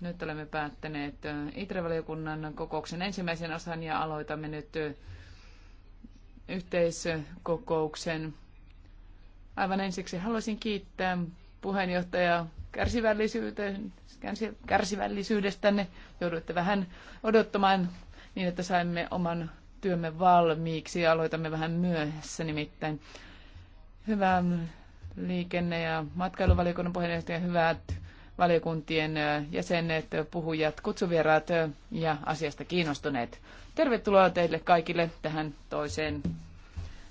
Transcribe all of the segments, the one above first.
Nyt olemme päättäneet ITRE-valiokunnan kokouksen ensimmäisen osan ja aloitamme nyt yhteiskokouksen. Aivan ensiksi haluaisin kiittää puheenjohtaja kärsivällisyydestänne. joudutte vähän odottamaan niin, että saimme oman työmme valmiiksi ja aloitamme vähän myöhässä nimittäin. Hyvää liikenne- ja matkailuvaliokunnan puheenjohtaja, hyvät valiokuntien jäsenet, puhujat, kutsuvieraat ja asiasta kiinnostuneet. Tervetuloa teille kaikille tähän toiseen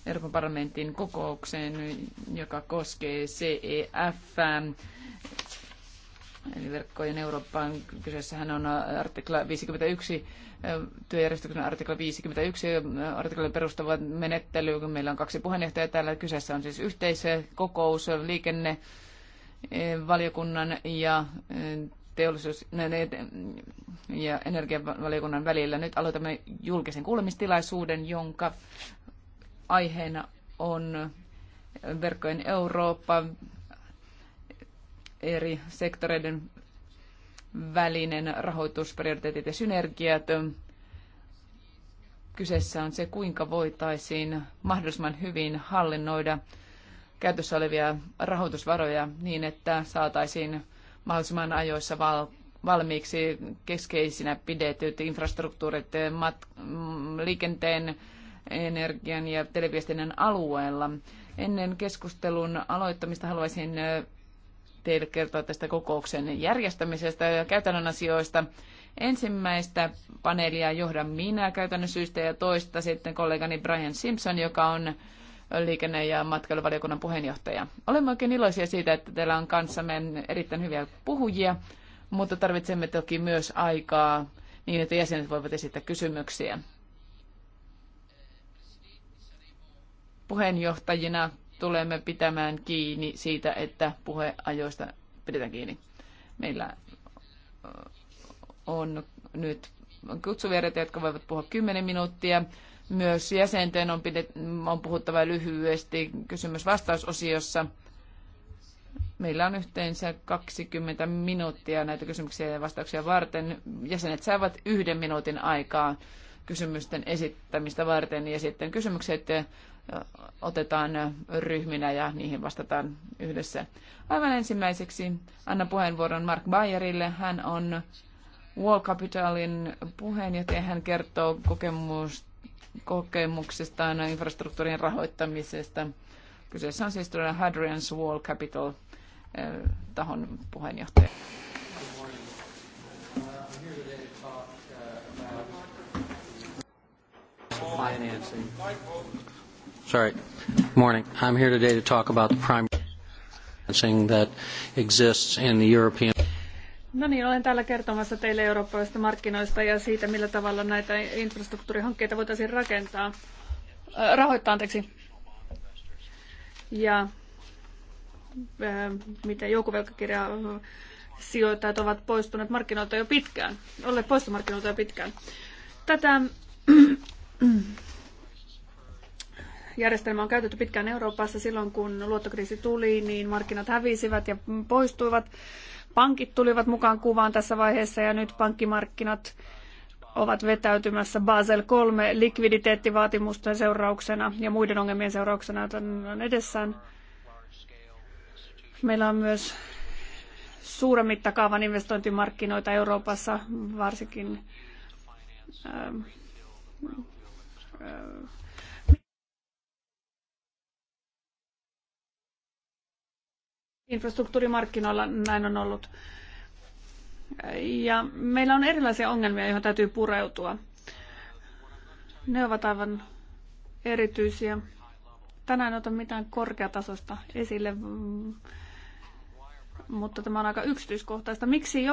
Euroopan parlamentin kokoukseen, joka koskee CEF. Eli verkkojen Eurooppaan kyseessähän on artikla 51, työjärjestyksen artikla 51, artiklan perustava menettely, kun meillä on kaksi puheenjohtajaa täällä. Kyseessä on siis yhteiskokous liikenne E, valiokunnan ja e, teollisuus- ja energiavaliokunnan välillä. Nyt aloitamme julkisen kuulemistilaisuuden, jonka aiheena on verkkojen Eurooppa, eri sektoreiden välinen rahoitusprioriteetit ja synergiat. Kyseessä on se, kuinka voitaisiin mahdollisimman hyvin hallinnoida käytössä olevia rahoitusvaroja niin, että saataisiin mahdollisimman ajoissa val- valmiiksi keskeisinä pidetyt infrastruktuurit mat- mm, liikenteen, energian ja televiestinnän alueella. Ennen keskustelun aloittamista haluaisin teille kertoa tästä kokouksen järjestämisestä ja käytännön asioista. Ensimmäistä paneelia johdan minä käytännön syystä ja toista sitten kollegani Brian Simpson, joka on liikenne- ja matkailuvaliokunnan puheenjohtaja. Olemme oikein iloisia siitä, että teillä on kanssamme erittäin hyviä puhujia, mutta tarvitsemme toki myös aikaa niin, että jäsenet voivat esittää kysymyksiä. Puheenjohtajina tulemme pitämään kiinni siitä, että puheajoista pidetään kiinni. Meillä on nyt kutsuviereitä, jotka voivat puhua 10 minuuttia. Myös jäsenten on, pidet, on puhuttava lyhyesti kysymys-vastausosiossa. Meillä on yhteensä 20 minuuttia näitä kysymyksiä ja vastauksia varten. Jäsenet saavat yhden minuutin aikaa kysymysten esittämistä varten ja sitten kysymykset otetaan ryhminä ja niihin vastataan yhdessä. Aivan ensimmäiseksi anna puheenvuoron Mark Bayerille. Hän on Wall Capitalin puheenjohtaja. Hän kertoo kokemus, kokemuksistaan infrastruktuurin rahoittamisesta. Kyseessä on siis tuolla Hadrian's Wall Capital eh, tahon puheenjohtaja. Sorry. Morning. I'm here today to talk about the prime financing that exists in the European No niin, olen täällä kertomassa teille eurooppalaisista markkinoista ja siitä, millä tavalla näitä infrastruktuurihankkeita voitaisiin rakentaa, äh, rahoittaa, anteeksi. Ja äh, miten joukkovelkakirja sijoittajat ovat poistuneet markkinoilta jo pitkään, olleet poistumarkkinoilta jo pitkään. Tätä järjestelmää on käytetty pitkään Euroopassa silloin, kun luottokriisi tuli, niin markkinat hävisivät ja poistuivat. Pankit tulivat mukaan kuvaan tässä vaiheessa ja nyt pankkimarkkinat ovat vetäytymässä Basel 3 likviditeettivaatimusten seurauksena ja muiden ongelmien seurauksena, joita on edessään. Meillä on myös suuren mittakaavan investointimarkkinoita Euroopassa, varsinkin ähm, Infrastruktuurimarkkinoilla näin on ollut. Ja meillä on erilaisia ongelmia, joihin täytyy pureutua. Ne ovat aivan erityisiä. Tänään ota mitään korkeatasosta esille, mutta tämä on aika yksityiskohtaista. Miksi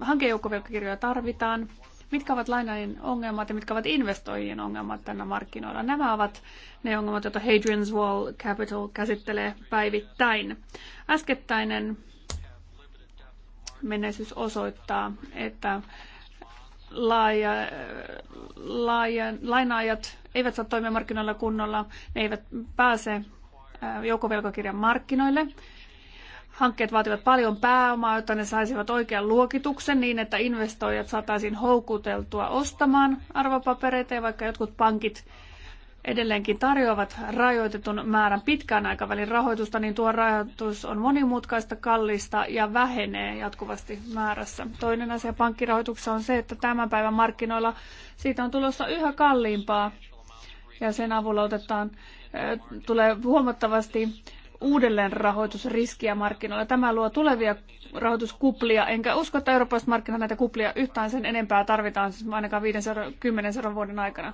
hankejoukkovelkakirjoja tarvitaan? mitkä ovat lainaajien ongelmat ja mitkä ovat investoijien ongelmat tänä markkinoilla. Nämä ovat ne ongelmat, joita Hadrian's Wall Capital käsittelee päivittäin. Äskettäinen menneisyys osoittaa, että laaja, laaja, lainaajat eivät saa toimia markkinoilla kunnolla, ne eivät pääse joukkovelkakirjan markkinoille. Hankkeet vaativat paljon pääomaa, jotta ne saisivat oikean luokituksen niin, että investoijat saataisiin houkuteltua ostamaan arvopapereita ja vaikka jotkut pankit edelleenkin tarjoavat rajoitetun määrän pitkän aikavälin rahoitusta, niin tuo rahoitus on monimutkaista, kallista ja vähenee jatkuvasti määrässä. Toinen asia pankkirahoituksessa on se, että tämän päivän markkinoilla siitä on tulossa yhä kalliimpaa ja sen avulla otetaan, tulee huomattavasti uudelleenrahoitusriskiä markkinoilla. Tämä luo tulevia rahoituskuplia, enkä usko, että eurooppalaiset markkinat näitä kuplia yhtään sen enempää tarvitaan, siis ainakaan 50 vuoden aikana.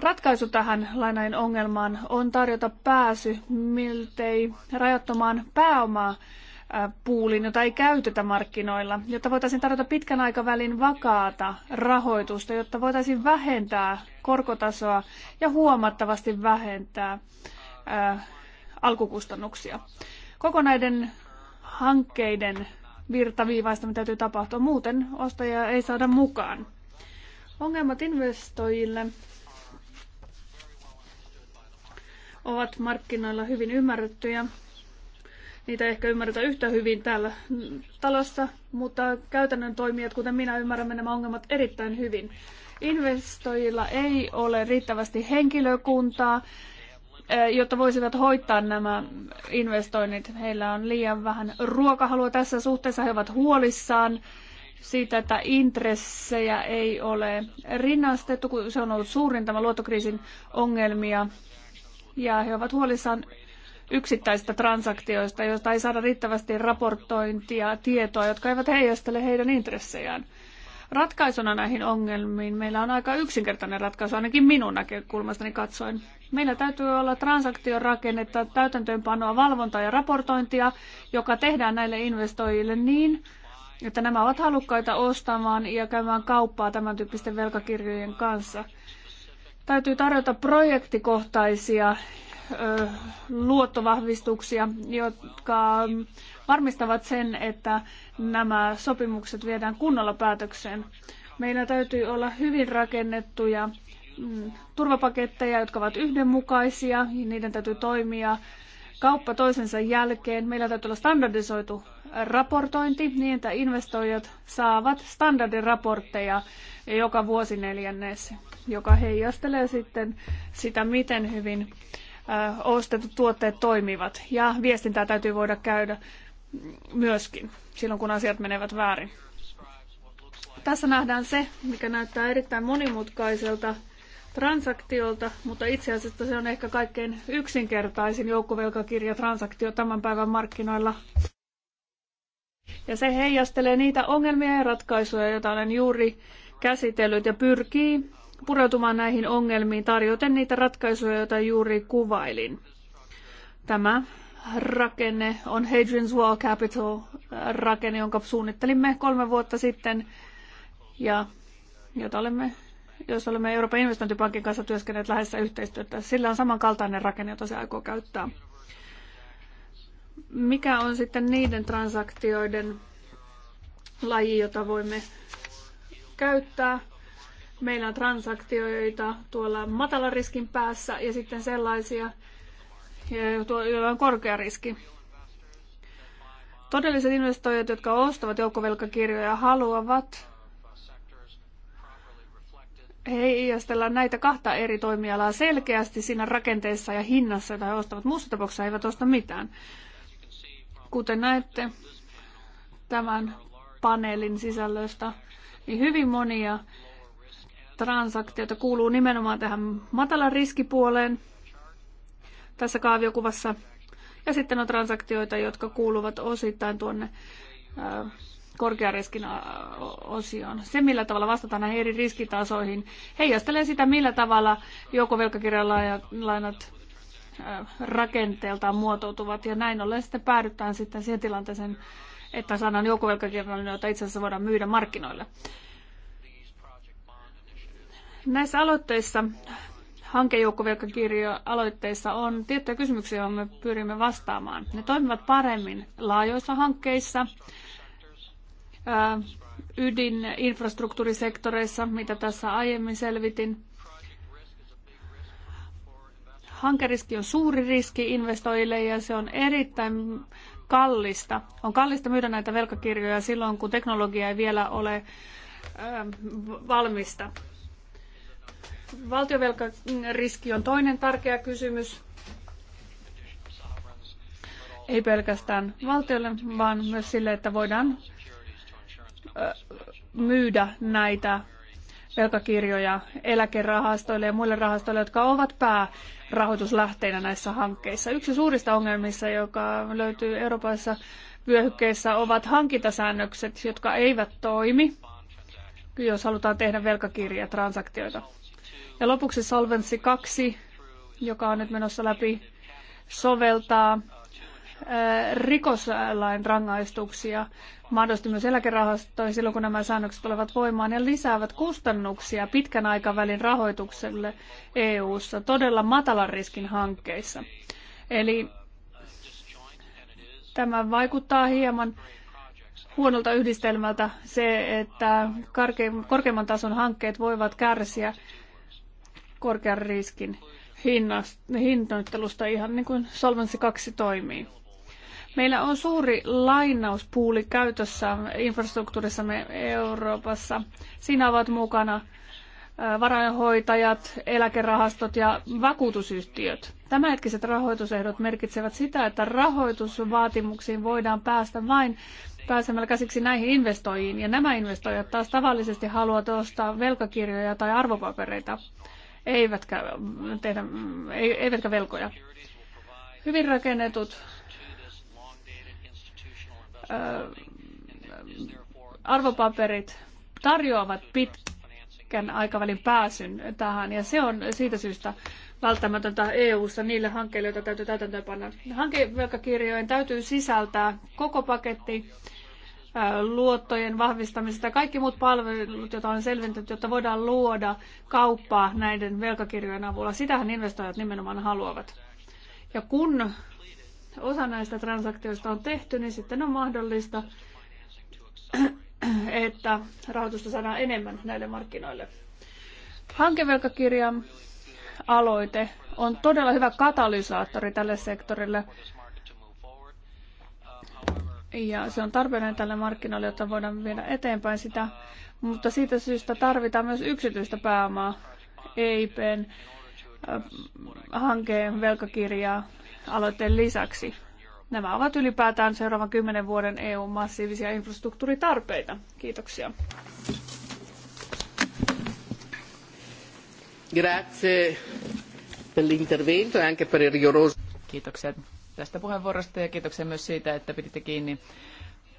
Ratkaisu tähän lainain ongelmaan on tarjota pääsy miltei rajattomaan pääomaa puulin, jota ei käytetä markkinoilla, jotta voitaisiin tarjota pitkän aikavälin vakaata rahoitusta, jotta voitaisiin vähentää korkotasoa ja huomattavasti vähentää alkukustannuksia. Koko näiden hankkeiden virtaviivaistaminen täytyy tapahtua, muuten ostajia ei saada mukaan. Ongelmat investoijille ovat markkinoilla hyvin ymmärrettyjä. Niitä ei ehkä ymmärretä yhtä hyvin täällä talossa, mutta käytännön toimijat, kuten minä, ymmärrämme nämä ongelmat erittäin hyvin. Investoijilla ei ole riittävästi henkilökuntaa Eh, jotta voisivat hoitaa nämä investoinnit. Heillä on liian vähän ruokahalua tässä suhteessa. He ovat huolissaan siitä, että intressejä ei ole rinnastettu, kun se on ollut suurin tämä luottokriisin ongelmia. Ja he ovat huolissaan yksittäisistä transaktioista, joista ei saada riittävästi raportointia, tietoa, jotka eivät heijastele heidän intressejään. Ratkaisuna näihin ongelmiin meillä on aika yksinkertainen ratkaisu, ainakin minun näkökulmastani katsoen. Meillä täytyy olla rakennetta, täytäntöönpanoa, valvontaa ja raportointia, joka tehdään näille investoijille niin, että nämä ovat halukkaita ostamaan ja käymään kauppaa tämän tyyppisten velkakirjojen kanssa. Täytyy tarjota projektikohtaisia ö, luottovahvistuksia, jotka varmistavat sen, että nämä sopimukset viedään kunnolla päätökseen. Meillä täytyy olla hyvin rakennettuja Mm, turvapaketteja, jotka ovat yhdenmukaisia, niiden täytyy toimia kauppa toisensa jälkeen. Meillä täytyy olla standardisoitu raportointi niin, että investoijat saavat standardiraportteja joka vuosi neljännes, joka heijastelee sitten sitä, miten hyvin ostetut tuotteet toimivat. Ja viestintää täytyy voida käydä myöskin silloin, kun asiat menevät väärin. Tässä nähdään se, mikä näyttää erittäin monimutkaiselta transaktiolta, mutta itse asiassa se on ehkä kaikkein yksinkertaisin joukkovelkakirjatransaktio tämän päivän markkinoilla. Ja se heijastelee niitä ongelmia ja ratkaisuja, joita olen juuri käsitellyt ja pyrkii pureutumaan näihin ongelmiin tarjoten niitä ratkaisuja, joita juuri kuvailin. Tämä rakenne on Hadrian's Wall Capital-rakenne, jonka suunnittelimme kolme vuotta sitten ja jota olemme jos olemme Euroopan investointipankin kanssa työskennelleet läheisessä yhteistyötä. Sillä on samankaltainen rakenne, jota se aikoo käyttää. Mikä on sitten niiden transaktioiden laji, jota voimme käyttää? Meillä on transaktioita tuolla matalan riskin päässä ja sitten sellaisia, eh, joilla on korkea riski. Todelliset investoijat, jotka ostavat joukkovelkakirjoja, haluavat heijastellaan näitä kahta eri toimialaa selkeästi siinä rakenteessa ja hinnassa, jota he ostavat. Muussa tapauksessa eivät osta mitään. Kuten näette tämän paneelin sisällöstä, niin hyvin monia transaktioita kuuluu nimenomaan tähän matalan riskipuoleen tässä kaaviokuvassa. Ja sitten on transaktioita, jotka kuuluvat osittain tuonne äh, korkean riskin osioon. Se, millä tavalla vastataan näihin eri riskitasoihin, heijastelee sitä, millä tavalla joko lainat rakenteeltaan muotoutuvat. Ja näin ollen sitten päädytään sitten siihen tilanteeseen, että saadaan joukkovelkakirjalainoja, joita itse asiassa voidaan myydä markkinoille. Näissä aloitteissa, hankejoukkovelkakirja-aloitteissa on tiettyjä kysymyksiä, joihin me pyrimme vastaamaan. Ne toimivat paremmin laajoissa hankkeissa, Äh, ydininfrastruktuurisektoreissa, mitä tässä aiemmin selvitin. Hankeriski on suuri riski investoijille ja se on erittäin kallista. On kallista myydä näitä velkakirjoja silloin, kun teknologia ei vielä ole äh, valmista. Valtiovelkariski on toinen tärkeä kysymys. Ei pelkästään valtiolle, vaan myös sille, että voidaan myydä näitä velkakirjoja eläkerahastoille ja muille rahastoille, jotka ovat päärahoituslähteinä näissä hankkeissa. Yksi suurista ongelmissa, joka löytyy Euroopassa vyöhykkeessä, ovat hankintasäännökset, jotka eivät toimi, jos halutaan tehdä transaktioita. Ja lopuksi Solvency 2, joka on nyt menossa läpi, soveltaa Äh, rikoslain rangaistuksia mahdollisesti myös eläkerahastoja silloin, kun nämä säännökset tulevat voimaan ja lisäävät kustannuksia pitkän aikavälin rahoitukselle EU-ssa todella matalan riskin hankkeissa. Eli tämä vaikuttaa hieman huonolta yhdistelmältä se, että korkeimman tason hankkeet voivat kärsiä korkean riskin hinnoittelusta ihan niin kuin Solvency 2 toimii. Meillä on suuri lainauspuuli käytössä infrastruktuurissamme Euroopassa. Siinä ovat mukana varainhoitajat, eläkerahastot ja vakuutusyhtiöt. Tämänhetkiset rahoitusehdot merkitsevät sitä, että rahoitusvaatimuksiin voidaan päästä vain pääsemällä käsiksi näihin investoijiin, ja nämä investoijat taas tavallisesti haluavat ostaa velkakirjoja tai arvopapereita, eivätkä, tehdä, eivätkä velkoja. Hyvin rakennetut Äh, arvopaperit tarjoavat pitkän aikavälin pääsyn tähän, ja se on siitä syystä välttämätöntä EU-ssa niille hankkeille, joita täytyy täytäntöönpanna. Hankevelkakirjojen täytyy sisältää koko paketti äh, luottojen vahvistamista ja kaikki muut palvelut, joita on selventetty, jotta voidaan luoda kauppaa näiden velkakirjojen avulla. Sitähän investoijat nimenomaan haluavat. Ja kun osa näistä transaktioista on tehty, niin sitten on mahdollista, että rahoitusta saadaan enemmän näille markkinoille. Hankevelkakirjan aloite on todella hyvä katalysaattori tälle sektorille. Ja se on tarpeellinen tälle markkinoille, jotta voidaan viedä eteenpäin sitä. Mutta siitä syystä tarvitaan myös yksityistä pääomaa, EIPn äh, hankeen velkakirjaa aloitteen lisäksi. Nämä ovat ylipäätään seuraavan kymmenen vuoden EU-massiivisia infrastruktuuritarpeita. Kiitoksia. Grazie per l'intervento e anche per il rigoroso. Kiitoksia tästä puheenvuorosta ja kiitoksia myös siitä, että piditte kiinni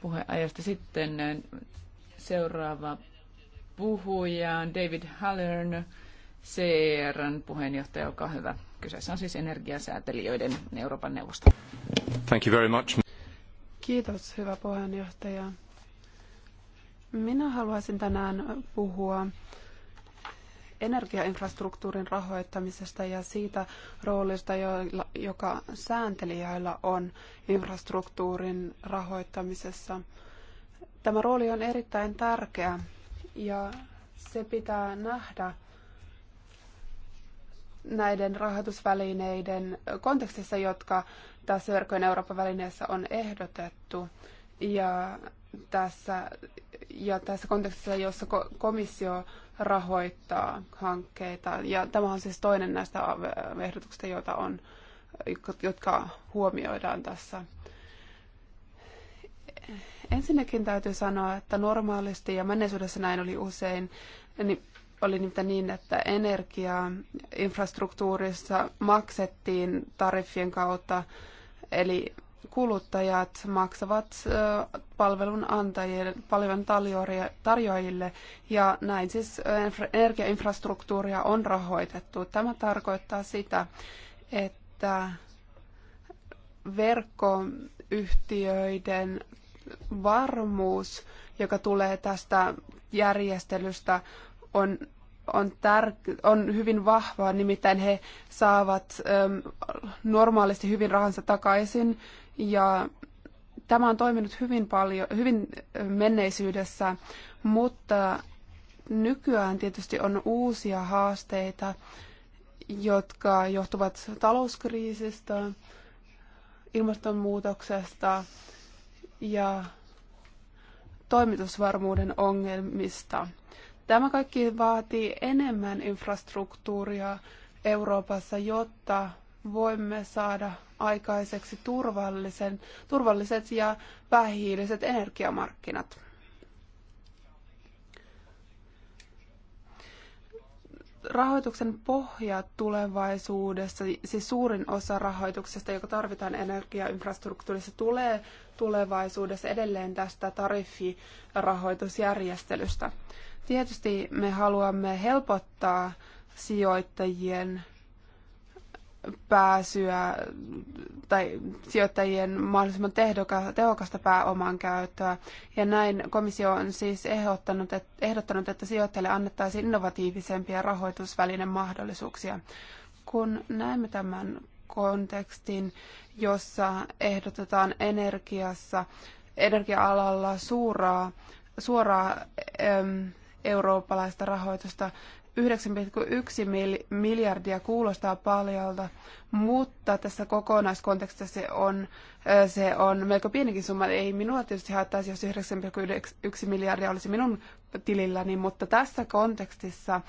puheenajasta sitten. Seuraava puhuja on David Hallern. CRn puheenjohtaja, olkaa hyvä. Kyseessä on siis energiasäätelijöiden Euroopan neuvosto. Thank you very much. Kiitos, hyvä puheenjohtaja. Minä haluaisin tänään puhua energiainfrastruktuurin rahoittamisesta ja siitä roolista, joka sääntelijöillä on infrastruktuurin rahoittamisessa. Tämä rooli on erittäin tärkeä ja se pitää nähdä näiden rahoitusvälineiden kontekstissa, jotka tässä verkkojen Euroopan välineessä on ehdotettu. Ja tässä, ja tässä kontekstissa, jossa komissio rahoittaa hankkeita. Ja tämä on siis toinen näistä ehdotuksista, joita on, jotka huomioidaan tässä. Ensinnäkin täytyy sanoa, että normaalisti ja menneisyydessä näin oli usein, niin oli nimittäin niin, että energiaa infrastruktuurissa maksettiin tariffien kautta, eli kuluttajat maksavat palvelun antajille, palvelun tarjoajille ja näin siis energiainfrastruktuuria on rahoitettu. Tämä tarkoittaa sitä, että verkkoyhtiöiden varmuus, joka tulee tästä järjestelystä, on, on, tär- on hyvin vahvaa, nimittäin he saavat äm, normaalisti hyvin rahansa takaisin ja tämä on toiminut hyvin paljon, hyvin äh, menneisyydessä, mutta nykyään tietysti on uusia haasteita, jotka johtuvat talouskriisistä, ilmastonmuutoksesta ja toimitusvarmuuden ongelmista. Tämä kaikki vaatii enemmän infrastruktuuria Euroopassa, jotta voimme saada aikaiseksi turvallisen, turvalliset ja vähähiiliset energiamarkkinat. Rahoituksen pohja tulevaisuudessa, siis suurin osa rahoituksesta, joka tarvitaan energiainfrastruktuurissa, tulee tulevaisuudessa edelleen tästä tariffirahoitusjärjestelystä. Tietysti me haluamme helpottaa sijoittajien pääsyä tai sijoittajien mahdollisimman tehokasta pääoman käyttöä. Ja näin komissio on siis ehdottanut, että, ehdottanut, että sijoittajille annettaisiin innovatiivisempia mahdollisuuksia. Kun näemme tämän kontekstin, jossa ehdotetaan energiassa, energia-alalla suuraa, suoraa eurooppalaista rahoitusta. 9,1 miljardia kuulostaa paljolta, mutta tässä kokonaiskontekstissa se on, se on melko pienikin summa. Ei minua tietysti haittaisi, jos 9,1 miljardia olisi minun tililläni, mutta tässä kontekstissa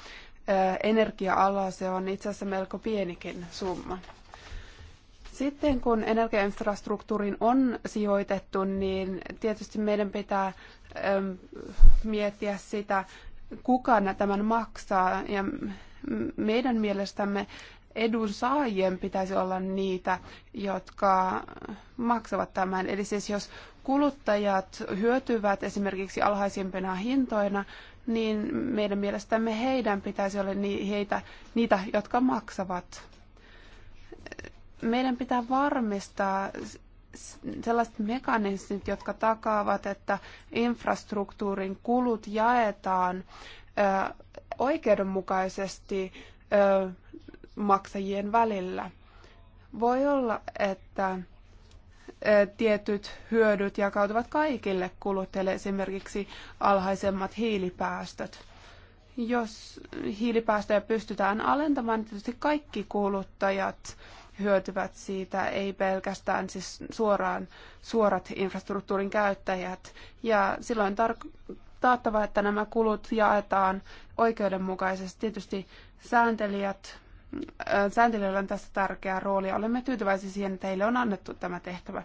energia-ala se on itse asiassa melko pienikin summa. Sitten kun energiainfrastruktuuriin on sijoitettu, niin tietysti meidän pitää Ähm, miettiä sitä, kuka tämän maksaa. Ja meidän mielestämme saajien pitäisi olla niitä, jotka maksavat tämän. Eli siis jos kuluttajat hyötyvät esimerkiksi alhaisimpina hintoina, niin meidän mielestämme heidän pitäisi olla heitä, niitä, jotka maksavat. Meidän pitää varmistaa sellaiset mekanismit, jotka takaavat, että infrastruktuurin kulut jaetaan oikeudenmukaisesti maksajien välillä. Voi olla, että tietyt hyödyt jakautuvat kaikille kuluttajille, esimerkiksi alhaisemmat hiilipäästöt. Jos hiilipäästöjä pystytään alentamaan, tietysti kaikki kuluttajat hyötyvät siitä, ei pelkästään siis suoraan suorat infrastruktuurin käyttäjät. Ja silloin tar- taattava, että nämä kulut jaetaan oikeudenmukaisesti. Tietysti sääntelijät, äh, sääntelijöillä on tässä tärkeä rooli. Olemme tyytyväisiä siihen, että heille on annettu tämä tehtävä.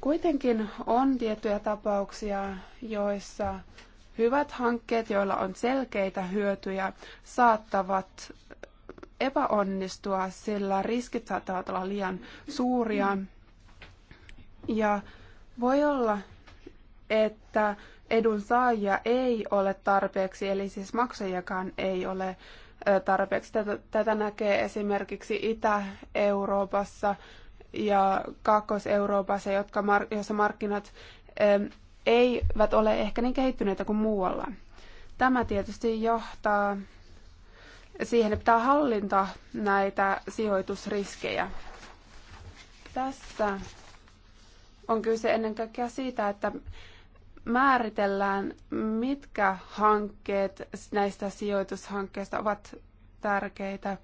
Kuitenkin on tiettyjä tapauksia, joissa hyvät hankkeet, joilla on selkeitä hyötyjä, saattavat epäonnistua, sillä riskit saattavat olla liian suuria. Ja voi olla, että saajia ei ole tarpeeksi, eli siis maksajakaan ei ole tarpeeksi. Tätä, tätä näkee esimerkiksi Itä-Euroopassa ja Kaakkois-Euroopassa, jotka, jossa markkinat eivät ole ehkä niin kehittyneitä kuin muualla. Tämä tietysti johtaa siihen pitää hallinta näitä sijoitusriskejä. Tässä on kyse ennen kaikkea siitä, että määritellään, mitkä hankkeet näistä sijoitushankkeista ovat tärkeitä.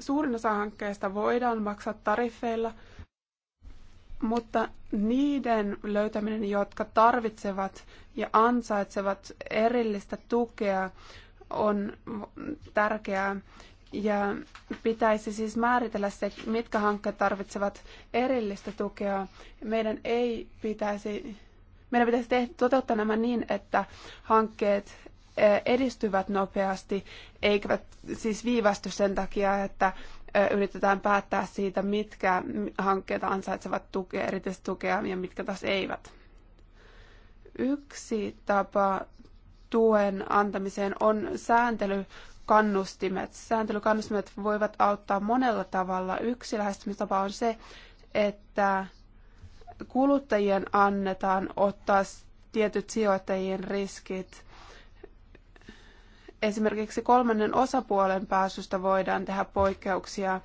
Suurin osa hankkeista voidaan maksaa tariffeilla, mutta niiden löytäminen, jotka tarvitsevat ja ansaitsevat erillistä tukea, on tärkeää ja pitäisi siis määritellä se, mitkä hankkeet tarvitsevat erillistä tukea. Meidän ei pitäisi, meidän pitäisi tehdä, toteuttaa nämä niin, että hankkeet edistyvät nopeasti, eikä siis viivästy sen takia, että yritetään päättää siitä, mitkä hankkeet ansaitsevat tukea, erityistä tukea ja mitkä taas eivät. Yksi tapa tuen antamiseen on sääntely kannustimet. Sääntelykannustimet voivat auttaa monella tavalla. Yksi lähestymistapa on se, että kuluttajien annetaan ottaa tietyt sijoittajien riskit. Esimerkiksi kolmannen osapuolen pääsystä voidaan tehdä poikkeuksia.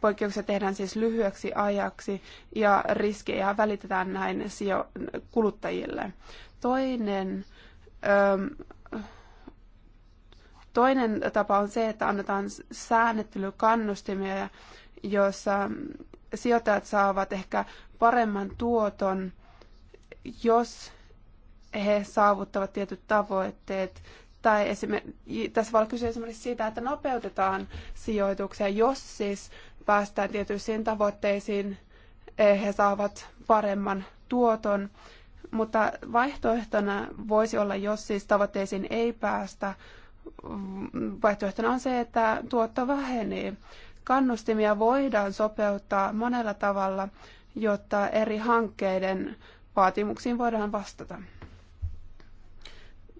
Poikkeuksia tehdään siis lyhyeksi ajaksi ja riskejä välitetään näin sijo- kuluttajille. Toinen toinen tapa on se, että annetaan säännettelykannustimia, joissa sijoittajat saavat ehkä paremman tuoton, jos he saavuttavat tietyt tavoitteet. Tai esimerkiksi, tässä voi kyse esimerkiksi siitä, että nopeutetaan sijoituksia, jos siis päästään tietyisiin tavoitteisiin, eh, he saavat paremman tuoton. Mutta vaihtoehtona voisi olla, jos siis tavoitteisiin ei päästä, vaihtoehtona on se, että tuotto vähenee. Kannustimia voidaan sopeuttaa monella tavalla, jotta eri hankkeiden vaatimuksiin voidaan vastata.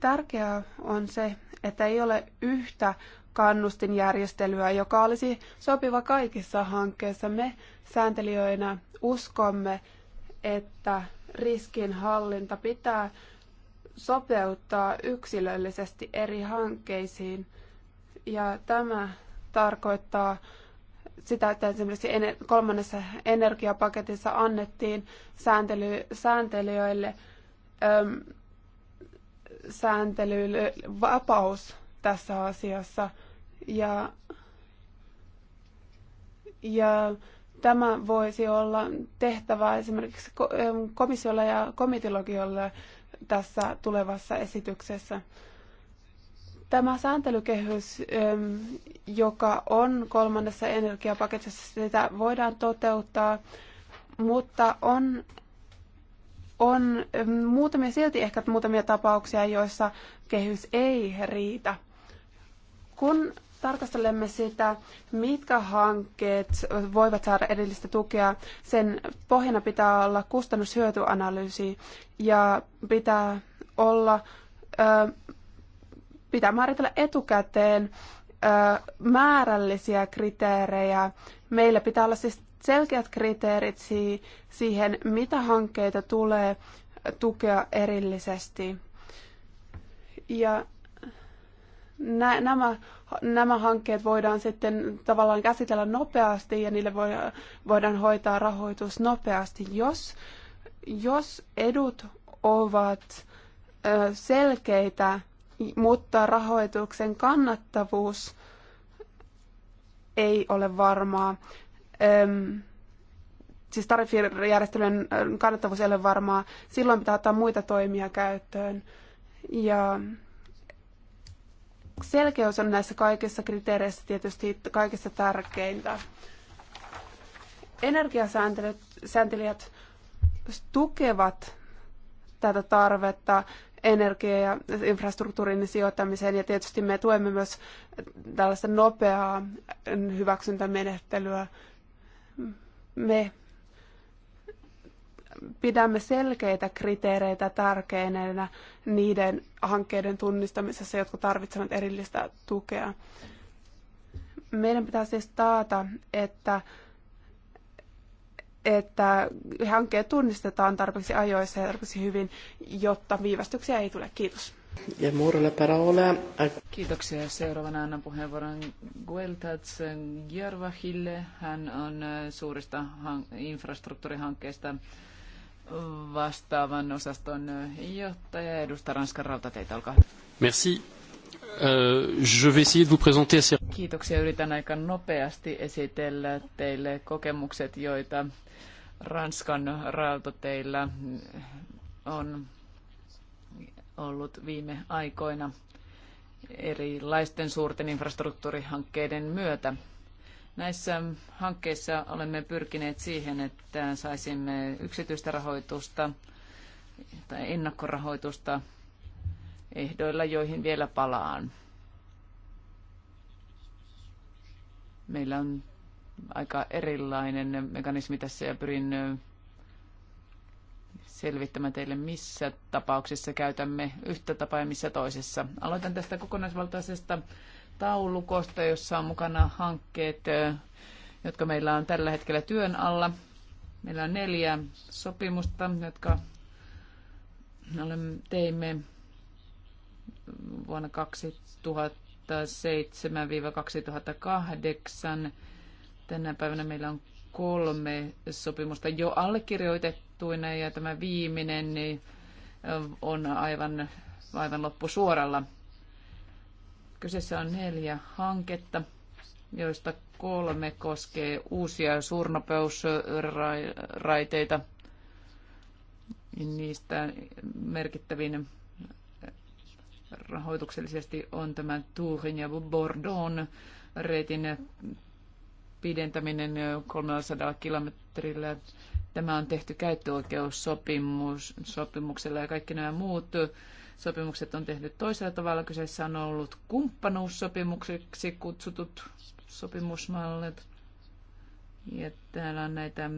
Tärkeää on se, että ei ole yhtä kannustinjärjestelyä, joka olisi sopiva kaikissa hankkeissa. Me sääntelijöinä uskomme, että riskinhallinta pitää sopeuttaa yksilöllisesti eri hankkeisiin. Ja tämä tarkoittaa sitä, että esimerkiksi kolmannessa energiapaketissa annettiin sääntely, sääntelijöille äm, sääntelylle vapaus tässä asiassa. Ja, ja Tämä voisi olla tehtävä esimerkiksi komissiolle ja komitologiolle tässä tulevassa esityksessä. Tämä sääntelykehys, joka on kolmannessa energiapaketissa, sitä voidaan toteuttaa, mutta on on muutamia silti ehkä muutamia tapauksia, joissa kehys ei riitä. Kun tarkastelemme sitä, mitkä hankkeet voivat saada edellistä tukea. Sen pohjana pitää olla kustannushyötyanalyysi ja pitää olla, pitää määritellä etukäteen määrällisiä kriteerejä. Meillä pitää olla siis selkeät kriteerit siihen, mitä hankkeita tulee tukea erillisesti. Ja nämä, nämä hankkeet voidaan sitten tavallaan käsitellä nopeasti ja niille voidaan hoitaa rahoitus nopeasti, jos, jos edut ovat selkeitä, mutta rahoituksen kannattavuus ei ole varmaa. Siis tariffijärjestelyjen kannattavuus ei ole varmaa. Silloin pitää ottaa muita toimia käyttöön. Ja selkeys on näissä kaikissa kriteereissä tietysti kaikista tärkeintä. Energiasääntelijät tukevat tätä tarvetta energia- ja infrastruktuurin sijoittamiseen ja tietysti me tuemme myös tällaista nopeaa hyväksyntämenettelyä. Me pidämme selkeitä kriteereitä tärkeinä niiden hankkeiden tunnistamisessa, jotka tarvitsevat erillistä tukea. Meidän pitää siis taata, että, että hankkeet tunnistetaan tarpeeksi ajoissa ja tarpeeksi hyvin, jotta viivästyksiä ei tule. Kiitos. Ja muurille parola. Kiitoksia. Seuraavana annan puheenvuoron Gueltats Jarvahille. Hän on suurista infrastruktuurihankkeista vastaavan osaston johtaja Ranskan rautateitä. Olkaa hyvä. Merci. Euh, je vais essayer de vous présenter assez... Kiitoksia. Yritän aika nopeasti esitellä teille kokemukset, joita Ranskan rautateillä on ollut viime aikoina erilaisten suurten infrastruktuurihankkeiden myötä. Näissä hankkeissa olemme pyrkineet siihen, että saisimme yksityistä rahoitusta tai ennakkorahoitusta ehdoilla, joihin vielä palaan. Meillä on aika erilainen mekanismi tässä ja pyrin selvittämään teille, missä tapauksissa käytämme yhtä tapaa ja missä toisessa. Aloitan tästä kokonaisvaltaisesta taulukosta, jossa on mukana hankkeet, jotka meillä on tällä hetkellä työn alla. Meillä on neljä sopimusta, jotka teimme vuonna 2007-2008. Tänä päivänä meillä on kolme sopimusta jo allekirjoitettuina ja tämä viimeinen niin on aivan, aivan loppusuoralla. Kyseessä on neljä hanketta, joista kolme koskee uusia suurnopeusraiteita. Niistä merkittävin rahoituksellisesti on tämä Tourin ja Bordeaux reitin pidentäminen 300 kilometrillä. Tämä on tehty käyttöoikeussopimuksella ja kaikki nämä muut Sopimukset on tehnyt toisella tavalla. Kyseessä on ollut kumppanuussopimukseksi kutsutut sopimusmallit. Ja täällä on näitä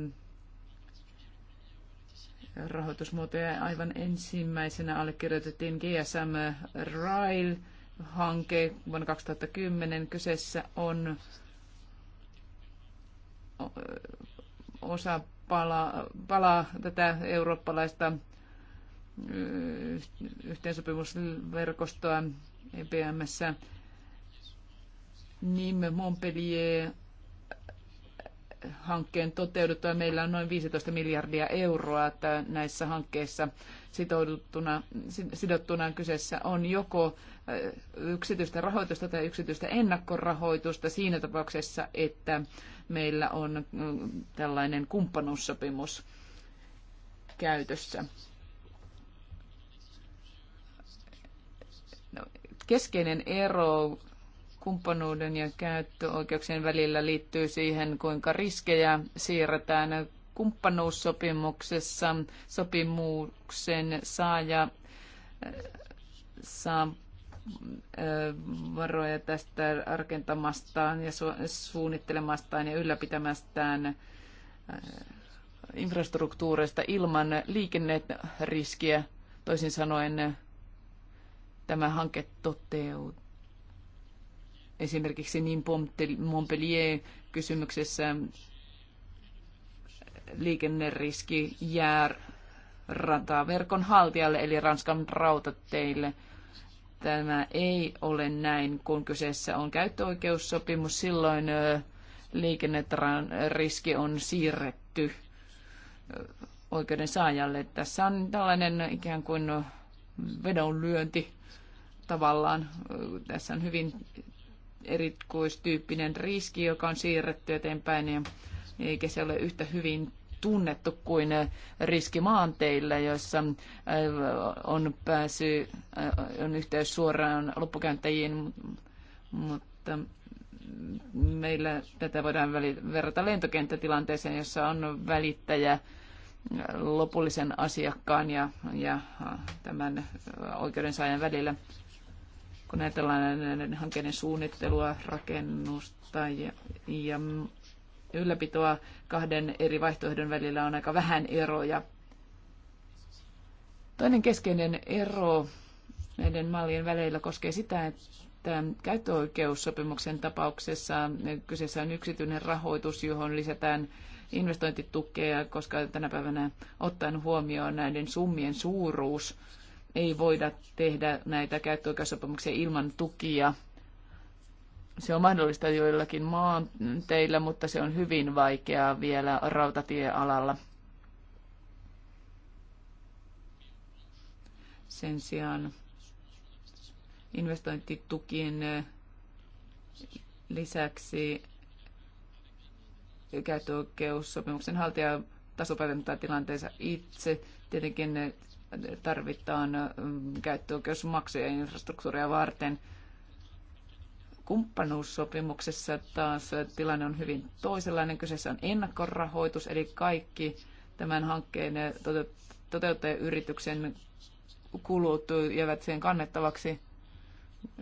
rahoitusmuotoja. Aivan ensimmäisenä allekirjoitettiin GSM Rail-hanke vuonna 2010. Kyseessä on osa pala, pala tätä eurooppalaista yhteensopivuusverkostoa EPMssä. Nime Montpellier hankkeen toteuduttua meillä on noin 15 miljardia euroa näissä hankkeissa sitouduttuna, sidottuna kyseessä on joko yksityistä rahoitusta tai yksityistä ennakkorahoitusta siinä tapauksessa, että meillä on tällainen kumppanuussopimus käytössä. Keskeinen ero kumppanuuden ja käyttöoikeuksien välillä liittyy siihen, kuinka riskejä siirretään kumppanuussopimuksessa sopimuksen saaja äh, saa äh, varoja tästä rakentamastaan ja su- suunnittelemastaan ja ylläpitämästään äh, infrastruktuureista ilman liikenneriskiä, toisin sanoen tämä hanke toteutuu. Esimerkiksi niin Montpellier-kysymyksessä liikenneriski jää rataverkon haltijalle, eli Ranskan rautateille. Tämä ei ole näin, kun kyseessä on käyttöoikeussopimus. Silloin liikenneriski on siirretty oikeuden saajalle. Tässä on tällainen ikään kuin vedonlyönti tavallaan. Tässä on hyvin erikoistyyppinen riski, joka on siirretty eteenpäin, ja eikä se ole yhtä hyvin tunnettu kuin riski maanteille, joissa on pääsy, on yhteys suoraan loppukäyttäjiin, mutta meillä tätä voidaan verrata lentokenttätilanteeseen, jossa on välittäjä lopullisen asiakkaan ja, ja tämän oikeudensaajan välillä kun ajatellaan näiden hankkeiden suunnittelua, rakennusta ja, ja ylläpitoa kahden eri vaihtoehdon välillä on aika vähän eroja. Toinen keskeinen ero näiden mallien väleillä koskee sitä, että käyttöoikeussopimuksen tapauksessa kyseessä on yksityinen rahoitus, johon lisätään investointitukea, koska tänä päivänä ottaen huomioon näiden summien suuruus, ei voida tehdä näitä käyttöoikeussopimuksia ilman tukia. Se on mahdollista joillakin maanteillä, mutta se on hyvin vaikeaa vielä rautatiealalla. Sen sijaan investointitukien eh, lisäksi käyttöoikeussopimuksen haltija tasapainottaa tilanteensa itse. Tietenkin eh, tarvitaan mm, käyttöoikeusmaksuja infrastruktuuria varten. Kumppanuussopimuksessa taas tilanne on hyvin toisenlainen. Kyseessä on ennakkorahoitus, eli kaikki tämän hankkeen toteuttajayrityksen kulut jäävät sen kannettavaksi.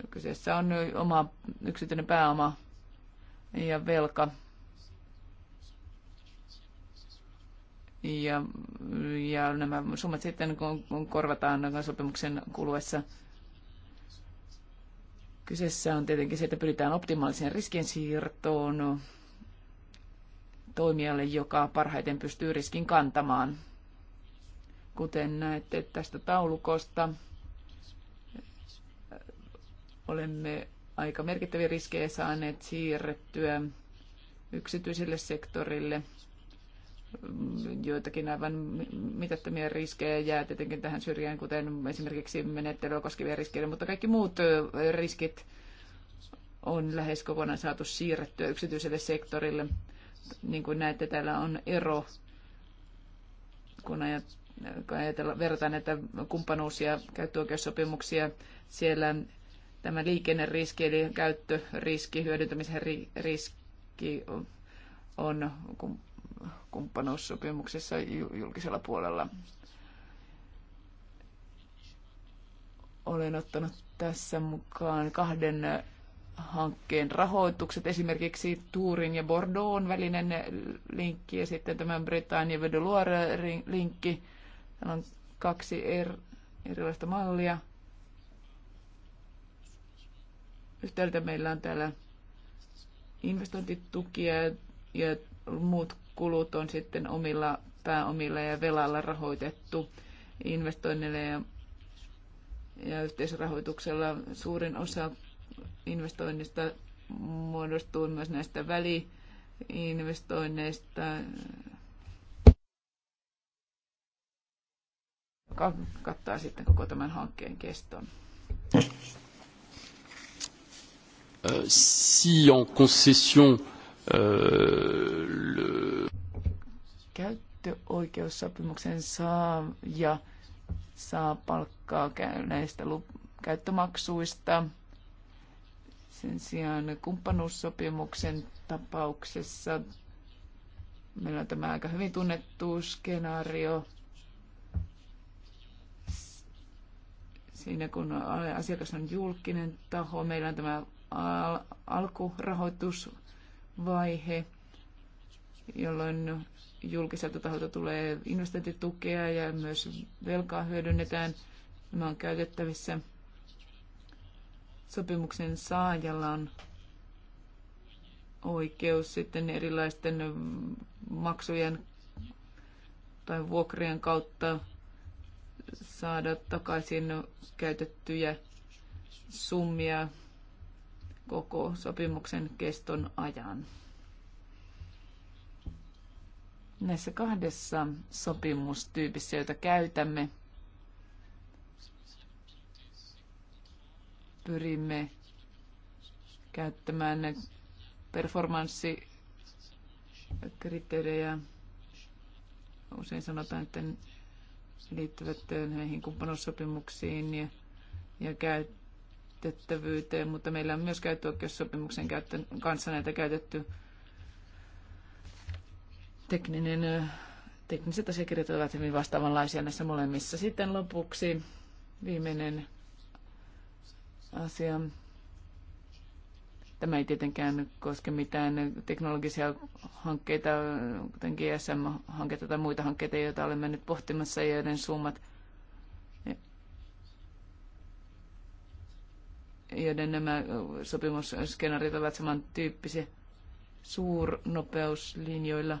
Kyseessä on oma yksityinen pääoma ja velka ja, ja nämä summat sitten kun korvataan sopimuksen kuluessa. Kyseessä on tietenkin se, että pyritään optimaaliseen riskinsiirtoon toimijalle, joka parhaiten pystyy riskin kantamaan. Kuten näette tästä taulukosta, olemme aika merkittäviä riskejä saaneet siirrettyä yksityiselle sektorille – joitakin aivan mitättömiä riskejä jää tietenkin tähän syrjään, kuten esimerkiksi menettelyä koskevia riskejä, mutta kaikki muut riskit on lähes kokonaan saatu siirrettyä yksityiselle sektorille. Niin kuin näette, täällä on ero, kun ajatellaan, verrataan näitä kumppanuus- ja käyttöoikeussopimuksia. Siellä tämä liikenneriski eli käyttöriski, hyödyntämisen riski on kumppanuussopimuksissa julkisella puolella. Olen ottanut tässä mukaan kahden hankkeen rahoitukset, esimerkiksi Tuurin ja Bordeauxn välinen linkki ja sitten tämä Britannia de Loire-linkki. Täällä on kaksi er, erilaista mallia. Yhtäältä meillä on täällä investointitukia ja muut kulut on sitten omilla pääomilla ja velalla rahoitettu investoinneilla ja, ja yhteisrahoituksella. Suurin osa investoinnista muodostuu myös näistä väliinvestoinneista, kattaa sitten koko tämän hankkeen keston. Euh, si en concession euh, öö, käyttöoikeussopimuksen saa ja saa palkkaa näistä käyttömaksuista. Sen sijaan kumppanuussopimuksen tapauksessa meillä on tämä aika hyvin tunnettu skenaario. Siinä kun asiakas on julkinen taho, meillä on tämä al- alkurahoitus vaihe, jolloin julkiselta taholta tulee investointitukea ja myös velkaa hyödynnetään. Nämä on käytettävissä. Sopimuksen saajalla on oikeus sitten erilaisten maksujen tai vuokrien kautta saada takaisin käytettyjä summia koko sopimuksen keston ajan. Näissä kahdessa sopimustyypissä, joita käytämme, pyrimme käyttämään performanssikriteerejä. Usein sanotaan, että liittyvät näihin kumppanuussopimuksiin ja, ja käyt, käytettävyyteen, mutta meillä on myös käyttöoikeussopimuksen kanssa näitä käytetty tekninen, tekniset asiakirjat ovat hyvin vastaavanlaisia näissä molemmissa. Sitten lopuksi viimeinen asia. Tämä ei tietenkään koske mitään teknologisia hankkeita, kuten GSM-hankkeita tai muita hankkeita, joita olemme nyt pohtimassa ja joiden summat joiden nämä sopimusskenaariot ovat samantyyppisiä suurnopeuslinjoilla.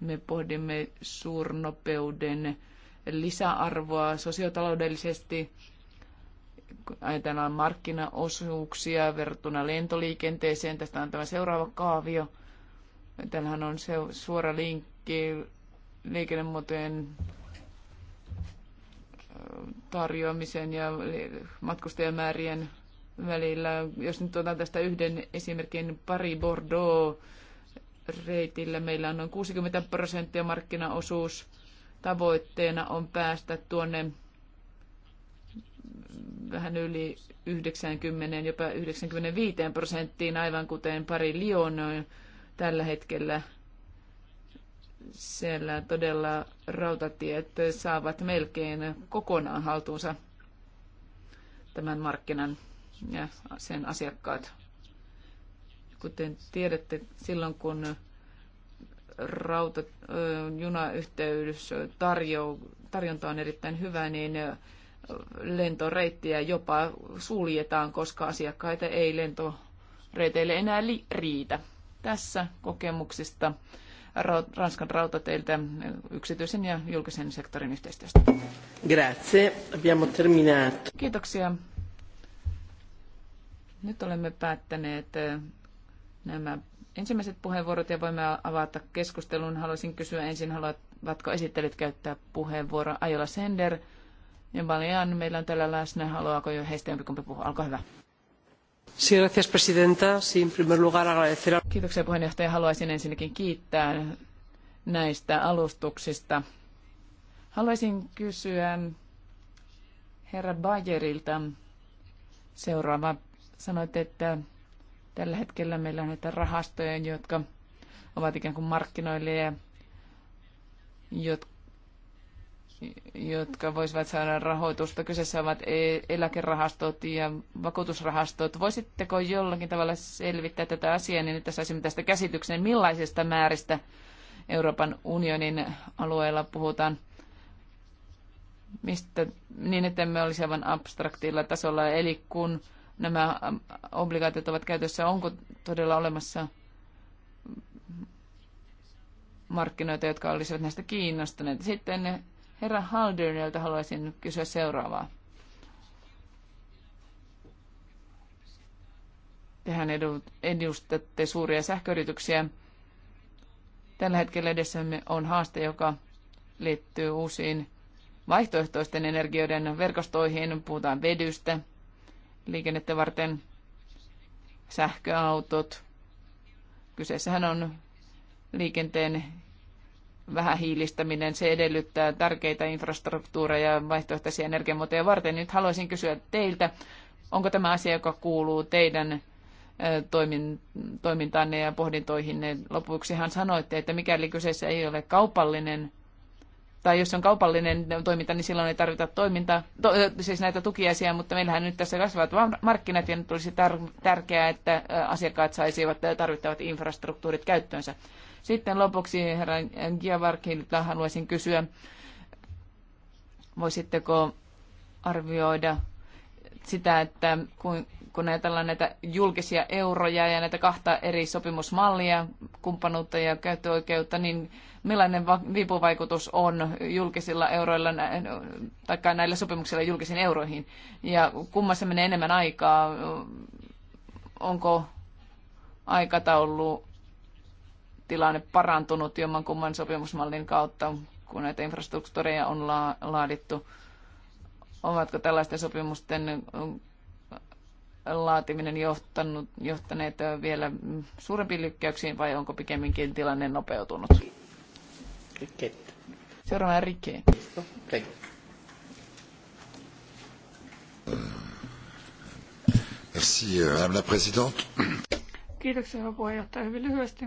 Me pohdimme suurnopeuden lisäarvoa sosiotaloudellisesti. Ajatellaan markkinaosuuksia verrattuna lentoliikenteeseen. Tästä on tämä seuraava kaavio. Täällähän on se suora linkki liikennemuotojen tarjoamisen ja matkustajamäärien välillä. Jos nyt otan tästä yhden esimerkin, pari Bordeaux reitillä meillä on noin 60 prosenttia markkinaosuus. Tavoitteena on päästä tuonne vähän yli 90, jopa 95 prosenttiin, aivan kuten pari Lyon tällä hetkellä siellä todella rautatiet saavat melkein kokonaan haltuunsa tämän markkinan ja sen asiakkaat. Kuten tiedätte, silloin kun rauta, junayhteys tarjo, tarjonta on erittäin hyvä, niin lentoreittiä jopa suljetaan, koska asiakkaita ei lentoreiteille enää riitä. Tässä kokemuksista Ranskan rautateiltä eh, yksityisen ja julkisen sektorin yhteistyöstä. Grazie, abbiamo terminato. Kiitoksia. Nyt olemme päättäneet eh, nämä ensimmäiset puheenvuorot ja voimme avata keskustelun. Haluaisin kysyä ensin, haluavatko esittelyt käyttää puheenvuoron Ajola Sender ja Meillä on täällä läsnä. Haluaako jo heistä jompikumpi puhua? Olkaa hyvä gracias, presidenta. Sí, en primer lugar agradecer... Kiitoksia puheenjohtaja. Haluaisin ensinnäkin kiittää näistä alustuksista. Haluaisin kysyä herra Bayerilta seuraava. Sanoit, että tällä hetkellä meillä on näitä rahastoja, jotka ovat ikään kuin markkinoille ja jotka jotka voisivat saada rahoitusta. Kyseessä ovat e- eläkerahastot ja vakuutusrahastot. Voisitteko jollakin tavalla selvittää tätä asiaa niin, että saisimme tästä käsityksen, millaisista määristä Euroopan unionin alueella puhutaan? Mistä, niin, että me olisi aivan abstraktilla tasolla. Eli kun nämä obligaatiot ovat käytössä, onko todella olemassa markkinoita, jotka olisivat näistä kiinnostuneita. Sitten Herra Haldernelta haluaisin kysyä seuraavaa. Tehän edustatte suuria sähköyrityksiä. Tällä hetkellä edessämme on haaste, joka liittyy uusiin vaihtoehtoisten energioiden verkostoihin. Puhutaan vedystä, liikennettä varten sähköautot. Kyseessähän on liikenteen vähähiilistäminen, se edellyttää tärkeitä infrastruktuureja ja vaihtoehtoisia energiamuotoja varten. Nyt haluaisin kysyä teiltä, onko tämä asia, joka kuuluu teidän toimintaanne ja pohdintoihinne. Lopuksihan sanoitte, että mikäli kyseessä ei ole kaupallinen tai jos on kaupallinen toiminta, niin silloin ei tarvita toiminta. to, siis näitä tukiaisia, mutta meillähän nyt tässä kasvavat markkinat ja nyt olisi tar- tärkeää, että asiakkaat saisivat tarvittavat infrastruktuurit käyttöönsä. Sitten lopuksi herra Giavarkin haluaisin kysyä, voisitteko arvioida sitä, että kun, kun ajatellaan näitä julkisia euroja ja näitä kahta eri sopimusmallia, kumppanuutta ja käyttöoikeutta, niin millainen vipuvaikutus on julkisilla euroilla tai näillä sopimuksilla julkisiin euroihin? Ja kummassa menee enemmän aikaa? Onko aikataulu tilanne parantunut jommankumman sopimusmallin kautta, kun näitä infrastruktuureja on laadittu. Ovatko tällaisten sopimusten äh, laatiminen johtanut, johtaneet äh, vielä suurempiin lykkäyksiin vai onko pikemminkin tilanne nopeutunut? Rikettä. Seuraavana Rike. Merci, euh, Madame la Présidente. Kiitoksia, hyvä puheenjohtaja. Hyvin lyhyesti.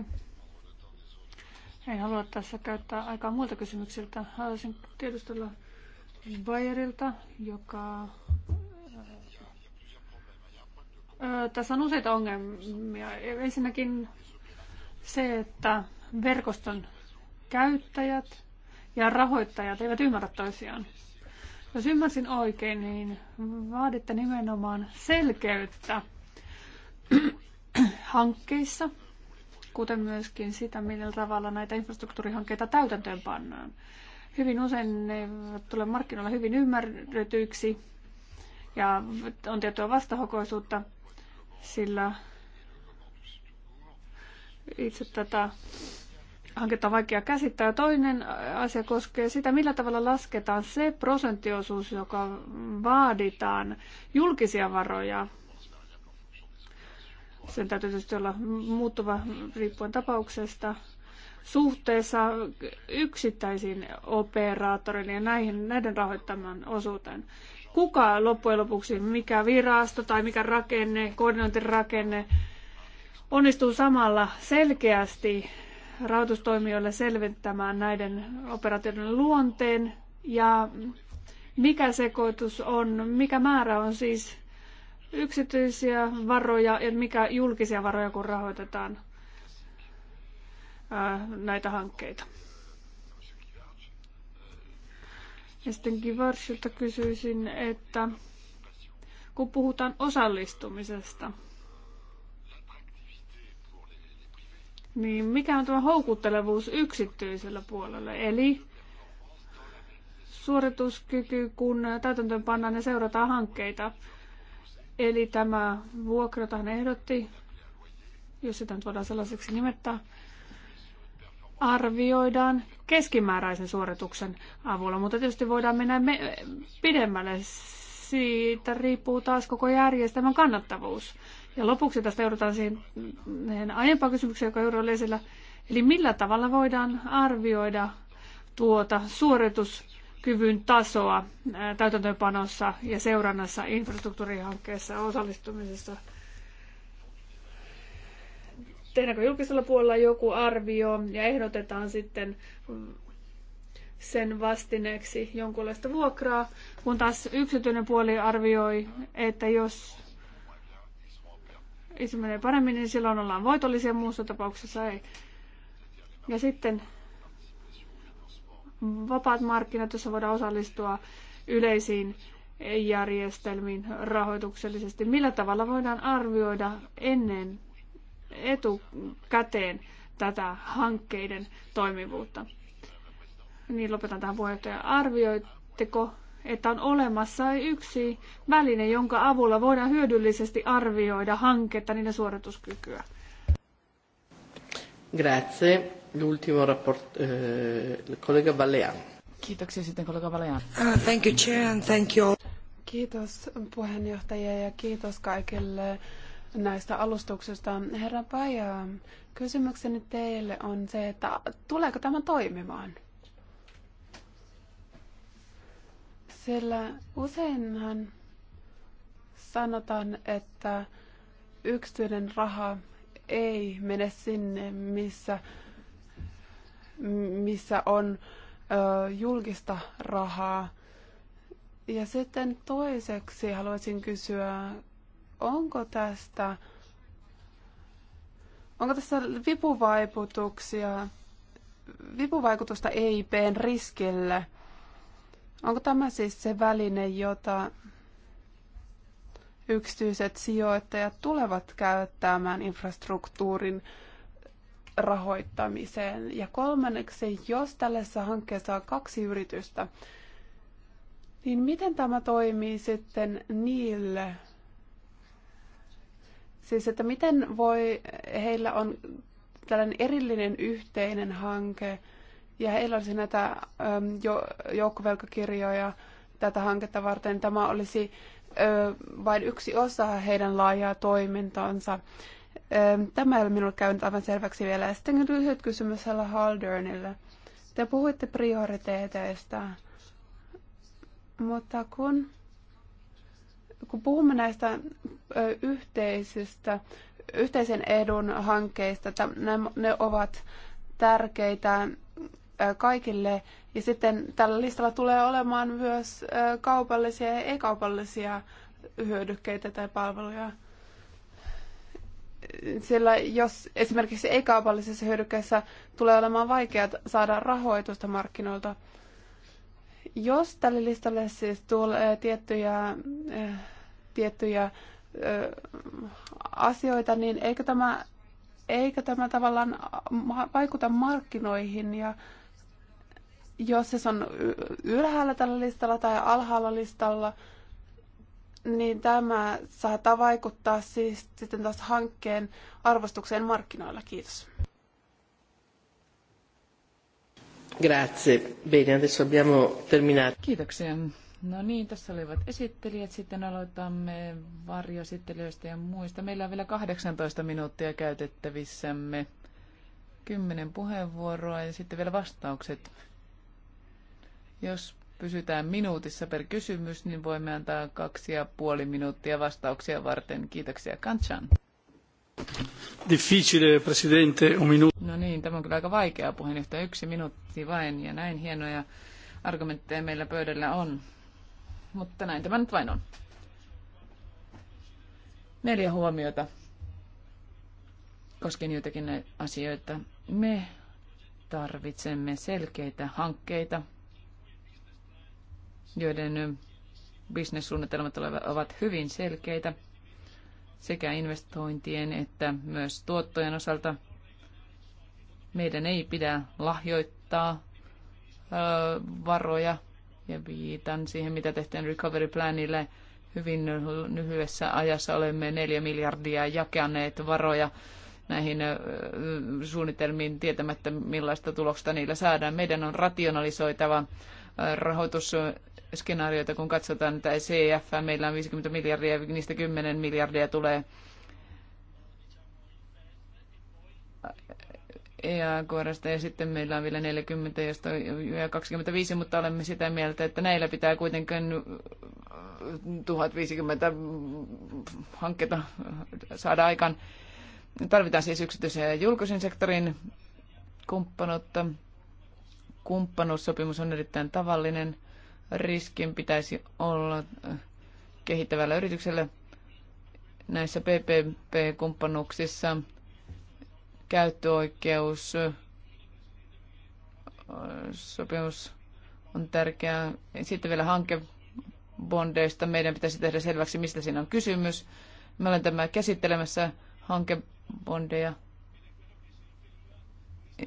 En halua tässä käyttää aikaa muilta kysymyksiltä. Haluaisin tiedustella Bayerilta, joka... Öö, tässä on useita ongelmia. Ensinnäkin se, että verkoston käyttäjät ja rahoittajat eivät ymmärrä toisiaan. Jos ymmärsin oikein, niin vaaditte nimenomaan selkeyttä hankkeissa kuten myöskin sitä, millä tavalla näitä infrastruktuurihankkeita täytäntöön pannaan. Hyvin usein ne tulee markkinoilla hyvin ymmärretyiksi ja on tiettyä vastahokoisuutta, sillä itse tätä hanketta on vaikea käsittää. Toinen asia koskee sitä, millä tavalla lasketaan se prosenttiosuus, joka vaaditaan julkisia varoja sen täytyy tietysti olla muuttuva riippuen tapauksesta suhteessa yksittäisiin operaattoreille ja näihin, näiden rahoittaman osuuteen. Kuka loppujen lopuksi, mikä virasto tai mikä rakenne, koordinointirakenne onnistuu samalla selkeästi rahoitustoimijoille selvittämään näiden operaatioiden luonteen ja mikä sekoitus on, mikä määrä on siis yksityisiä varoja ja mikä julkisia varoja, kun rahoitetaan näitä hankkeita. Ja sitten Givarsilta kysyisin, että kun puhutaan osallistumisesta, niin mikä on tämä houkuttelevuus yksityisellä puolella, Eli suorituskyky, kun täytäntöön pannaan ja seurataan hankkeita. Eli tämä vuokra, jota hän ehdotti, jos sitä nyt voidaan sellaiseksi nimettää, arvioidaan keskimääräisen suorituksen avulla, mutta tietysti voidaan mennä me- pidemmälle. Siitä riippuu taas koko järjestelmän kannattavuus. Ja lopuksi tästä joudutaan siihen aiempaan kysymykseen, joka juuri oli esillä. Eli millä tavalla voidaan arvioida tuota suoritus kyvyn tasoa täytäntöönpanossa ja seurannassa infrastruktuurihankkeessa osallistumisessa. Tehdäänkö julkisella puolella joku arvio ja ehdotetaan sitten sen vastineeksi jonkunlaista vuokraa, kun taas yksityinen puoli arvioi, että jos se menee paremmin, niin silloin ollaan voitollisia, muussa tapauksessa ei. Ja sitten vapaat markkinat, joissa voidaan osallistua yleisiin järjestelmiin rahoituksellisesti. Millä tavalla voidaan arvioida ennen etukäteen tätä hankkeiden toimivuutta? Niin lopetan tähän puheenjohtaja. Arvioitteko, että on olemassa yksi väline, jonka avulla voidaan hyödyllisesti arvioida hanketta niiden suorituskykyä? Grazie l'ultimo rapport, eh, kollega Valean. Kiitoksia sitten kollega Uh, thank you, Chair, and thank you all. Kiitos puheenjohtaja ja kiitos kaikille näistä alustuksista. Herra Paja, kysymykseni teille on se, että tuleeko tämä toimimaan? Sillä useinhan sanotaan, että yksityinen raha ei mene sinne, missä missä on ö, julkista rahaa. Ja sitten toiseksi haluaisin kysyä, onko tästä onko tässä vipuvaikutuksia, vipuvaikutusta EIPn riskille? Onko tämä siis se väline, jota yksityiset sijoittajat tulevat käyttämään infrastruktuurin rahoittamiseen. Ja kolmanneksi, jos tällaisessa hankkeessa on kaksi yritystä, niin miten tämä toimii sitten niille? Siis, että miten voi, heillä on tällainen erillinen yhteinen hanke, ja heillä olisi näitä ähm, jo, joukkovelkakirjoja tätä hanketta varten. Tämä olisi ö, vain yksi osa heidän laajaa toimintaansa. Tämä ei ole minulle käynyt aivan selväksi vielä. Ja sitten lyhyt kysymys Hella Haldernille. Te puhuitte prioriteeteista, mutta kun, kun puhumme näistä yhteisistä, yhteisen edun hankkeista, että ne, ne ovat tärkeitä kaikille. Ja sitten tällä listalla tulee olemaan myös kaupallisia ja ei-kaupallisia hyödykkeitä tai palveluja sillä jos esimerkiksi ei kaupallisessa hyödykkeessä tulee olemaan vaikeaa saada rahoitusta markkinoilta, jos tälle listalle siis tulee tiettyjä, eh, tiettyjä eh, asioita, niin eikö tämä, eikö tämä tavallaan vaikuta markkinoihin ja jos se on ylhäällä tällä listalla tai alhaalla listalla, niin tämä saattaa vaikuttaa siis sitten taas hankkeen arvostukseen markkinoilla. Kiitos. Grazie. Bene, adesso abbiamo terminato. Kiitoksia. No niin, tässä olivat esittelijät. Sitten aloitamme varjoesittelijöistä ja muista. Meillä on vielä 18 minuuttia käytettävissämme. Kymmenen puheenvuoroa ja sitten vielä vastaukset. Jos pysytään minuutissa per kysymys, niin voimme antaa kaksi ja puoli minuuttia vastauksia varten. Kiitoksia Kanchan. Difficile, presidente, un minuutti. No niin, tämä on kyllä aika vaikea puheenjohtaja. Yksi minuutti vain ja näin hienoja argumentteja meillä pöydällä on. Mutta näin tämä nyt vain on. Neljä huomiota koskien joitakin asioita. Me tarvitsemme selkeitä hankkeita, joiden bisnessuunnitelmat ovat hyvin selkeitä sekä investointien että myös tuottojen osalta. Meidän ei pidä lahjoittaa varoja ja viitan siihen, mitä tehtiin recovery planille. Hyvin lyhyessä ajassa olemme neljä miljardia jakaneet varoja näihin suunnitelmiin tietämättä millaista tuloksta niillä saadaan. Meidän on rationalisoitava rahoitus skenaarioita, kun katsotaan tätä CEF, meillä on 50 miljardia, niistä 10 miljardia tulee EAKRsta ja sitten meillä on vielä 40 josta ja 25, mutta olemme sitä mieltä, että näillä pitää kuitenkin 1050 hanketta saada aikaan. Tarvitaan siis yksityisen ja julkisen sektorin kumppanuutta. Kumppanuussopimus on erittäin tavallinen riskin pitäisi olla äh, kehittävällä yrityksellä näissä PPP-kumppanuuksissa käyttöoikeus äh, sopimus on tärkeää. Sitten vielä hankebondeista. Meidän pitäisi tehdä selväksi, mistä siinä on kysymys. Me olen tämä käsittelemässä hankebondeja.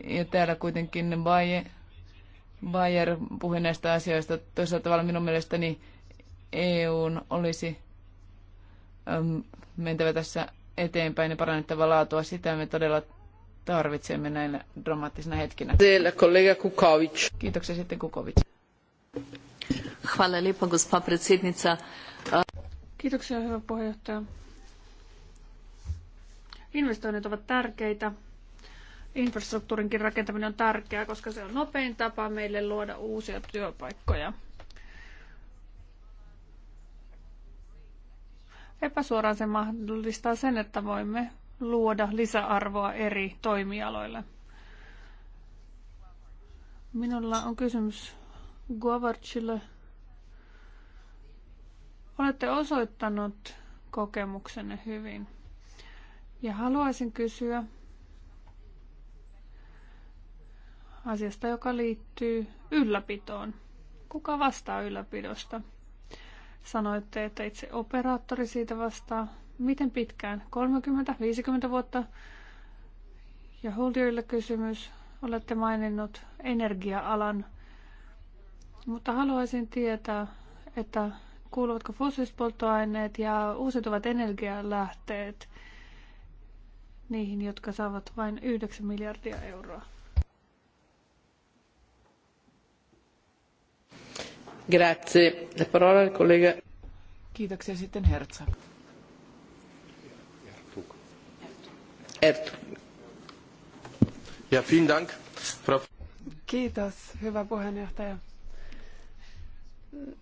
Ja täällä kuitenkin vaje Bayer puhui näistä asioista. Toisaalta tavalla minun mielestäni EUn olisi ähm, mentävä tässä eteenpäin ja parannettava laatua. Sitä me todella tarvitsemme näinä dramaattisina hetkinä. kollega Kukovic. Kiitoksia sitten Kukovic. Hvala Kiitoksia, hyvä puheenjohtaja. Investoinnit ovat tärkeitä infrastruktuurinkin rakentaminen on tärkeää, koska se on nopein tapa meille luoda uusia työpaikkoja. Epäsuoraan se mahdollistaa sen, että voimme luoda lisäarvoa eri toimialoille. Minulla on kysymys Guavarchille. Olette osoittanut kokemuksenne hyvin. Ja haluaisin kysyä, asiasta, joka liittyy ylläpitoon. Kuka vastaa ylläpidosta? Sanoitte, että itse operaattori siitä vastaa. Miten pitkään? 30-50 vuotta? Ja Holdierille kysymys. Olette maininnut energia-alan, mutta haluaisin tietää, että kuuluvatko fossiilispolttoaineet ja uusiutuvat energialähteet niihin, jotka saavat vain 9 miljardia euroa? Kiitoksia sitten Herzog. Ja, vielen Dank. Frau... Kiitos, hyvä puheenjohtaja.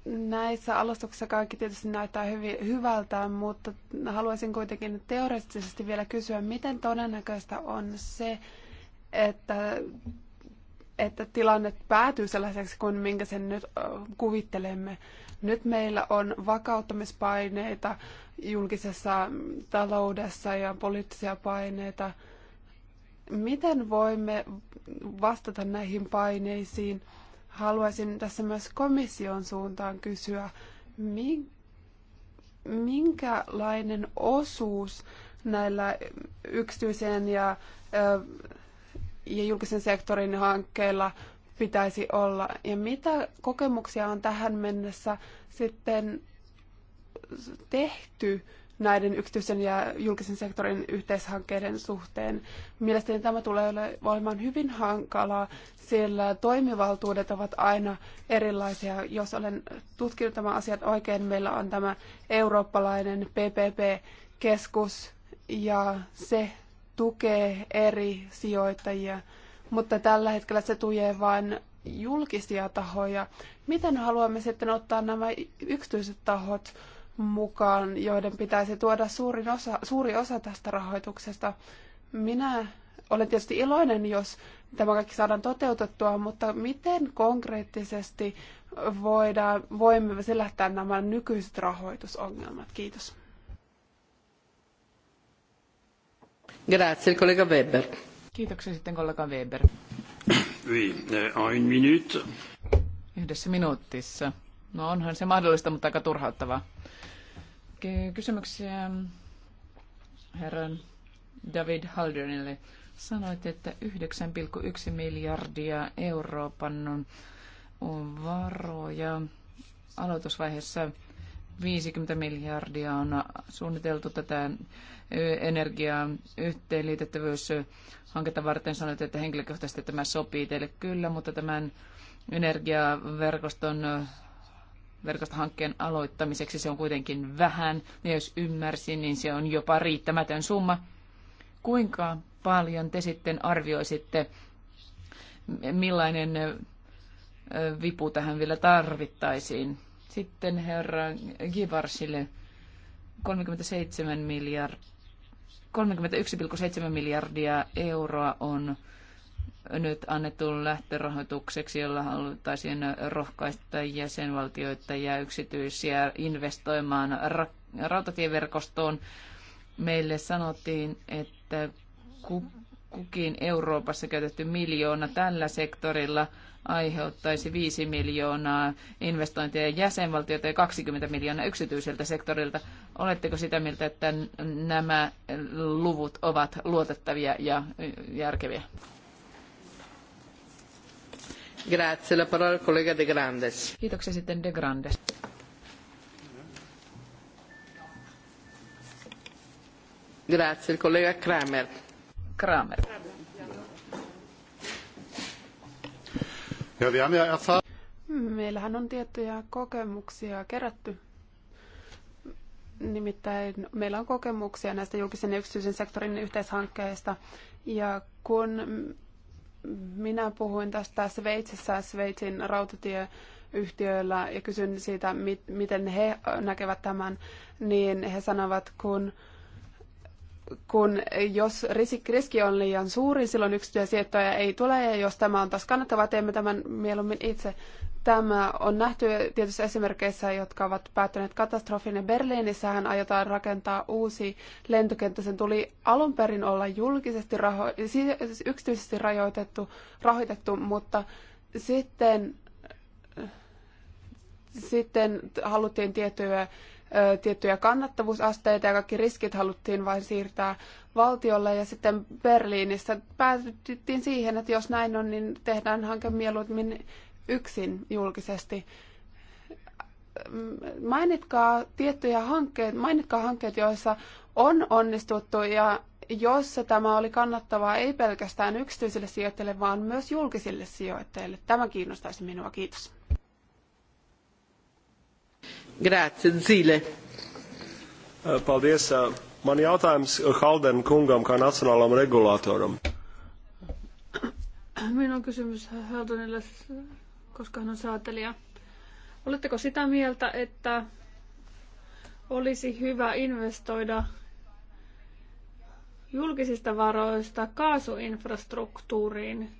Näissä alustuksissa kaikki tietysti näyttää hyvin, hyvältä, mutta haluaisin kuitenkin teoreettisesti vielä kysyä, miten todennäköistä on se, että että tilanne päätyy sellaiseksi kuin minkä sen nyt kuvittelemme. Nyt meillä on vakauttamispaineita julkisessa taloudessa ja poliittisia paineita. Miten voimme vastata näihin paineisiin? Haluaisin tässä myös komission suuntaan kysyä, minkälainen osuus näillä yksityisen ja ja julkisen sektorin hankkeilla pitäisi olla. Ja mitä kokemuksia on tähän mennessä sitten tehty näiden yksityisen ja julkisen sektorin yhteishankkeiden suhteen. Mielestäni tämä tulee olemaan hyvin hankalaa, sillä toimivaltuudet ovat aina erilaisia. Jos olen tutkinut tämän asiat oikein, meillä on tämä eurooppalainen PPP-keskus ja se tukee eri sijoittajia, mutta tällä hetkellä se tukee vain julkisia tahoja. Miten haluamme sitten ottaa nämä yksityiset tahot mukaan, joiden pitäisi tuoda suurin osa, suuri osa tästä rahoituksesta? Minä olen tietysti iloinen, jos tämä kaikki saadaan toteutettua, mutta miten konkreettisesti voidaan, voimme selättää nämä nykyiset rahoitusongelmat? Kiitos. Grazie, kollega Weber. sitten kollega Weber. Oui, en eh, minuutissa. No onhan se mahdollista, mutta aika turhauttavaa. Kysymyksiä herran David Haldernille. Sanoit, että 9,1 miljardia Euroopan on varoja. Aloitusvaiheessa 50 miljardia on suunniteltu tätä energian yhteenliitettävyys hanketta varten sanoit, että henkilökohtaisesti tämä sopii teille kyllä, mutta tämän energiaverkoston verkostohankkeen aloittamiseksi se on kuitenkin vähän, ja jos ymmärsin, niin se on jopa riittämätön summa. Kuinka paljon te sitten arvioisitte, millainen vipu tähän vielä tarvittaisiin? Sitten herra Givarsille 37 miljardia 31,7 miljardia euroa on nyt annettu lähtörahoitukseksi, jolla haluttaisiin rohkaista jäsenvaltioita ja yksityisiä investoimaan ra- rautatieverkostoon. Meille sanottiin, että kukin Euroopassa käytetty miljoona tällä sektorilla aiheuttaisi 5 miljoonaa ja jäsenvaltiota ja 20 miljoonaa yksityiseltä sektorilta. Oletteko sitä mieltä, että nämä luvut ovat luotettavia ja järkeviä? Grazie. La parola collega De Grandes. Kiitoksia sitten De Grandes. Grazie, il collega Kramer. Kramer. Meillähän on tiettyjä kokemuksia kerätty. Nimittäin meillä on kokemuksia näistä julkisen ja yksityisen sektorin yhteishankkeista. Ja kun minä puhuin tästä Sveitsissä Sveitsin rautatieyhtiöillä ja kysyin siitä, miten he näkevät tämän, niin he sanovat, kun kun jos riski on liian suuri, silloin yksityisijoittajia ei tule, ja jos tämä on taas kannattavaa, teemme tämän mieluummin itse. Tämä on nähty tietyissä esimerkkeissä, jotka ovat päättyneet katastrofiin, ja Berliinissähän aiotaan rakentaa uusi lentokenttä. Sen tuli alun perin olla julkisesti raho- siis yksityisesti rajoitettu, rahoitettu, mutta sitten, sitten haluttiin tiettyä tiettyjä kannattavuusasteita ja kaikki riskit haluttiin vain siirtää valtiolle. Ja sitten Berliinissä päätyttiin siihen, että jos näin on, niin tehdään hanke mieluummin yksin julkisesti. Mainitkaa tiettyjä hankkeita, mainitkaa hankkeet, joissa on onnistuttu ja jossa tämä oli kannattavaa ei pelkästään yksityisille sijoittajille, vaan myös julkisille sijoittajille. Tämä kiinnostaisi minua. Kiitos. Grāci, dzīle. Eh, paldies. Eh, man jautājums Halden kungam kā nacionālam regulātoram. Minun kysymys Haldenille, koska hän on saatelija. Oletteko sitä mieltä, että olisi hyvä investoida julkisista varoista kaasuinfrastruktuuriin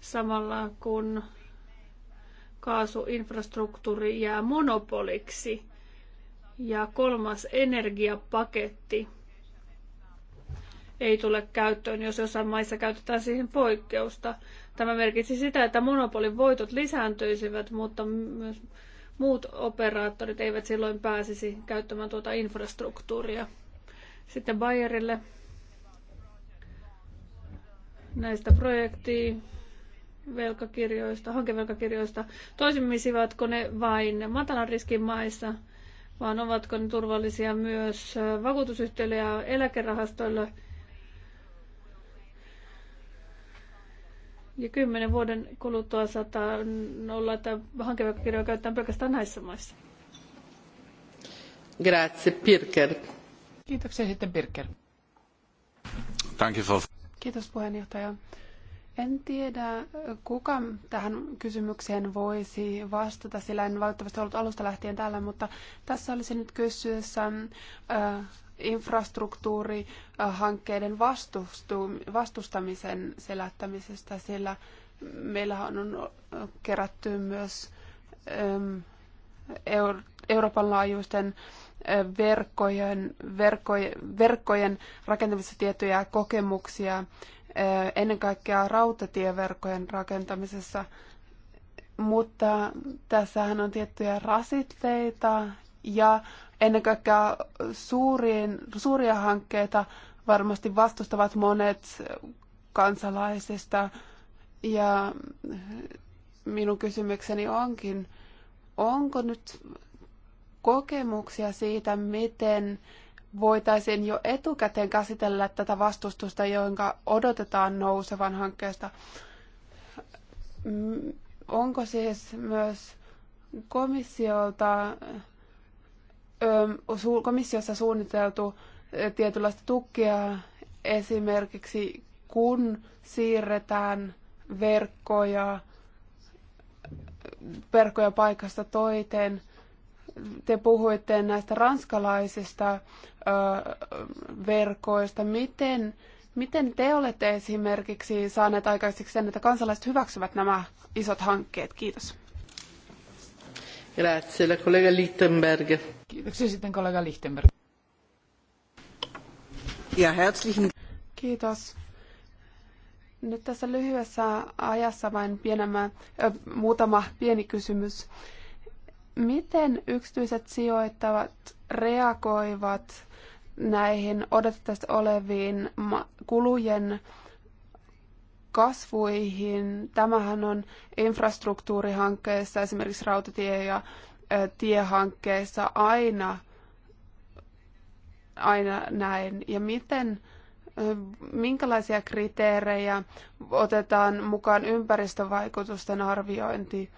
samalla kun kaasuinfrastruktuuri jää monopoliksi ja kolmas energiapaketti ei tule käyttöön, jos jossain maissa käytetään siihen poikkeusta. Tämä merkitsi sitä, että monopolin voitot lisääntyisivät, mutta myös muut operaattorit eivät silloin pääsisi käyttämään tuota infrastruktuuria. Sitten Bayerille näistä projekti velkakirjoista, hankevelkakirjoista, toimisivatko ne vain matalan riskin maissa, vaan ovatko ne turvallisia myös vakuutusyhtiöille ja eläkerahastoille. Ja kymmenen vuoden kuluttua saattaa olla, että hankevelkakirjoja käytetään pelkästään näissä maissa. Grazie, Pirker. Kiitoksia sitten Pirker. Thank you for... Kiitos puheenjohtaja. En tiedä, kuka tähän kysymykseen voisi vastata, sillä en valitettavasti ollut alusta lähtien täällä, mutta tässä olisi nyt kysyessä äh, infrastruktuurihankkeiden vastustamisen selättämisestä, sillä meillä on kerätty myös ähm, Euro Euroopan laajuisten verkkojen, verkkojen, verkkojen rakentamisessa tiettyjä kokemuksia ennen kaikkea rautatieverkkojen rakentamisessa. Mutta tässähän on tiettyjä rasitteita ja ennen kaikkea suuriin, suuria hankkeita varmasti vastustavat monet kansalaisista. Ja minun kysymykseni onkin, onko nyt kokemuksia siitä, miten voitaisiin jo etukäteen käsitellä tätä vastustusta, jonka odotetaan nousevan hankkeesta. Mm, onko siis myös komissiolta, komissiossa suunniteltu tietynlaista tukia, esimerkiksi, kun siirretään verkkoja, verkkoja paikasta toiteen – te puhuitte näistä ranskalaisista verkoista. Miten, miten te olette esimerkiksi saaneet aikaiseksi sen, että kansalaiset hyväksyvät nämä isot hankkeet? Kiitos. Grazie, la collega Lichtenberg. Kiitoksia sitten kollega Lichtenberg. Ja herzlichen... Kiitos. Nyt tässä lyhyessä ajassa vain pienemmä, äh, muutama pieni kysymys. Miten yksityiset sijoittavat reagoivat näihin odotettavasti oleviin kulujen kasvuihin? Tämähän on infrastruktuurihankkeissa, esimerkiksi rautatie- ja tiehankkeissa aina, aina näin. Ja miten, minkälaisia kriteerejä otetaan mukaan ympäristövaikutusten arviointi?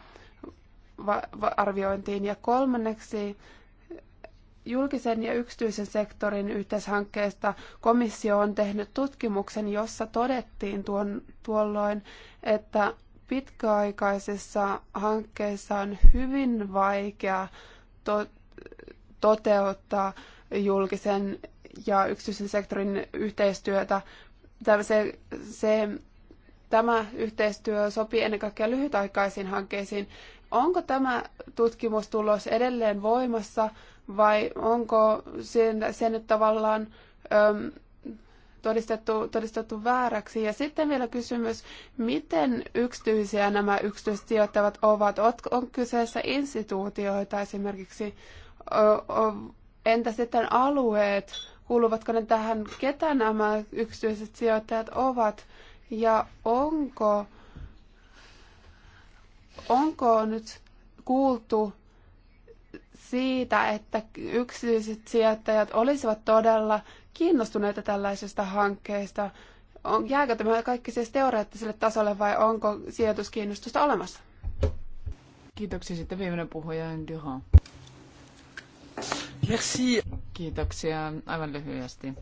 arviointiin. Ja kolmanneksi julkisen ja yksityisen sektorin yhteishankkeesta komissio on tehnyt tutkimuksen, jossa todettiin tuon, tuolloin, että pitkäaikaisissa hankkeissa on hyvin vaikea to, toteuttaa julkisen ja yksityisen sektorin yhteistyötä. Tämä, se, se, tämä yhteistyö sopii ennen kaikkea lyhytaikaisiin hankkeisiin, Onko tämä tutkimustulos edelleen voimassa vai onko sen, sen nyt tavallaan öm, todistettu, todistettu vääräksi. Ja sitten vielä kysymys, miten yksityisiä nämä yksityiset sijoittavat ovat? On kyseessä instituutioita esimerkiksi? Entä sitten alueet? Kuuluvatko ne tähän, ketä nämä yksityiset sijoittajat ovat? Ja onko Onko nyt kuultu siitä, että yksityiset sijoittajat olisivat todella kiinnostuneita tällaisesta hankkeesta? On, jääkö tämä kaikki siis teoreettiselle tasolle vai onko sijoituskiinnostusta olemassa? Kiitoksia. Sitten viimeinen puhuja, Duhan. Merci. Kiitoksia. Aivan lyhyesti.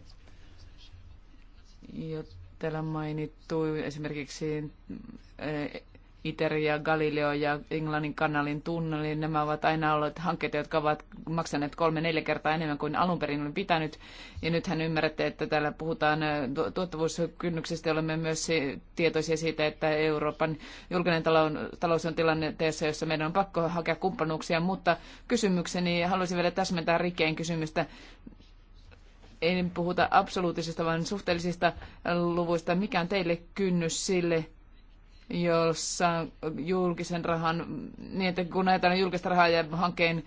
Jo täällä mainittu esimerkiksi ITERI ja Galileo ja Englannin kanalin tunneli, nämä ovat aina olleet hankkeita, jotka ovat maksaneet kolme-neljä kertaa enemmän kuin alun perin oli pitänyt. Ja nythän ymmärrätte, että täällä puhutaan tuottavuuskynnyksestä. Olemme myös tietoisia siitä, että Euroopan julkinen talous on tilanteessa, jossa meidän on pakko hakea kumppanuuksia. Mutta kysymykseni, haluaisin vielä täsmentää Rikeen kysymystä ei puhuta absoluuttisista, vaan suhteellisista luvuista. Mikä on teille kynnys sille, jossa julkisen rahan, niin että kun näitä julkista rahaa ja hankkeen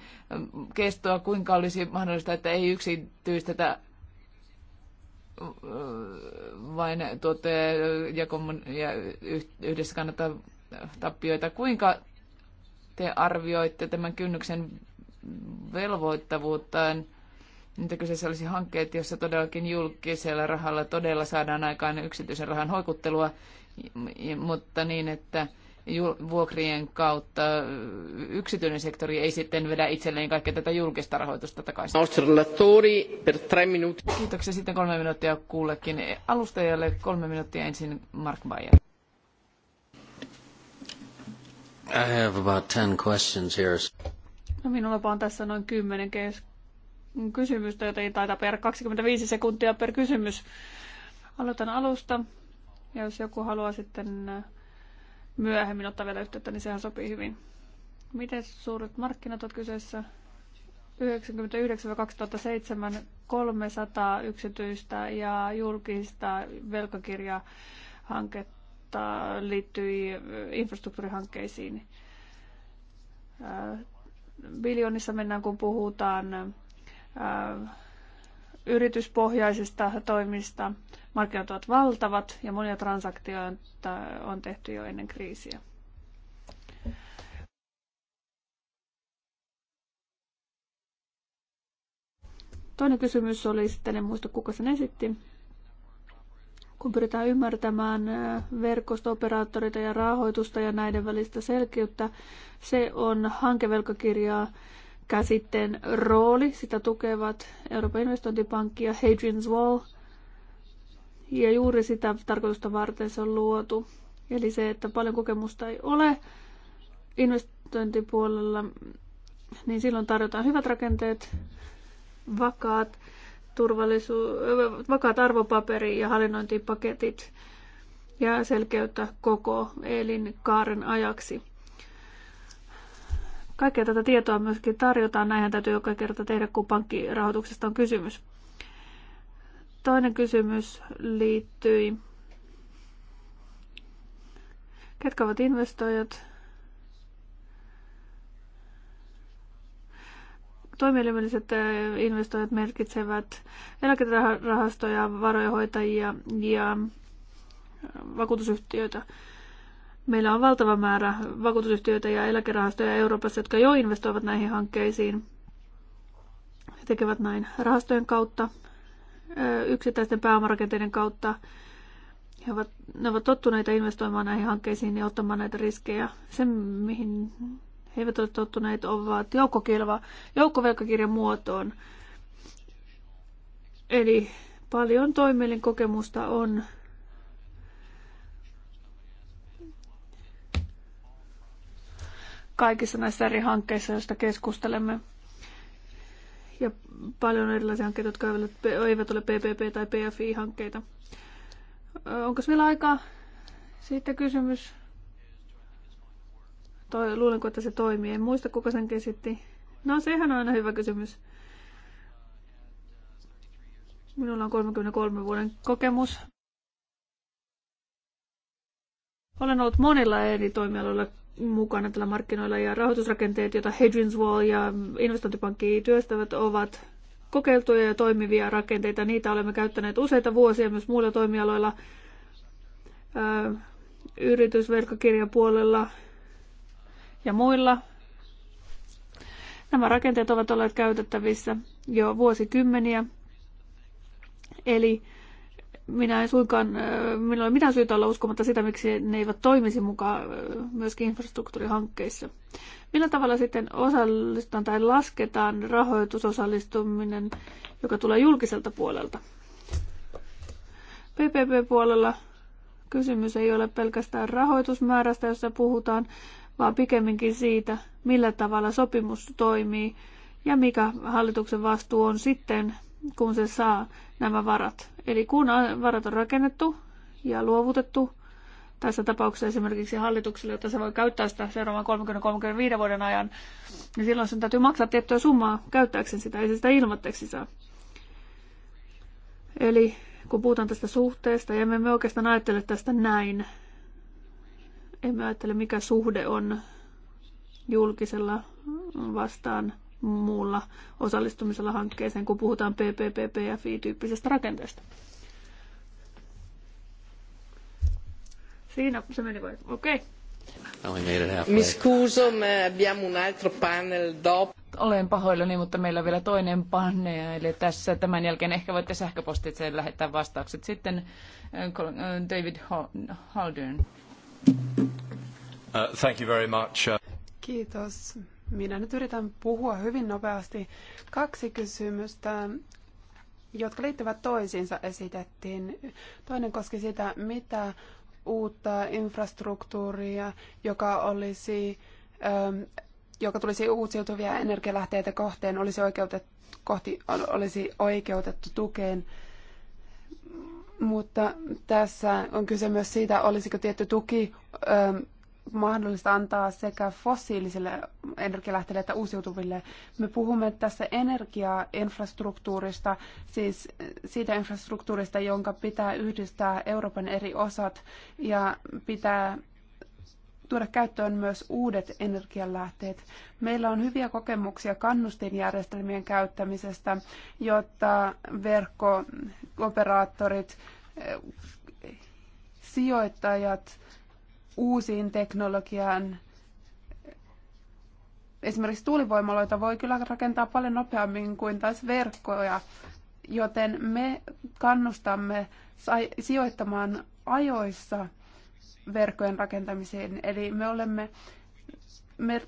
kestoa, kuinka olisi mahdollista, että ei yksityistetä äh, vain tuotteja ja, ja yhdessä kannata tappioita. Kuinka te arvioitte tämän kynnyksen velvoittavuuttaan? Niitä kyseessä olisi hankkeet, joissa todellakin julkisella rahalla todella saadaan aikaan yksityisen rahan hoikuttelua mutta niin, että vuokrien kautta yksityinen sektori ei sitten vedä itselleen kaikkea tätä julkista rahoitusta takaisin. Kiitoksia sitten kolme minuuttia kullekin. Alustajalle kolme minuuttia ensin Mark Bayer. I have about ten questions here. No minulla on tässä noin kymmenen kes- kysymystä, joten taitaa per 25 sekuntia per kysymys. Aloitan alusta. Ja jos joku haluaa sitten äh, myöhemmin ottaa vielä yhteyttä, niin sehän sopii hyvin. Miten suuret markkinat ovat kyseessä? 1999-2007 300 yksityistä ja julkista velkakirjahanketta liittyi äh, infrastruktuurihankkeisiin. Äh, Biljonissa mennään, kun puhutaan yrityspohjaisista toimista. Markkinat ovat valtavat ja monia transaktioita on tehty jo ennen kriisiä. Toinen kysymys oli sitten, en muista kuka sen esitti, kun pyritään ymmärtämään verkostooperaattoreita ja rahoitusta ja näiden välistä selkeyttä, se on hankevelkakirjaa käsitteen rooli. Sitä tukevat Euroopan investointipankki ja Hadrian's Wall. Ja juuri sitä tarkoitusta varten se on luotu. Eli se, että paljon kokemusta ei ole investointipuolella, niin silloin tarjotaan hyvät rakenteet, vakaat, turvallisu- vakaat arvopaperi- ja hallinnointipaketit ja selkeyttä koko elinkaaren ajaksi. Kaikkea tätä tietoa myöskin tarjotaan. Näinhän täytyy joka kerta tehdä, kun pankkirahoituksesta on kysymys. Toinen kysymys liittyi, ketkä ovat investoijat, toimielimelliset äh, investoijat merkitsevät eläkerahastoja, varojenhoitajia ja vakuutusyhtiöitä. Meillä on valtava määrä vakuutusyhtiöitä ja eläkerahastoja Euroopassa, jotka jo investoivat näihin hankkeisiin. He tekevät näin rahastojen kautta, yksittäisten pääomarakenteiden kautta. He ovat, ne ovat tottuneita investoimaan näihin hankkeisiin ja ottamaan näitä riskejä. Se, mihin he eivät ole tottuneet, ovat joukkokilva, joukkovelkakirjan muotoon. Eli paljon toimielin kokemusta on kaikissa näissä eri hankkeissa, joista keskustelemme. Ja paljon erilaisia hankkeita, jotka eivät ole PPP- tai PFI-hankkeita. Onko vielä aikaa? Sitten kysymys. Toi, luulenko, että se toimii? En muista, kuka sen kesitti. No, sehän on aina hyvä kysymys. Minulla on 33 vuoden kokemus. Olen ollut monilla eri toimialoilla mukana tällä markkinoilla ja rahoitusrakenteet, joita Hedgins Wall ja investointipankki työstävät, ovat kokeiltuja ja toimivia rakenteita. Niitä olemme käyttäneet useita vuosia myös muilla toimialoilla, puolella ja muilla. Nämä rakenteet ovat olleet käytettävissä jo vuosikymmeniä. Eli minä en suinkaan, minulla ei ole mitään syytä olla uskomatta sitä, miksi ne eivät toimisi mukaan myöskin infrastruktuurihankkeissa. Millä tavalla sitten osallistutaan tai lasketaan rahoitusosallistuminen, joka tulee julkiselta puolelta? PPP-puolella kysymys ei ole pelkästään rahoitusmäärästä, jossa puhutaan, vaan pikemminkin siitä, millä tavalla sopimus toimii ja mikä hallituksen vastuu on sitten, kun se saa nämä varat. Eli kun varat on rakennettu ja luovutettu, tässä tapauksessa esimerkiksi hallitukselle, jota se voi käyttää sitä seuraavan 30-35 vuoden ajan, niin silloin sen täytyy maksaa tiettyä summaa käyttääkseen sitä, ei se sitä ilmoitteeksi saa. Eli kun puhutaan tästä suhteesta, ja emme me oikeastaan ajattele tästä näin, emme ajattele mikä suhde on julkisella vastaan muulla osallistumisella hankkeeseen, kun puhutaan PPPPFI-tyyppisestä rakenteesta. Siinä se meni vai? Okei. Okay. No, Mi scuso, me abbiamo un altro panel dopo. Olen pahoillani, mutta meillä on vielä toinen panel. Eli tässä tämän jälkeen ehkä voitte sähköpostitse lähettää vastaukset. Sitten äh, äh, David Haldun. Uh, thank you very much. Uh. Kiitos minä nyt yritän puhua hyvin nopeasti. Kaksi kysymystä, jotka liittyvät toisiinsa, esitettiin. Toinen koski sitä, mitä uutta infrastruktuuria, joka olisi ähm, joka tulisi uusiutuvia energialähteitä kohteen, olisi oikeutettu, kohti, olisi oikeutettu tukeen. Mutta tässä on kyse myös siitä, olisiko tietty tuki ö, ähm, mahdollista antaa sekä fossiilisille energialähteille että uusiutuville. Me puhumme tässä energiainfrastruktuurista, siis siitä infrastruktuurista, jonka pitää yhdistää Euroopan eri osat ja pitää tuoda käyttöön myös uudet energialähteet. Meillä on hyviä kokemuksia kannustinjärjestelmien käyttämisestä, jotta verkkooperaattorit, sijoittajat, uusiin teknologiaan. Esimerkiksi tuulivoimaloita voi kyllä rakentaa paljon nopeammin kuin taas verkkoja, joten me kannustamme sijoittamaan ajoissa verkkojen rakentamiseen. Eli me olemme me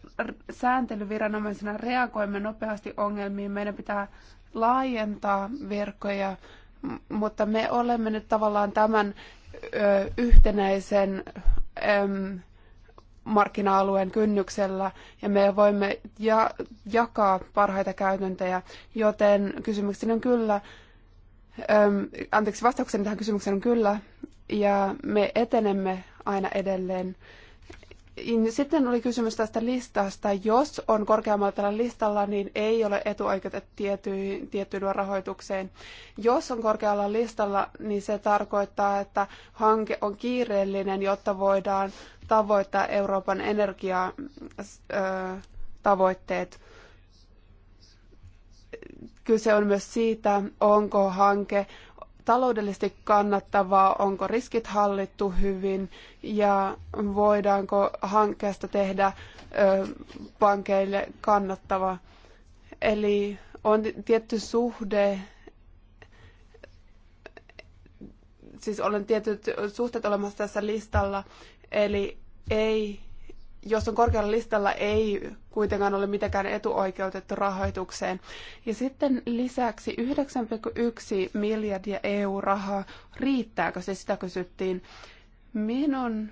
sääntelyviranomaisena reagoimme nopeasti ongelmiin. Meidän pitää laajentaa verkkoja, mutta me olemme nyt tavallaan tämän yhtenäisen markkina-alueen kynnyksellä ja me voimme ja, jakaa parhaita käytäntöjä, joten kysymykseni on kyllä, äm, anteeksi vastaukseni tähän kysymykseen on kyllä, ja me etenemme aina edelleen. Niin sitten oli kysymys tästä listasta. Jos on korkeammalla tällä listalla, niin ei ole etuoikeutettu tiettyyn rahoitukseen. Jos on korkealla listalla, niin se tarkoittaa, että hanke on kiireellinen, jotta voidaan tavoittaa Euroopan energiatavoitteet. Kyse on myös siitä, onko hanke taloudellisesti kannattavaa, onko riskit hallittu hyvin ja voidaanko hankkeesta tehdä pankeille kannattava. Eli on tietty suhde, siis olen tietyt suhteet olemassa tässä listalla, eli ei jos on korkealla listalla, ei kuitenkaan ole mitenkään etuoikeutettu rahoitukseen. Ja sitten lisäksi 9,1 miljardia EU-rahaa, riittääkö se, sitä kysyttiin. Minun,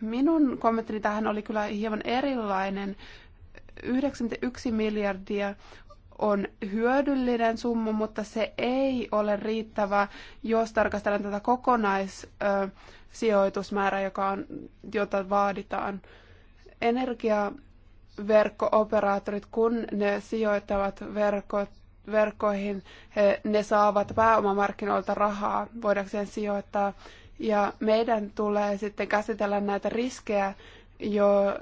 minun kommenttini tähän oli kyllä hieman erilainen. 91 miljardia on hyödyllinen summa, mutta se ei ole riittävä, jos tarkastellaan tätä kokonais... Ö, sijoitusmäärä, joka on, jota vaaditaan. Energiaverkko-operaattorit, kun ne sijoittavat verkot, verkkoihin, he, ne saavat pääomamarkkinoilta rahaa voidakseen sijoittaa. Ja meidän tulee sitten käsitellä näitä riskejä, jo,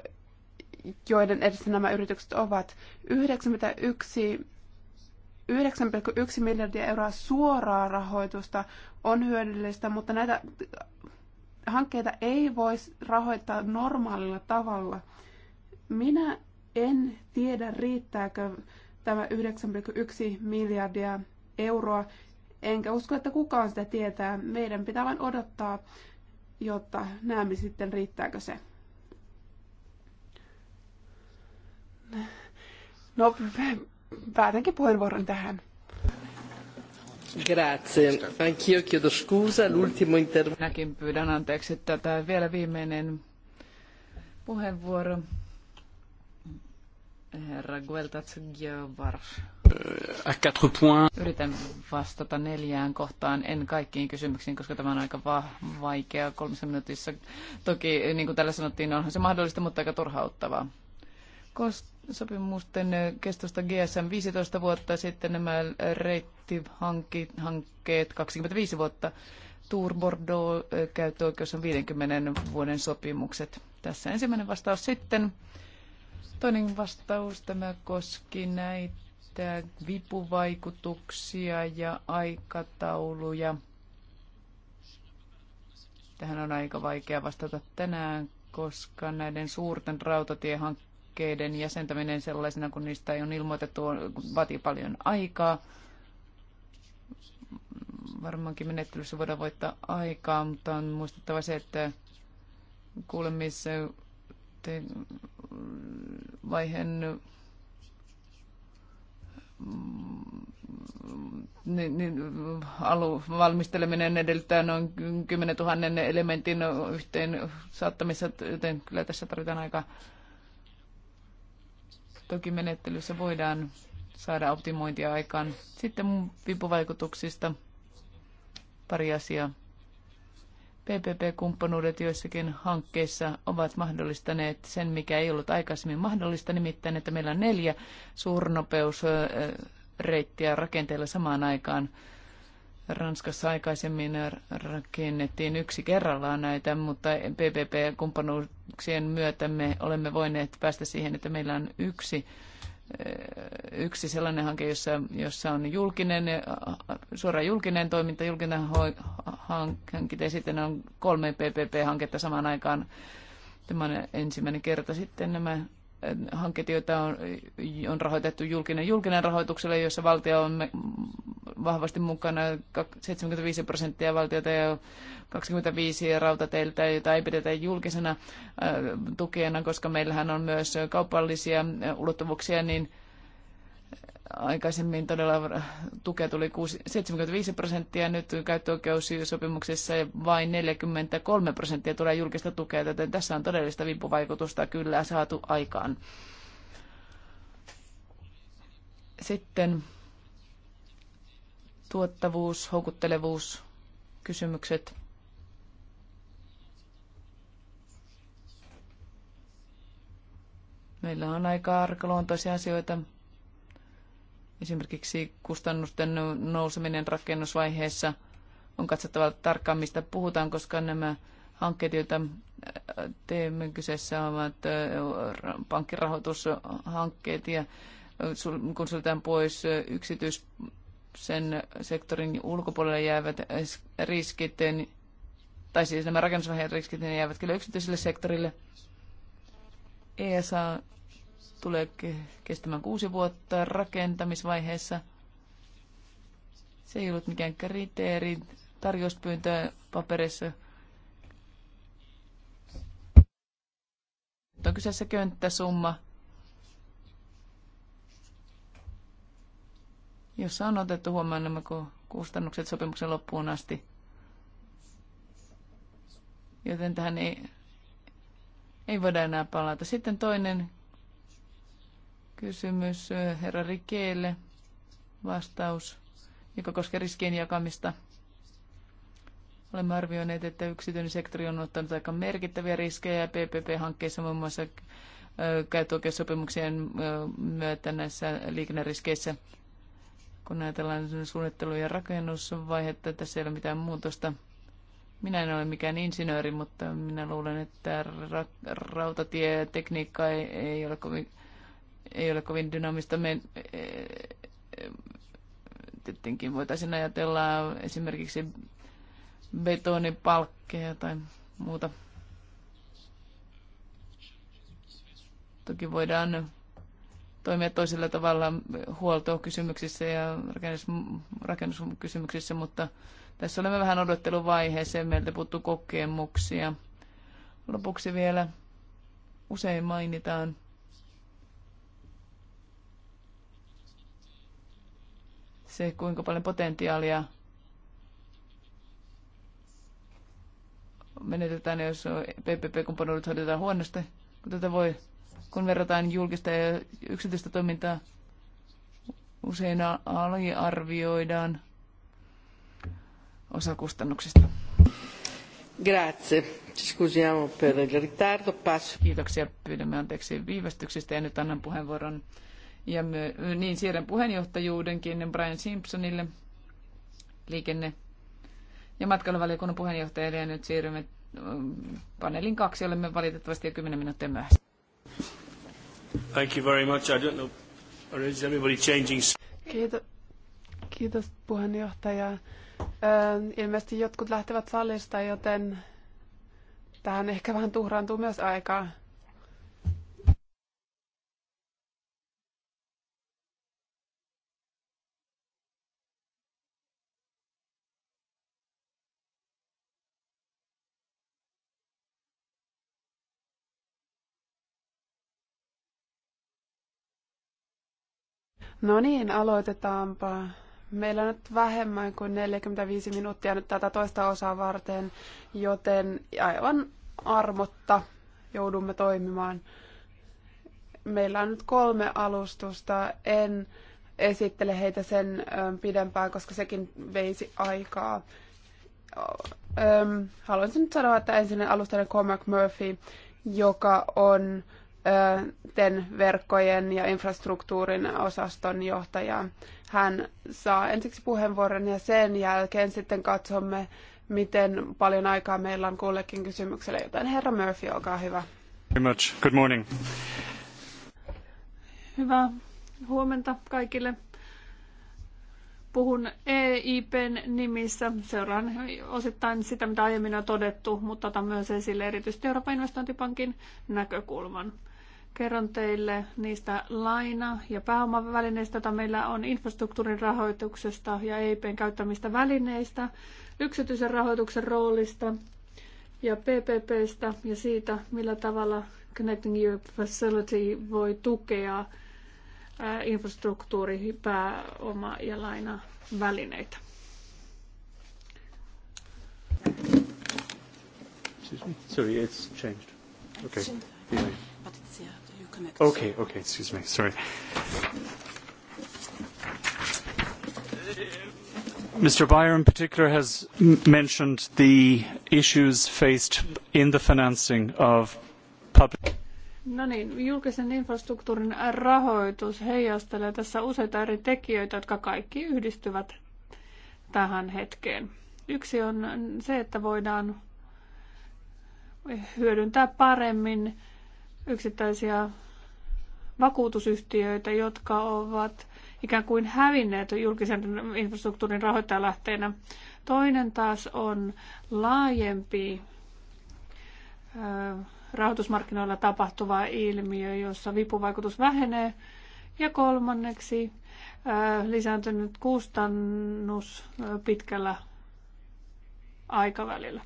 joiden edessä nämä yritykset ovat. 91 9,1 miljardia euroa suoraa rahoitusta on hyödyllistä, mutta näitä hankkeita ei voisi rahoittaa normaalilla tavalla. Minä en tiedä, riittääkö tämä 9,1 miljardia euroa, enkä usko, että kukaan sitä tietää. Meidän pitää vain odottaa, jotta näemme sitten, riittääkö se. No, päätänkin puheenvuoron tähän. Grazie. Anch'io chiedo scusa, l'ultimo intervento. Minäkin pyydän anteeksi tätä. Vielä viimeinen puheenvuoro. Herra Gueltats Gjövars. Euh, Yritän vastata neljään kohtaan, en kaikkiin kysymyksiin, koska tämä on aika va- vaikea kolmessa minuutissa. Toki, niin kuin täällä sanottiin, onhan se mahdollista, mutta aika turhauttavaa. Koska sopimusten kestosta GSM 15 vuotta, sitten nämä reittihankkeet 25 vuotta. Tour Bordeaux käyttöoikeus on 50 vuoden sopimukset. Tässä ensimmäinen vastaus sitten. Toinen vastaus tämä koski näitä vipuvaikutuksia ja aikatauluja. Tähän on aika vaikea vastata tänään, koska näiden suurten rautatiehankkeiden hankkeiden jäsentäminen sellaisena, kun niistä ei ole ilmoitettu, vaatii paljon aikaa. Varmaankin menettelyssä voidaan voittaa aikaa, mutta on muistettava se, että kuulemissa vaiheen mm, niin, niin, alu, valmisteleminen edellyttää noin 10 000 elementin yhteen saattamista, joten kyllä tässä tarvitaan aika Toki menettelyssä voidaan saada optimointia aikaan. Sitten vipuvaikutuksista pari asiaa. PPP-kumppanuudet joissakin hankkeissa ovat mahdollistaneet sen, mikä ei ollut aikaisemmin mahdollista, nimittäin, että meillä on neljä suurnopeusreittiä rakenteella samaan aikaan Ranskassa aikaisemmin rakennettiin yksi kerrallaan näitä, mutta PPP-kumppanuuksien myötä me olemme voineet päästä siihen, että meillä on yksi, eh, yksi sellainen hanke, jossa, jossa on julkinen, suora julkinen toiminta, julkinen hankinta ja sitten on kolme PPP-hanketta samaan aikaan. Tämä on ensimmäinen kerta sitten nämä hankkeita, joita on, on rahoitettu julkinen julkinen rahoitukselle, jossa valtio on vahvasti mukana 75 prosenttia valtiota ja 25 rautateiltä, joita ei pidetä julkisena äh, tukena, koska meillähän on myös kaupallisia äh, ulottuvuuksia, niin aikaisemmin todella tukea tuli 75 prosenttia, nyt käyttöoikeussopimuksessa vain 43 prosenttia tulee julkista tukea, joten tässä on todellista vipuvaikutusta kyllä saatu aikaan. Sitten tuottavuus, houkuttelevuus, kysymykset. Meillä on aika arkaluontoisia asioita Esimerkiksi kustannusten nouseminen rakennusvaiheessa on katsottava tarkkaan, mistä puhutaan, koska nämä hankkeet, joita äh, teemme kyseessä, ovat äh, pankkirahoitushankkeet ja äh, kun suljetaan pois yksityisen sektorin ulkopuolelle jäävät riskit, niin, tai siis nämä rakennusvaiheen riskit, niin ne jäävät kyllä yksityiselle sektorille. ESA tulee kestämään kuusi vuotta rakentamisvaiheessa. Se ei ollut mikään kriteeri tarjouspyyntö paperissa. on kyseessä könttäsumma, jossa on otettu huomioon nämä kustannukset sopimuksen loppuun asti. Joten tähän ei, ei voida enää palata. Sitten toinen Kysymys herra Rikeelle. Vastaus, joka koskee riskien jakamista. Olemme arvioineet, että yksityinen sektori on ottanut aika merkittäviä riskejä PPP-hankkeissa muun muassa käyttöoikeussopimuksien myötä näissä liikenneriskeissä. Kun ajatellaan suunnittelu- ja rakennusvaihetta, tässä ei ole mitään muutosta. Minä en ole mikään insinööri, mutta minä luulen, että ra- rautatietekniikka ei, ei ole kovin ei ole kovin dynaamista. Me, eh, eh, tietenkin voitaisiin ajatella esimerkiksi betonipalkkeja tai muuta. Toki voidaan toimia toisella tavalla huoltokysymyksissä ja rakennus, rakennuskysymyksissä, mutta tässä olemme vähän ja Meiltä puuttuu kokemuksia. Lopuksi vielä usein mainitaan se, kuinka paljon potentiaalia menetetään, jos PPP-kumppanuudet hoidetaan huonosti. Kun, tätä voi, kun verrataan julkista ja yksityistä toimintaa, usein aliarvioidaan osa kustannuksista. Grazie. Scusiamo per il ritardo. Passo. Kiitoksia. Pyydämme anteeksi viivästyksistä ja nyt annan puheenvuoron ja my, niin siirrän puheenjohtajuudenkin Brian Simpsonille liikenne- ja matkailuvaliokunnan puheenjohtajalle ja nyt siirrymme mm, paneelin kaksi, olemme valitettavasti jo 10 minuuttia myöhässä. Thank you very much. I don't know, or is everybody changing? Kiitos, kiitos puheenjohtaja. Ilmeisesti jotkut lähtevät salista, joten tähän ehkä vähän tuhraantuu myös aikaa. No niin, aloitetaanpa. Meillä on nyt vähemmän kuin 45 minuuttia nyt tätä toista osaa varten, joten aivan armotta joudumme toimimaan. Meillä on nyt kolme alustusta. En esittele heitä sen pidempään, koska sekin veisi aikaa. Haluaisin nyt sanoa, että ensin alustainen Cormac Murphy, joka on TEN verkkojen ja infrastruktuurin osaston johtaja. Hän saa ensiksi puheenvuoron ja sen jälkeen sitten katsomme, miten paljon aikaa meillä on kullekin kysymykselle. Joten herra Murphy, olkaa hyvä. Very much. Good morning. Hyvää huomenta kaikille. Puhun EIPn nimissä. Seuraan osittain sitä, mitä aiemmin on todettu, mutta otan myös esille erityisesti Euroopan investointipankin näkökulman. Kerron teille niistä laina- ja pääomavälineistä, joita meillä on infrastruktuurin rahoituksesta ja EIPn käyttämistä välineistä, yksityisen rahoituksen roolista ja PPPstä ja siitä, millä tavalla Connecting Europe Facility voi tukea infrastruktuuri, pääoma- ja lainavälineitä. Sorry, it's changed. Okay. Yeah the Okay, okay, excuse me, sorry. Mr. Beyer in particular has m- mentioned the issues faced in the financing of public. No niin, julkisen infrastruktuurin rahoitus heijastelee tässä useita eri tekijöitä, jotka kaikki yhdistyvät tähän hetkeen. Yksi on se, että voidaan hyödyntää paremmin yksittäisiä vakuutusyhtiöitä, jotka ovat ikään kuin hävinneet julkisen infrastruktuurin rahoittajalähteenä. Toinen taas on laajempi rahoitusmarkkinoilla tapahtuva ilmiö, jossa vipuvaikutus vähenee. Ja kolmanneksi lisääntynyt kustannus pitkällä aikavälillä.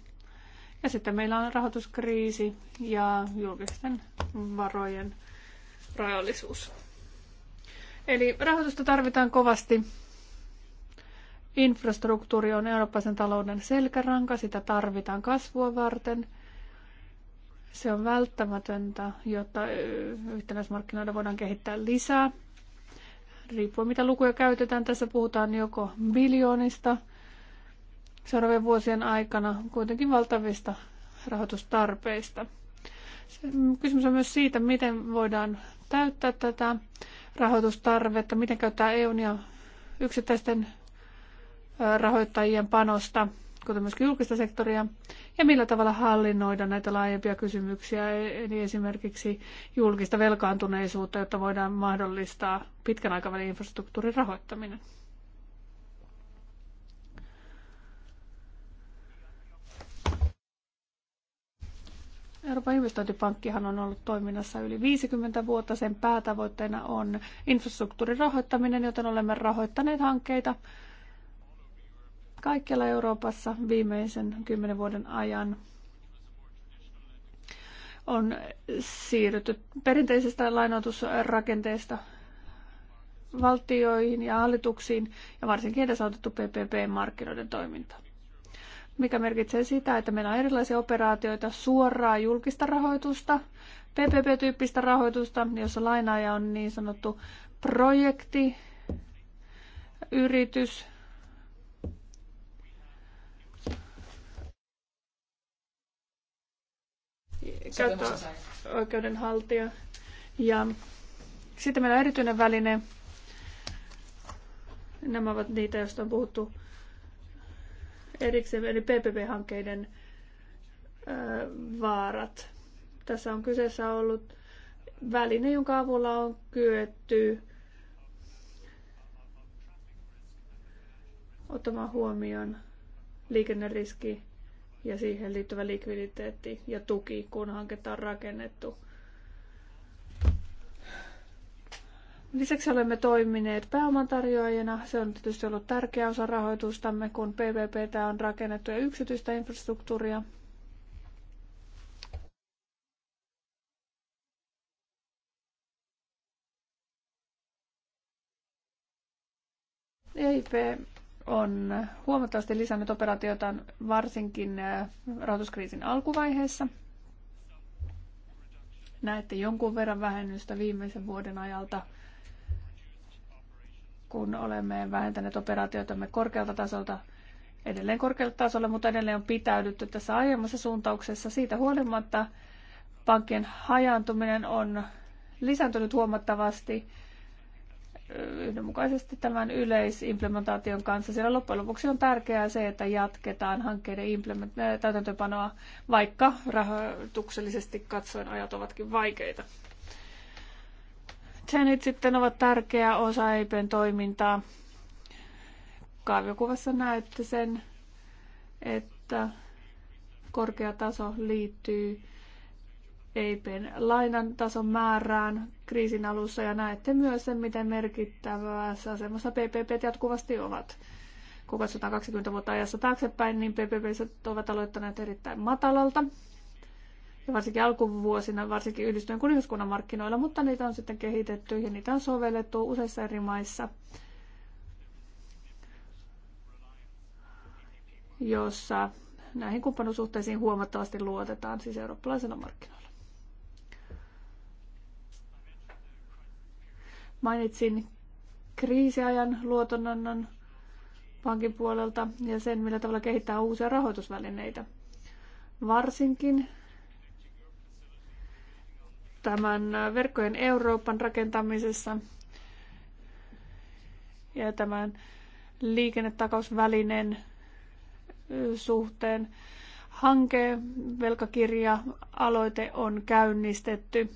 Ja sitten meillä on rahoituskriisi ja julkisten varojen rajallisuus. Eli rahoitusta tarvitaan kovasti. Infrastruktuuri on eurooppalaisen talouden selkäranka, sitä tarvitaan kasvua varten. Se on välttämätöntä, jotta yhtenäismarkkinoita voidaan kehittää lisää. Riippuen mitä lukuja käytetään, tässä puhutaan joko biljoonista seuraavien vuosien aikana, kuitenkin valtavista rahoitustarpeista. Mm, kysymys on myös siitä, miten voidaan täyttää tätä rahoitustarvetta, miten käyttää EUn ja yksittäisten rahoittajien panosta, kuten myös julkista sektoria, ja millä tavalla hallinnoida näitä laajempia kysymyksiä, eli esimerkiksi julkista velkaantuneisuutta, jotta voidaan mahdollistaa pitkän aikavälin infrastruktuurin rahoittaminen. Euroopan investointipankkihan on ollut toiminnassa yli 50 vuotta. Sen päätavoitteena on infrastruktuurin rahoittaminen, joten olemme rahoittaneet hankkeita kaikkialla Euroopassa viimeisen kymmenen vuoden ajan. On siirrytty perinteisestä lainoitusrakenteesta valtioihin ja hallituksiin ja varsinkin edesautettu PPP-markkinoiden toimintaa mikä merkitsee sitä, että meillä on erilaisia operaatioita, suoraa julkista rahoitusta, PPP-tyyppistä rahoitusta, jossa lainaaja on niin sanottu projekti, yritys, käyttöoikeudenhaltija. Ja sitten meillä on erityinen väline. Nämä ovat niitä, joista on puhuttu erikseen, eli PPP-hankkeiden vaarat. Tässä on kyseessä ollut väline, jonka avulla on kyetty ottamaan huomioon liikenneriski ja siihen liittyvä likviditeetti ja tuki, kun hanketta on rakennettu – Lisäksi olemme toimineet pääomantarjoajina. Se on tietysti ollut tärkeä osa rahoitustamme, kun PPP on rakennettu ja yksityistä infrastruktuuria. EIP on huomattavasti lisännyt operaatiota varsinkin äh, rahoituskriisin alkuvaiheessa. Näette jonkun verran vähennystä viimeisen vuoden ajalta – kun olemme vähentäneet operaatioitamme korkealta tasolta edelleen korkealta tasolle, mutta edelleen on pitäydytty tässä aiemmassa suuntauksessa. Siitä huolimatta pankkien hajaantuminen on lisääntynyt huomattavasti yhdenmukaisesti tämän yleisimplementaation kanssa, Siellä loppujen lopuksi on tärkeää se, että jatketaan hankkeiden implement- täytäntöpanoa, vaikka rahoituksellisesti katsoen ajat ovatkin vaikeita. Chainit sitten ovat tärkeä osa Eipen toimintaa. Kaaviokuvassa näette sen, että korkea taso liittyy Eipen lainan tason määrään kriisin alussa ja näette myös sen, miten merkittävässä asemassa PPP jatkuvasti ovat. Kun katsotaan 20 vuotta ajassa taaksepäin, niin PPP ovat aloittaneet erittäin matalalta ja varsinkin alkuvuosina, varsinkin yhdistyneen kuningaskunnan markkinoilla, mutta niitä on sitten kehitetty ja niitä on sovellettu useissa eri maissa, jossa näihin kumppanuussuhteisiin huomattavasti luotetaan siis eurooppalaisilla markkinoilla. Mainitsin kriisiajan luotonannon pankin puolelta ja sen, millä tavalla kehittää uusia rahoitusvälineitä. Varsinkin tämän verkkojen Euroopan rakentamisessa ja tämän liikennetakausvälineen suhteen. Hanke, velkakirja, aloite on käynnistetty.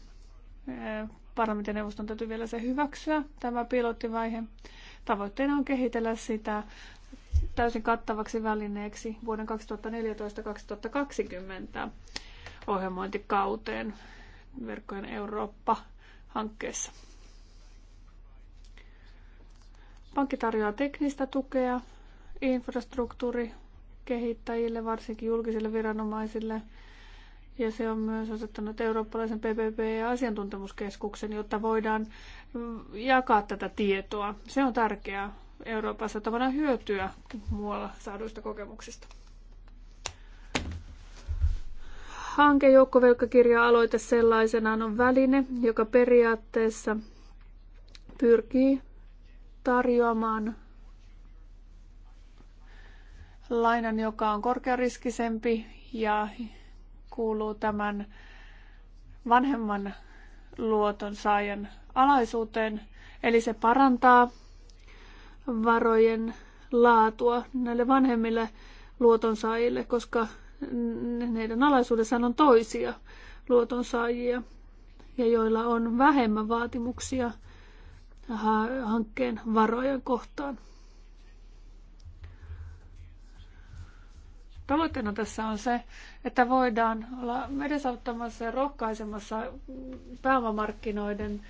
Parlamentin neuvoston täytyy vielä se hyväksyä, tämä pilottivaihe. Tavoitteena on kehitellä sitä täysin kattavaksi välineeksi vuoden 2014-2020 ohjelmointikauteen verkkojen Eurooppa-hankkeessa. Pankki tarjoaa teknistä tukea infrastruktuuri varsinkin julkisille viranomaisille, ja se on myös asettanut eurooppalaisen PPP-asiantuntemuskeskuksen, jotta voidaan jakaa tätä tietoa. Se on tärkeää Euroopassa, että voidaan hyötyä muualla saaduista kokemuksista. Hanke joukkovelkakirja-aloite sellaisenaan on väline, joka periaatteessa pyrkii tarjoamaan lainan, joka on korkeariskisempi ja kuuluu tämän vanhemman luoton saajan alaisuuteen. Eli se parantaa varojen laatua näille vanhemmille luotonsaajille, koska heidän alaisuudessaan on toisia luotonsaajia ja joilla on vähemmän vaatimuksia hankkeen varojen kohtaan. Tavoitteena tässä on se, että voidaan olla edesauttamassa ja rohkaisemassa pääomamarkkinoiden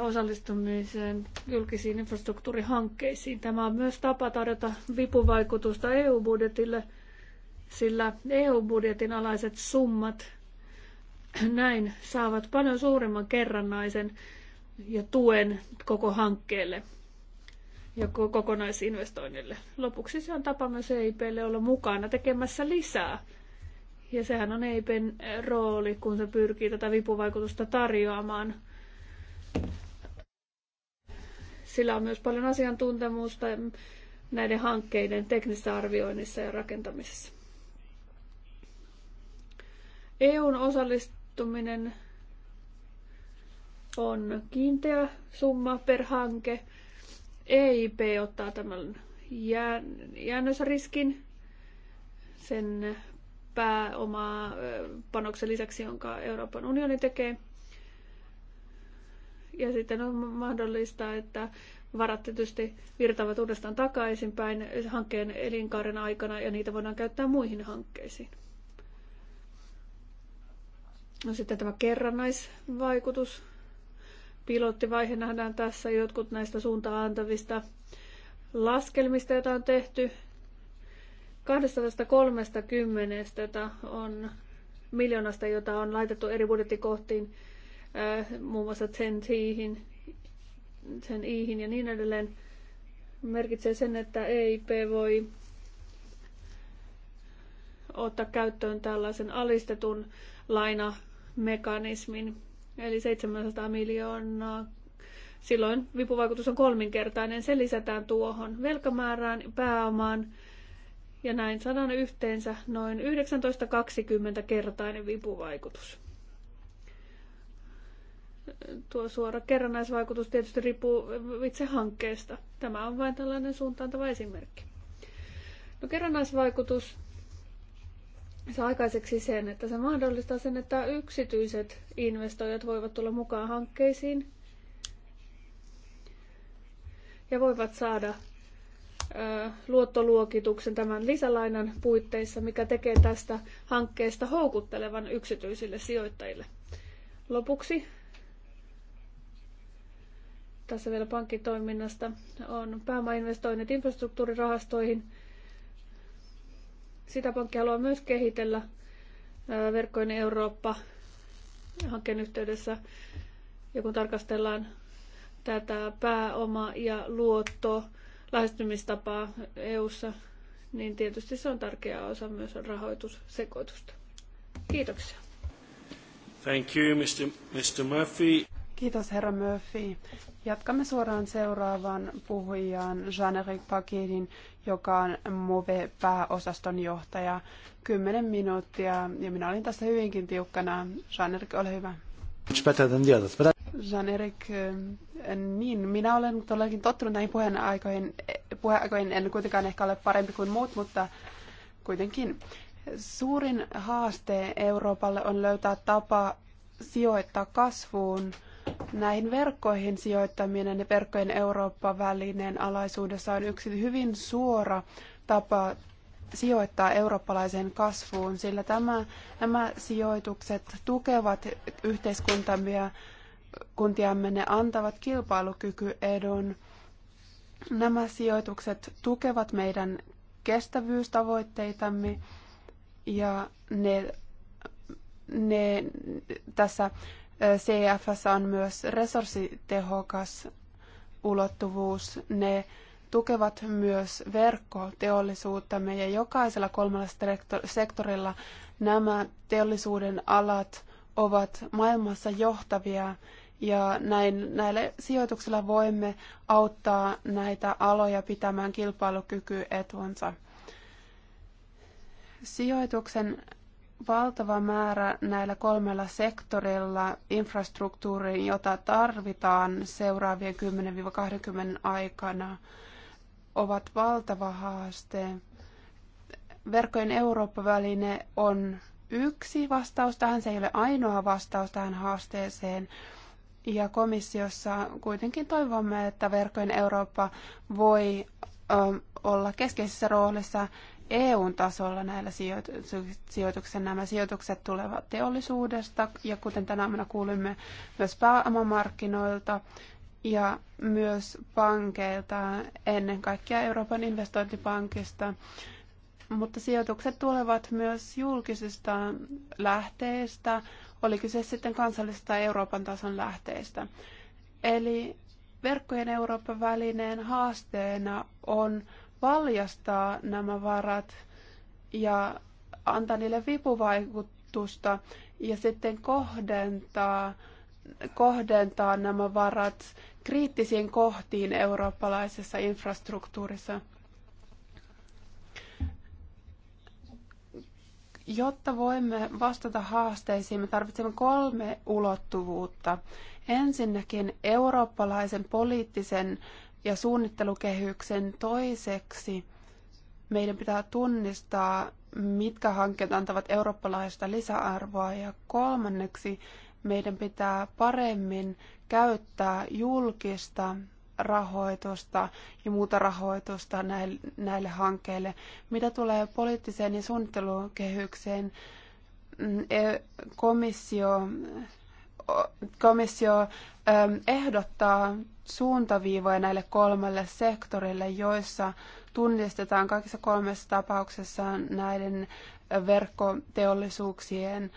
osallistumiseen julkisiin infrastruktuurihankkeisiin. Tämä on myös tapa tarjota vipuvaikutusta EU-budjetille – sillä EU-budjetin alaiset summat näin saavat paljon suuremman kerrannaisen ja tuen koko hankkeelle ja kokonaisinvestoinnille. Lopuksi se on tapa myös EIPlle olla mukana tekemässä lisää. Ja sehän on EIPn eh, rooli, kun se pyrkii tätä vipuvaikutusta tarjoamaan. Sillä on myös paljon asiantuntemusta mm, näiden hankkeiden teknisessä arvioinnissa ja rakentamisessa. EUn osallistuminen on kiinteä summa per hanke. EIP ottaa tämän jäännösriskin sen pääomaa panoksen lisäksi, jonka Euroopan unioni tekee. Ja sitten on mahdollista, että varat tietysti virtaavat uudestaan takaisinpäin hankkeen elinkaaren aikana ja niitä voidaan käyttää muihin hankkeisiin. No sitten tämä kerrannaisvaikutus. Pilottivaihe nähdään tässä jotkut näistä suuntaan antavista laskelmista, joita on tehty. 230 jota on, miljoonasta, jota on laitettu eri budjettikohtiin, äh, muun muassa sen tiihin, sen iihin ja niin edelleen, merkitsee sen, että EIP voi ottaa käyttöön tällaisen alistetun laina mekanismin, eli 700 miljoonaa. Silloin vipuvaikutus on kolminkertainen, se lisätään tuohon velkamäärään, pääomaan, ja näin saadaan yhteensä noin 19-20 kertainen vipuvaikutus. Tuo suora kerrannaisvaikutus tietysti riippuu itse hankkeesta. Tämä on vain tällainen suuntaantava esimerkki. No kerrannaisvaikutus saa aikaiseksi sen, että se mahdollistaa sen, että yksityiset investoijat voivat tulla mukaan hankkeisiin ja voivat saada luottoluokituksen tämän lisälainan puitteissa, mikä tekee tästä hankkeesta houkuttelevan yksityisille sijoittajille. Lopuksi tässä vielä pankkitoiminnasta on pääomainvestoinnit infrastruktuurirahastoihin – sitä pankki haluaa myös kehitellä verkkojen Eurooppa-hankkeen yhteydessä. Ja kun tarkastellaan tätä pääoma- ja luotto lähestymistapaa EU:ssa, niin tietysti se on tärkeä osa myös rahoitussekoitusta. Kiitoksia. Thank you, Mr. Mr. Murphy. Kiitos, herra Murphy. Jatkamme suoraan seuraavaan puhujaan, jean éric Pakirin, joka on MOVE-pääosaston johtaja. Kymmenen minuuttia, ja minä olin tässä hyvinkin tiukkana. Jean-Eric, ole hyvä. jean eh, niin, minä olen todellakin tottunut näihin puheenaikoihin, eh, puheenaikoihin, en kuitenkaan ehkä ole parempi kuin muut, mutta kuitenkin. Suurin haaste Euroopalle on löytää tapa sijoittaa kasvuun – näihin verkkoihin sijoittaminen ja verkkojen Eurooppa-välineen alaisuudessa on yksi hyvin suora tapa sijoittaa eurooppalaiseen kasvuun, sillä tämä, nämä sijoitukset tukevat yhteiskuntamme kuntiamme, ne antavat kilpailukykyedun. Nämä sijoitukset tukevat meidän kestävyystavoitteitamme ja ne, ne tässä CFS on myös resurssitehokas ulottuvuus. Ne tukevat myös verkkoteollisuuttamme ja jokaisella kolmella sektorilla nämä teollisuuden alat ovat maailmassa johtavia ja näin, näille sijoituksilla voimme auttaa näitä aloja pitämään etuansa. Sijoituksen valtava määrä näillä kolmella sektorilla infrastruktuuriin, jota tarvitaan seuraavien 10-20 aikana, ovat valtava haaste. Verkkojen Eurooppa-väline on yksi vastaus tähän, se ei ole ainoa vastaus tähän haasteeseen. Ja komissiossa kuitenkin toivomme, että Verkkojen Eurooppa voi ö, olla keskeisessä roolissa EUn tasolla näillä sijoituksen Nämä sijoitukset tulevat teollisuudesta ja kuten tänä aamuna kuulimme myös pääomamarkkinoilta ja myös pankeilta, ennen kaikkea Euroopan investointipankista. Mutta sijoitukset tulevat myös julkisista lähteistä, oli kyse sitten kansallisista Euroopan tason lähteistä. Eli verkkojen Euroopan välineen haasteena on valjastaa nämä varat ja antaa niille vipuvaikutusta ja sitten kohdentaa, kohdentaa nämä varat kriittisiin kohtiin eurooppalaisessa infrastruktuurissa. Jotta voimme vastata haasteisiin, me tarvitsemme kolme ulottuvuutta. Ensinnäkin eurooppalaisen poliittisen ja suunnittelukehyksen toiseksi meidän pitää tunnistaa, mitkä hankkeet antavat eurooppalaista lisäarvoa ja kolmanneksi meidän pitää paremmin käyttää julkista rahoitusta ja muuta rahoitusta näille, näille hankkeille. Mitä tulee poliittiseen ja suunnittelukehykseen, mm, e- komissio komissio ähm, ehdottaa suuntaviivoja näille kolmelle sektorille, joissa tunnistetaan kaikissa kolmessa tapauksessa näiden verkkoteollisuuksien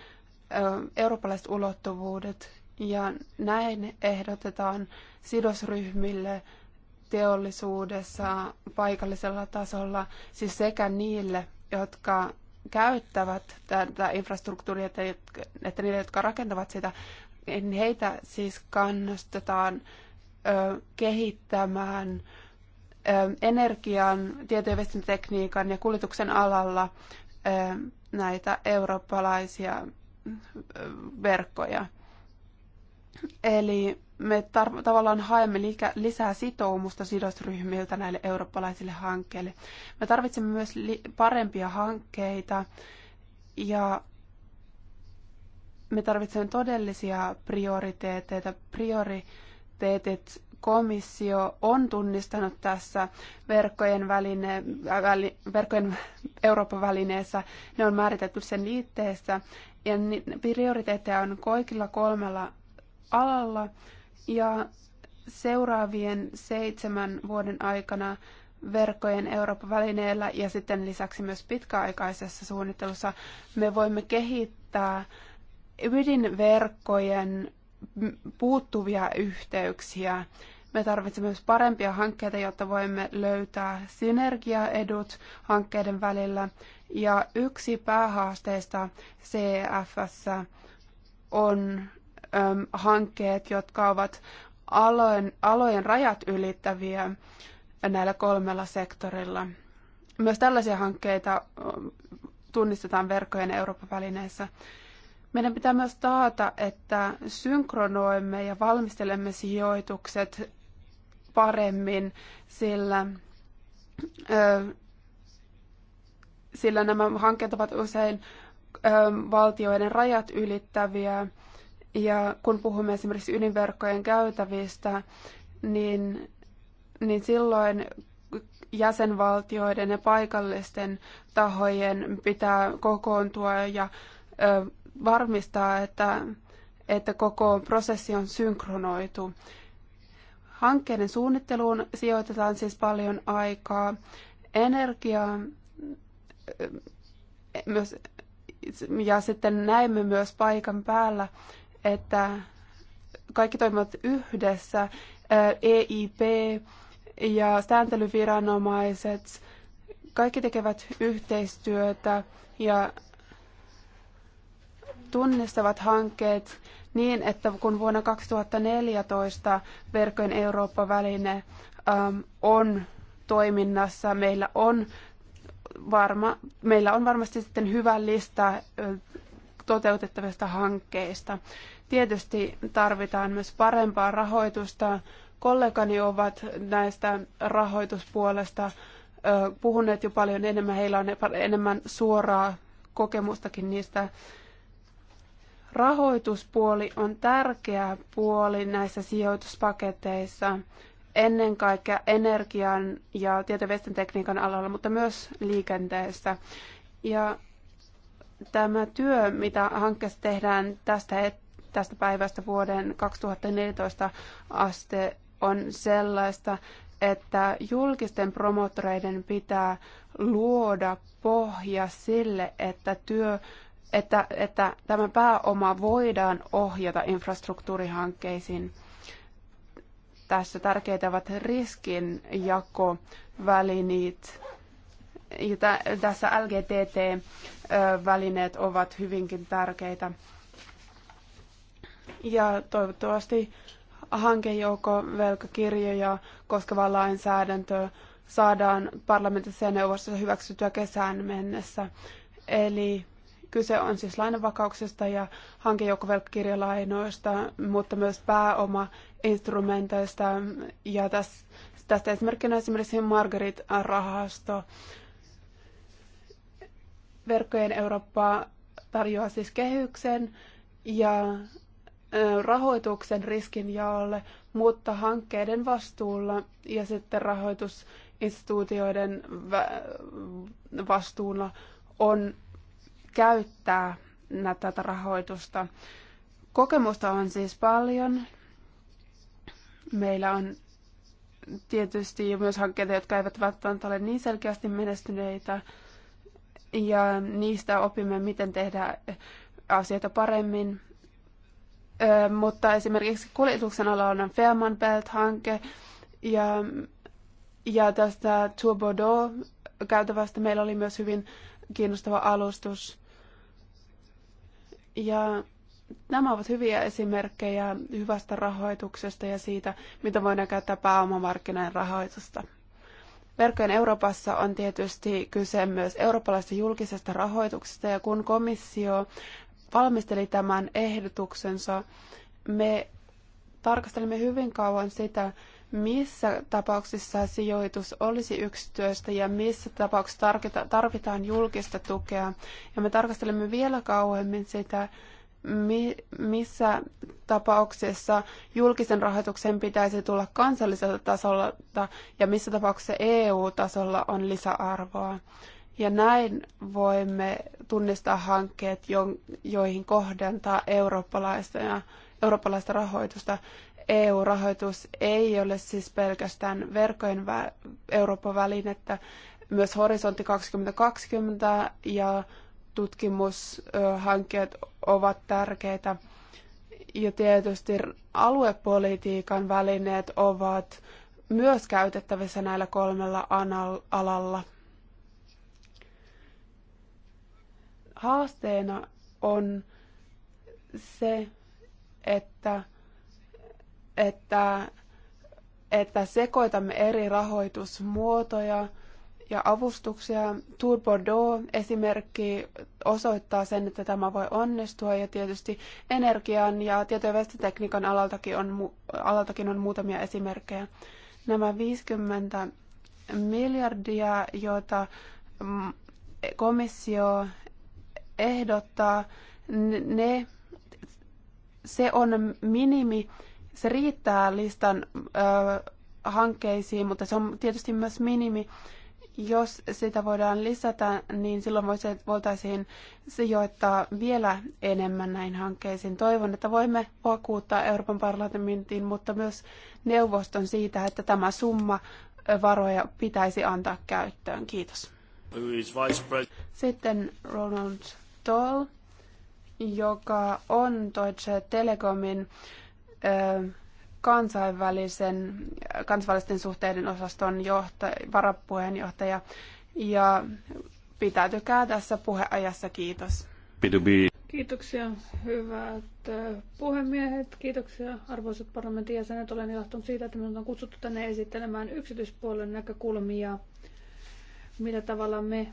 ähm, eurooppalaiset ulottuvuudet. Ja näin ehdotetaan sidosryhmille teollisuudessa paikallisella tasolla, siis sekä niille, jotka käyttävät tätä infrastruktuuria, että niille, jotka rakentavat sitä, heitä siis kannustetaan ö, kehittämään ö, energian, tieto- ja viestintätekniikan ja kuljetuksen alalla ö, näitä eurooppalaisia verkkoja. Eli me tar- tavallaan haemme lisää sitoumusta sidosryhmiltä näille eurooppalaisille hankkeille. Me tarvitsemme myös parempia hankkeita ja me tarvitsemme todellisia prioriteetteita. Prioriteetit komissio on tunnistanut tässä verkkojen, väline, äh, väli, verkkojen Euroopan välineessä. Ne on määritetty sen liitteessä ja prioriteetteja on kaikilla kolmella alalla ja seuraavien seitsemän vuoden aikana verkkojen Euroopan välineellä ja sitten lisäksi myös pitkäaikaisessa suunnittelussa me voimme kehittää ydinverkkojen puuttuvia yhteyksiä. Me tarvitsemme myös parempia hankkeita, jotta voimme löytää synergiaedut hankkeiden välillä. Ja yksi päähaasteista CEFS on äm, hankkeet, jotka ovat alojen, alojen rajat ylittäviä näillä kolmella sektorilla. Myös tällaisia hankkeita tunnistetaan verkkojen Euroopan välineessä. Meidän pitää myös taata, että synkronoimme ja valmistelemme sijoitukset paremmin, sillä, ö, sillä nämä hankkeet ovat usein ö, valtioiden rajat ylittäviä. Ja kun puhumme esimerkiksi ydinverkkojen käytävistä, niin, niin silloin jäsenvaltioiden ja paikallisten tahojen pitää kokoontua ja ö, varmistaa, että, että koko prosessi on synkronoitu. Hankkeiden suunnitteluun sijoitetaan siis paljon aikaa. Energiaa myös, ja sitten näemme myös paikan päällä, että kaikki toimivat yhdessä, EIP ja sääntelyviranomaiset, kaikki tekevät yhteistyötä ja tunnistavat hankkeet niin, että kun vuonna 2014 verkkojen Eurooppa-väline ähm, on toiminnassa, meillä on, varma, meillä on varmasti sitten hyvä lista äh, toteutettavista hankkeista. Tietysti tarvitaan myös parempaa rahoitusta. Kollegani ovat näistä rahoituspuolesta äh, puhuneet jo paljon enemmän. Heillä on enemmän suoraa kokemustakin niistä Rahoituspuoli on tärkeä puoli näissä sijoituspaketeissa ennen kaikkea energian ja tietoviestintätekniikan tekniikan alalla, mutta myös liikenteessä. Ja tämä työ, mitä hankkeessa tehdään tästä, tästä päivästä vuoden 2014 aste, on sellaista, että julkisten promottoreiden pitää luoda pohja sille, että työ että, että tämä pääoma voidaan ohjata infrastruktuurihankkeisiin. Tässä tärkeitä ovat riskinjakovälineet. Ja tässä LGTT-välineet ovat hyvinkin tärkeitä. Ja toivottavasti hankejoukko velkakirjoja koskeva lainsäädäntö saadaan parlamentissa ja neuvostossa hyväksytyä kesään mennessä. Eli Kyse on siis lainavakauksesta ja hankejoukkovelkakirjalainoista, mutta myös pääomainstrumenteista. Ja tästä esimerkkinä esimerkiksi Margarit-rahasto. Verkkojen Eurooppa tarjoaa siis kehyksen ja rahoituksen jaolle, mutta hankkeiden vastuulla ja sitten rahoitusinstituutioiden vastuulla on käyttää tätä rahoitusta. Kokemusta on siis paljon. Meillä on tietysti myös hankkeita, jotka eivät välttämättä ole niin selkeästi menestyneitä. Ja niistä opimme, miten tehdä asioita paremmin. Ö, mutta esimerkiksi kuljetuksen alalla on Fairman Belt-hanke ja, ja tästä Tour Bordeaux käytävästä meillä oli myös hyvin kiinnostava alustus. Ja nämä ovat hyviä esimerkkejä hyvästä rahoituksesta ja siitä, mitä voidaan käyttää pääomamarkkinoiden rahoitusta. Verkkojen Euroopassa on tietysti kyse myös eurooppalaisesta julkisesta rahoituksesta ja kun komissio valmisteli tämän ehdotuksensa, me tarkastelimme hyvin kauan sitä, missä tapauksissa sijoitus olisi yksityistä ja missä tapauksissa tarvitaan julkista tukea. Ja me tarkastelemme vielä kauemmin sitä, missä tapauksessa julkisen rahoituksen pitäisi tulla kansallisella tasolla ja missä tapauksessa EU-tasolla on lisäarvoa. Ja näin voimme tunnistaa hankkeet, joihin kohdentaa eurooppalaista, eurooppalaista rahoitusta. EU-rahoitus ei ole siis pelkästään verkkojen Euroopan välinettä, myös Horisontti 2020 ja tutkimushankkeet ovat tärkeitä. Ja tietysti aluepolitiikan välineet ovat myös käytettävissä näillä kolmella alalla. Haasteena on se, että että, että sekoitamme eri rahoitusmuotoja ja avustuksia. Tour Bordeaux-esimerkki osoittaa sen, että tämä voi onnistua ja tietysti energian ja tieto- ja alaltakin on, alaltakin on muutamia esimerkkejä. Nämä 50 miljardia, joita komissio ehdottaa, ne, se on minimi se riittää listan ö, hankkeisiin, mutta se on tietysti myös minimi. Jos sitä voidaan lisätä, niin silloin voitaisiin sijoittaa vielä enemmän näihin hankkeisiin. Toivon, että voimme vakuuttaa Euroopan parlamentin, mutta myös neuvoston siitä, että tämä summa varoja pitäisi antaa käyttöön. Kiitos. Sitten Ronald Toll, joka on Deutsche Telekomin kansainvälisen, kansainvälisten suhteiden osaston johta, varapuheenjohtaja. Ja pitäytykää tässä puheajassa. Kiitos. Kiitoksia hyvät puhemiehet, kiitoksia arvoisat parlamentin jäsenet. Olen ilahtunut siitä, että minut on kutsuttu tänne esittelemään yksityispuolen näkökulmia, millä tavalla me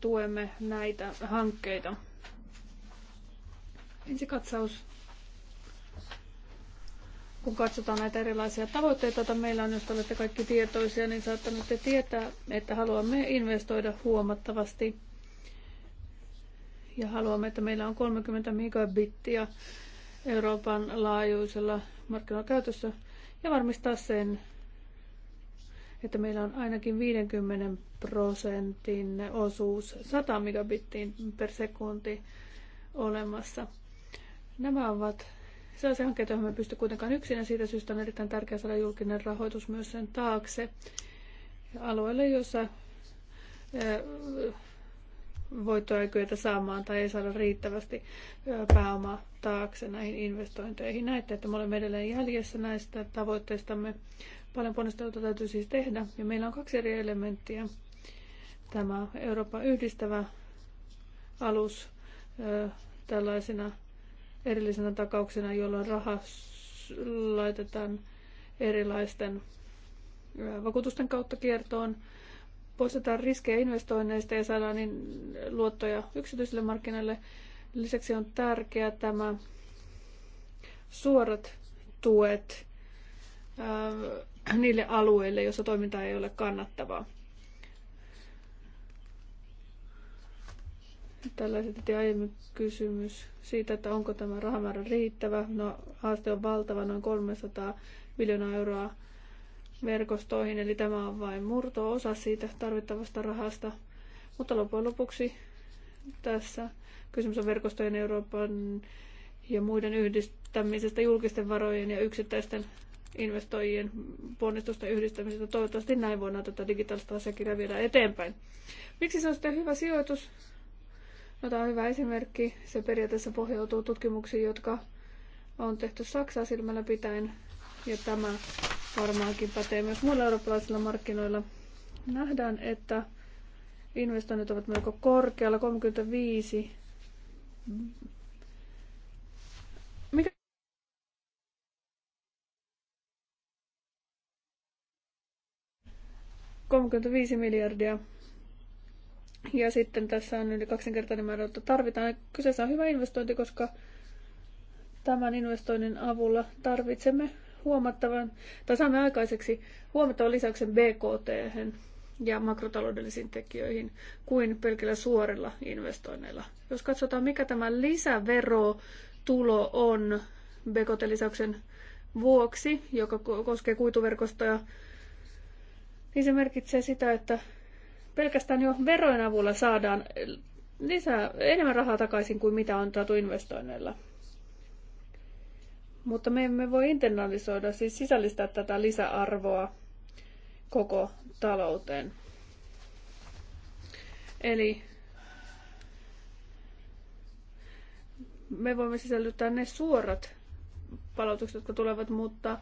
tuemme näitä hankkeita. Ensi katsaus kun katsotaan näitä erilaisia tavoitteita, joita meillä on, jos olette kaikki tietoisia, niin saattanutte tietää, että haluamme investoida huomattavasti. Ja haluamme, että meillä on 30 megabittiä Euroopan laajuisella markkinakäytössä ja varmistaa sen, että meillä on ainakin 50 prosentin osuus 100 megabittiin per sekunti olemassa. Nämä ovat Sellaisia hankkeita, joihin me pysty kuitenkaan yksin, ja siitä syystä on erittäin tärkeää saada julkinen rahoitus myös sen taakse alueelle, jossa voittoa ei kyetä saamaan tai ei saada riittävästi pääomaa taakse näihin investointeihin. Näette, että me olemme edelleen jäljessä näistä tavoitteistamme. Paljon ponnistelua täytyy siis tehdä ja meillä on kaksi eri elementtiä. Tämä Euroopan yhdistävä alus tällaisena erillisenä takauksena, jolloin raha laitetaan erilaisten vakuutusten kautta kiertoon, poistetaan riskejä investoinneista ja saadaan niin luottoja yksityisille markkinoille. Lisäksi on tärkeää tämä suorat tuet niille alueille, joissa toiminta ei ole kannattavaa. Tällä esitettiin aiemmin kysymys siitä, että onko tämä rahamäärä riittävä. No, haaste on valtava, noin 300 miljoonaa euroa verkostoihin, eli tämä on vain murto-osa siitä tarvittavasta rahasta. Mutta loppujen lopuksi tässä kysymys on verkostojen Euroopan ja muiden yhdistämisestä, julkisten varojen ja yksittäisten investoijien ponnistusten yhdistämisestä. Toivottavasti näin voidaan tätä digitaalista asiakirjaa viedä eteenpäin. Miksi se on sitten hyvä sijoitus? No, tämä on hyvä esimerkki. Se periaatteessa pohjautuu tutkimuksiin, jotka on tehty Saksaa silmällä pitäen. Ja tämä varmaankin pätee myös muilla eurooppalaisilla markkinoilla. Nähdään, että investoinnit ovat melko korkealla, 35 mikä kolmekymmentäviisi miljardia ja sitten tässä on yli kaksinkertainen määrä, jota tarvitaan. Kyseessä on hyvä investointi, koska tämän investoinnin avulla tarvitsemme huomattavan, tai saamme aikaiseksi huomattavan lisäyksen BKT ja makrotaloudellisiin tekijöihin kuin pelkillä suorilla investoinneilla. Jos katsotaan, mikä tämä lisäverotulo on BKT-lisäyksen vuoksi, joka koskee kuituverkostoja, niin se merkitsee sitä, että Pelkästään jo verojen avulla saadaan lisää, enemmän rahaa takaisin kuin mitä on saatu investoinneilla. Mutta me emme voi internalisoida, siis sisällistää tätä lisäarvoa koko talouteen. Eli me voimme sisällyttää ne suorat palautukset, jotka tulevat, mutta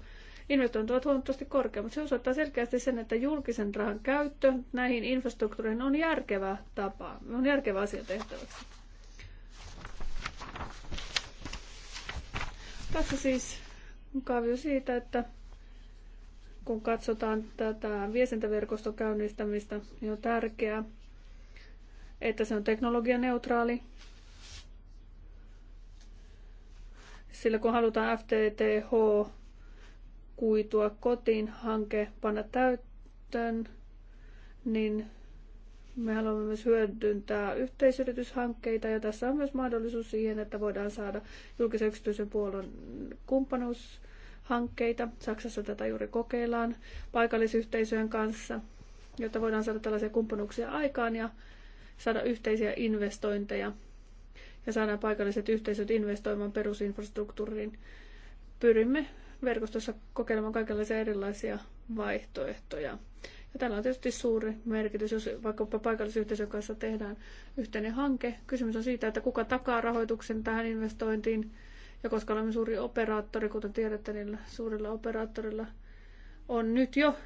Investoinnit ovat huomattavasti korkeammat. Se osoittaa selkeästi sen, että julkisen rahan käyttö näihin infrastruktuureihin on järkevä tapa, on järkevä asia tehtäväksi. Tässä siis kaavio siitä, että kun katsotaan tätä viestintäverkoston käynnistämistä, niin on tärkeää, että se on teknologianeutraali. Sillä kun halutaan FTTH kuitua kotiin hanke panna täyttöön, niin me haluamme myös hyödyntää yhteisyrityshankkeita ja tässä on myös mahdollisuus siihen, että voidaan saada julkisen yksityisen puolen kumppanuushankkeita. Saksassa tätä juuri kokeillaan paikallisyhteisöjen kanssa, jotta voidaan saada tällaisia kumppanuuksia aikaan ja saada yhteisiä investointeja ja saada paikalliset yhteisöt investoimaan perusinfrastruktuuriin. Pyrimme verkostossa kokeilemaan kaikenlaisia erilaisia vaihtoehtoja. Ja tällä on tietysti suuri merkitys, jos vaikkapa paikallisyhteisön kanssa tehdään yhteinen hanke. Kysymys on siitä, että kuka takaa rahoituksen tähän investointiin. Ja koska olemme suuri operaattori, kuten tiedätte, niin suurilla operaattorilla on nyt jo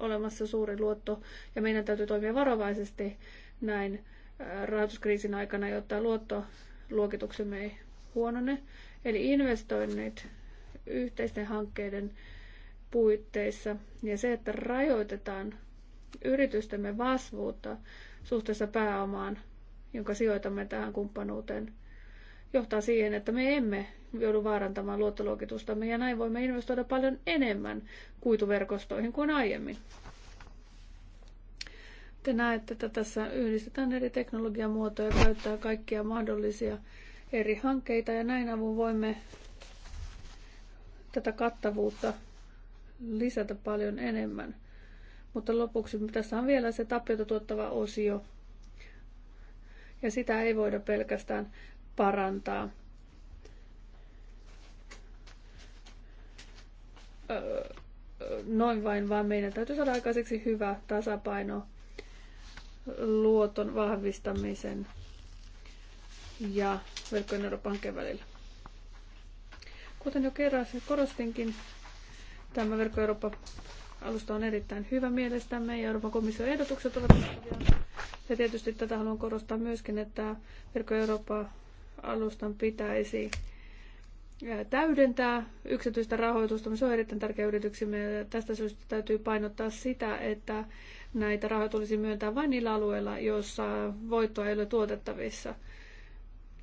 olemassa suuri luotto. Ja meidän täytyy toimia varovaisesti näin äh, rahoituskriisin aikana, jotta luottoluokituksemme ei huonone. Eli investoinnit yhteisten hankkeiden puitteissa. Ja se, että rajoitetaan yritystemme vastuuta suhteessa pääomaan, jonka sijoitamme tähän kumppanuuteen, johtaa siihen, että me emme joudu vaarantamaan luottoluokitustamme ja näin voimme investoida paljon enemmän kuituverkostoihin kuin aiemmin. Te näette, että tässä yhdistetään eri teknologiamuotoja, käyttää kaikkia mahdollisia eri hankkeita ja näin avun voimme tätä kattavuutta lisätä paljon enemmän. Mutta lopuksi tässä on vielä se tappiota tuottava osio. Ja sitä ei voida pelkästään parantaa noin vain, vaan meidän täytyy saada aikaiseksi hyvä tasapaino luoton vahvistamisen ja verkkojen Euroopan välillä. Kuten jo kerran se korostinkin, tämä Verkko Eurooppa-alusta on erittäin hyvä mielestämme ja Euroopan komission ehdotukset ovat hyviä. Ja tietysti tätä haluan korostaa myöskin, että Verkko Eurooppa-alustan pitäisi täydentää yksityistä rahoitusta. Se on erittäin tärkeä yrityksimme ja tästä syystä täytyy painottaa sitä, että näitä rahoja tulisi myöntää vain niillä alueilla, joissa voittoa ei ole tuotettavissa –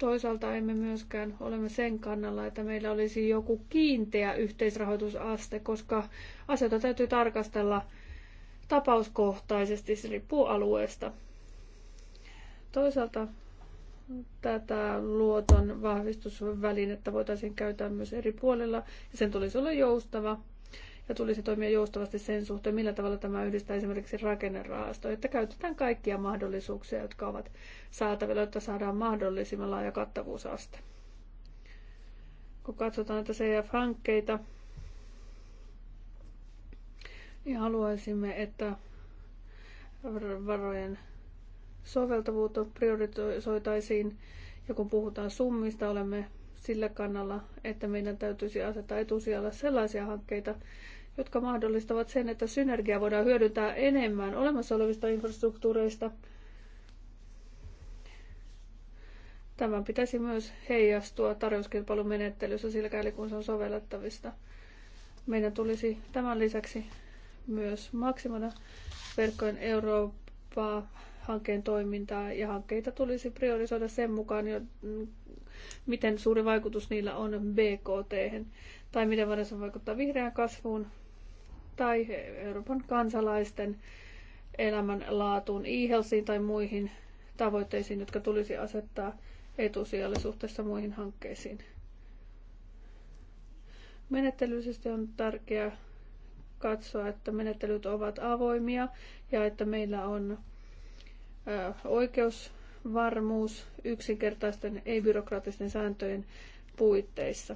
Toisaalta emme myöskään olemme sen kannalla, että meillä olisi joku kiinteä yhteisrahoitusaste, koska asioita täytyy tarkastella tapauskohtaisesti, se riippuu alueesta. Toisaalta tätä luoton vahvistusvälinettä voitaisiin käyttää myös eri puolilla ja sen tulisi olla joustava ja tulisi toimia joustavasti sen suhteen, millä tavalla tämä yhdistää esimerkiksi rakennerahastoja, että käytetään kaikkia mahdollisuuksia, jotka ovat saatavilla, jotta saadaan mahdollisimman laaja kattavuusaste. Kun katsotaan näitä CF-hankkeita, niin haluaisimme, että varojen soveltavuutta priorisoitaisiin ja kun puhutaan summista, olemme sillä kannalla, että meidän täytyisi asettaa etusijalle sellaisia hankkeita, jotka mahdollistavat sen, että synergiaa voidaan hyödyntää enemmän olemassa olevista infrastruktuureista. Tämän pitäisi myös heijastua tarjouskilpailun menettelyssä sillä kun se on sovellettavista. Meidän tulisi tämän lisäksi myös maksimoida verkkojen Eurooppaa hankkeen toimintaa ja hankkeita tulisi priorisoida sen mukaan, miten suuri vaikutus niillä on BKT, tai miten voidaan se vaikuttaa vihreään kasvuun, tai Euroopan kansalaisten elämänlaatuun, e tai muihin tavoitteisiin, jotka tulisi asettaa etusijalle suhteessa muihin hankkeisiin. Menettelyisesti on tärkeää katsoa, että menettelyt ovat avoimia ja että meillä on oikeus varmuus yksinkertaisten ei-byrokraattisten sääntöjen puitteissa.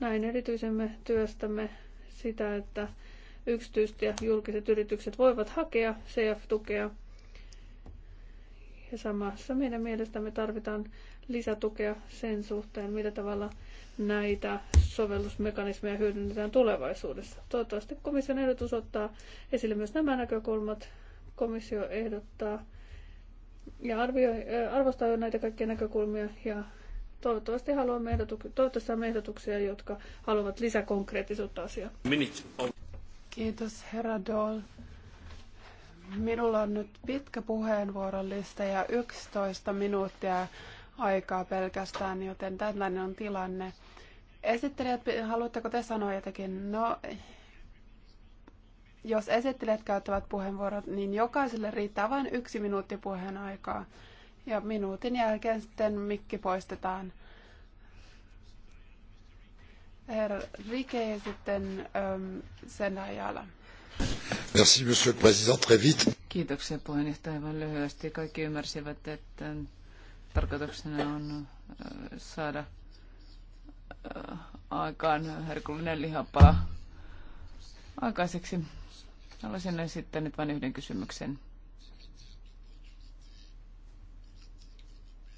Näin erityisemme työstämme sitä, että yksityiset ja julkiset yritykset voivat hakea CF-tukea. Ja samassa meidän mielestämme tarvitaan lisätukea sen suhteen, millä tavalla näitä sovellusmekanismeja hyödynnetään tulevaisuudessa. Toivottavasti komission ehdotus ottaa esille myös nämä näkökulmat. Komissio ehdottaa ja arvioi, arvostaa jo näitä kaikkia näkökulmia ja toivottavasti haluamme ehdotuk- toivottavasti saamme ehdotuksia, jotka haluavat lisäkonkreettisuutta asiaan. Kiitos herra Dole. Minulla on nyt pitkä puheenvuorolista ja 11 minuuttia aikaa pelkästään, joten tällainen on tilanne. Esittelijät, haluatteko te sanoa jotakin? No, jos esittelijät käyttävät puheenvuorot, niin jokaiselle riittää vain yksi minuutti aikaa. Ja minuutin jälkeen sitten mikki poistetaan. Herra Rike ja sitten äm, sen ajalla. Merci, monsieur le président, très vite. Kiitoksia puheenjohtaja aivan lyhyesti. Kaikki ymmärsivät, että tarkoituksena on äh, saada äh, aikaan herkullinen lihapala aikaiseksi. Haluaisin esittää nyt vain yhden kysymyksen.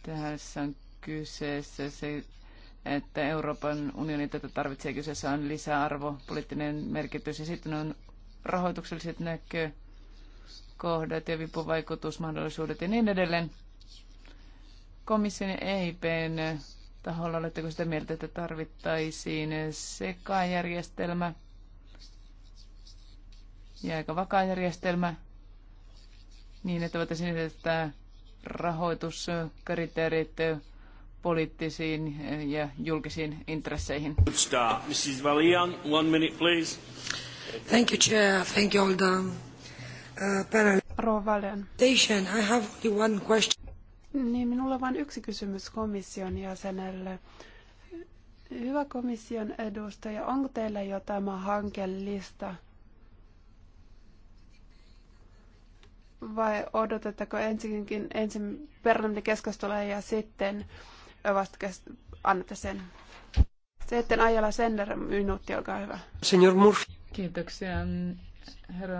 Tässä on kyseessä se, että Euroopan unioni tätä tarvitsee. Kyseessä on lisäarvo, poliittinen merkitys ja sitten on rahoitukselliset näkökohdat ja vipuvaikutusmahdollisuudet ja niin edelleen. Komission ja EIPn taholla oletteko sitä mieltä, että tarvittaisiin sekajärjestelmä ja aika vakaa järjestelmä niin, että voitaisiin edettää rahoituskriteerit poliittisiin ja julkisiin intresseihin. Mrs. Valian, one minute please. Thank you, Chair. Thank you all the uh, panel. I have only one question. Niin, minulla on vain yksi kysymys komission jäsenelle. Hyvä komission edustaja, onko teillä jo tämä hankelista vai odotetteko ensinkin ensin Berlinin keskustelua ja sitten vasta annatte sen? Sitten Ajala Sender, minuutti, olkaa hyvä. Senior Murphy. Kiitoksia, herra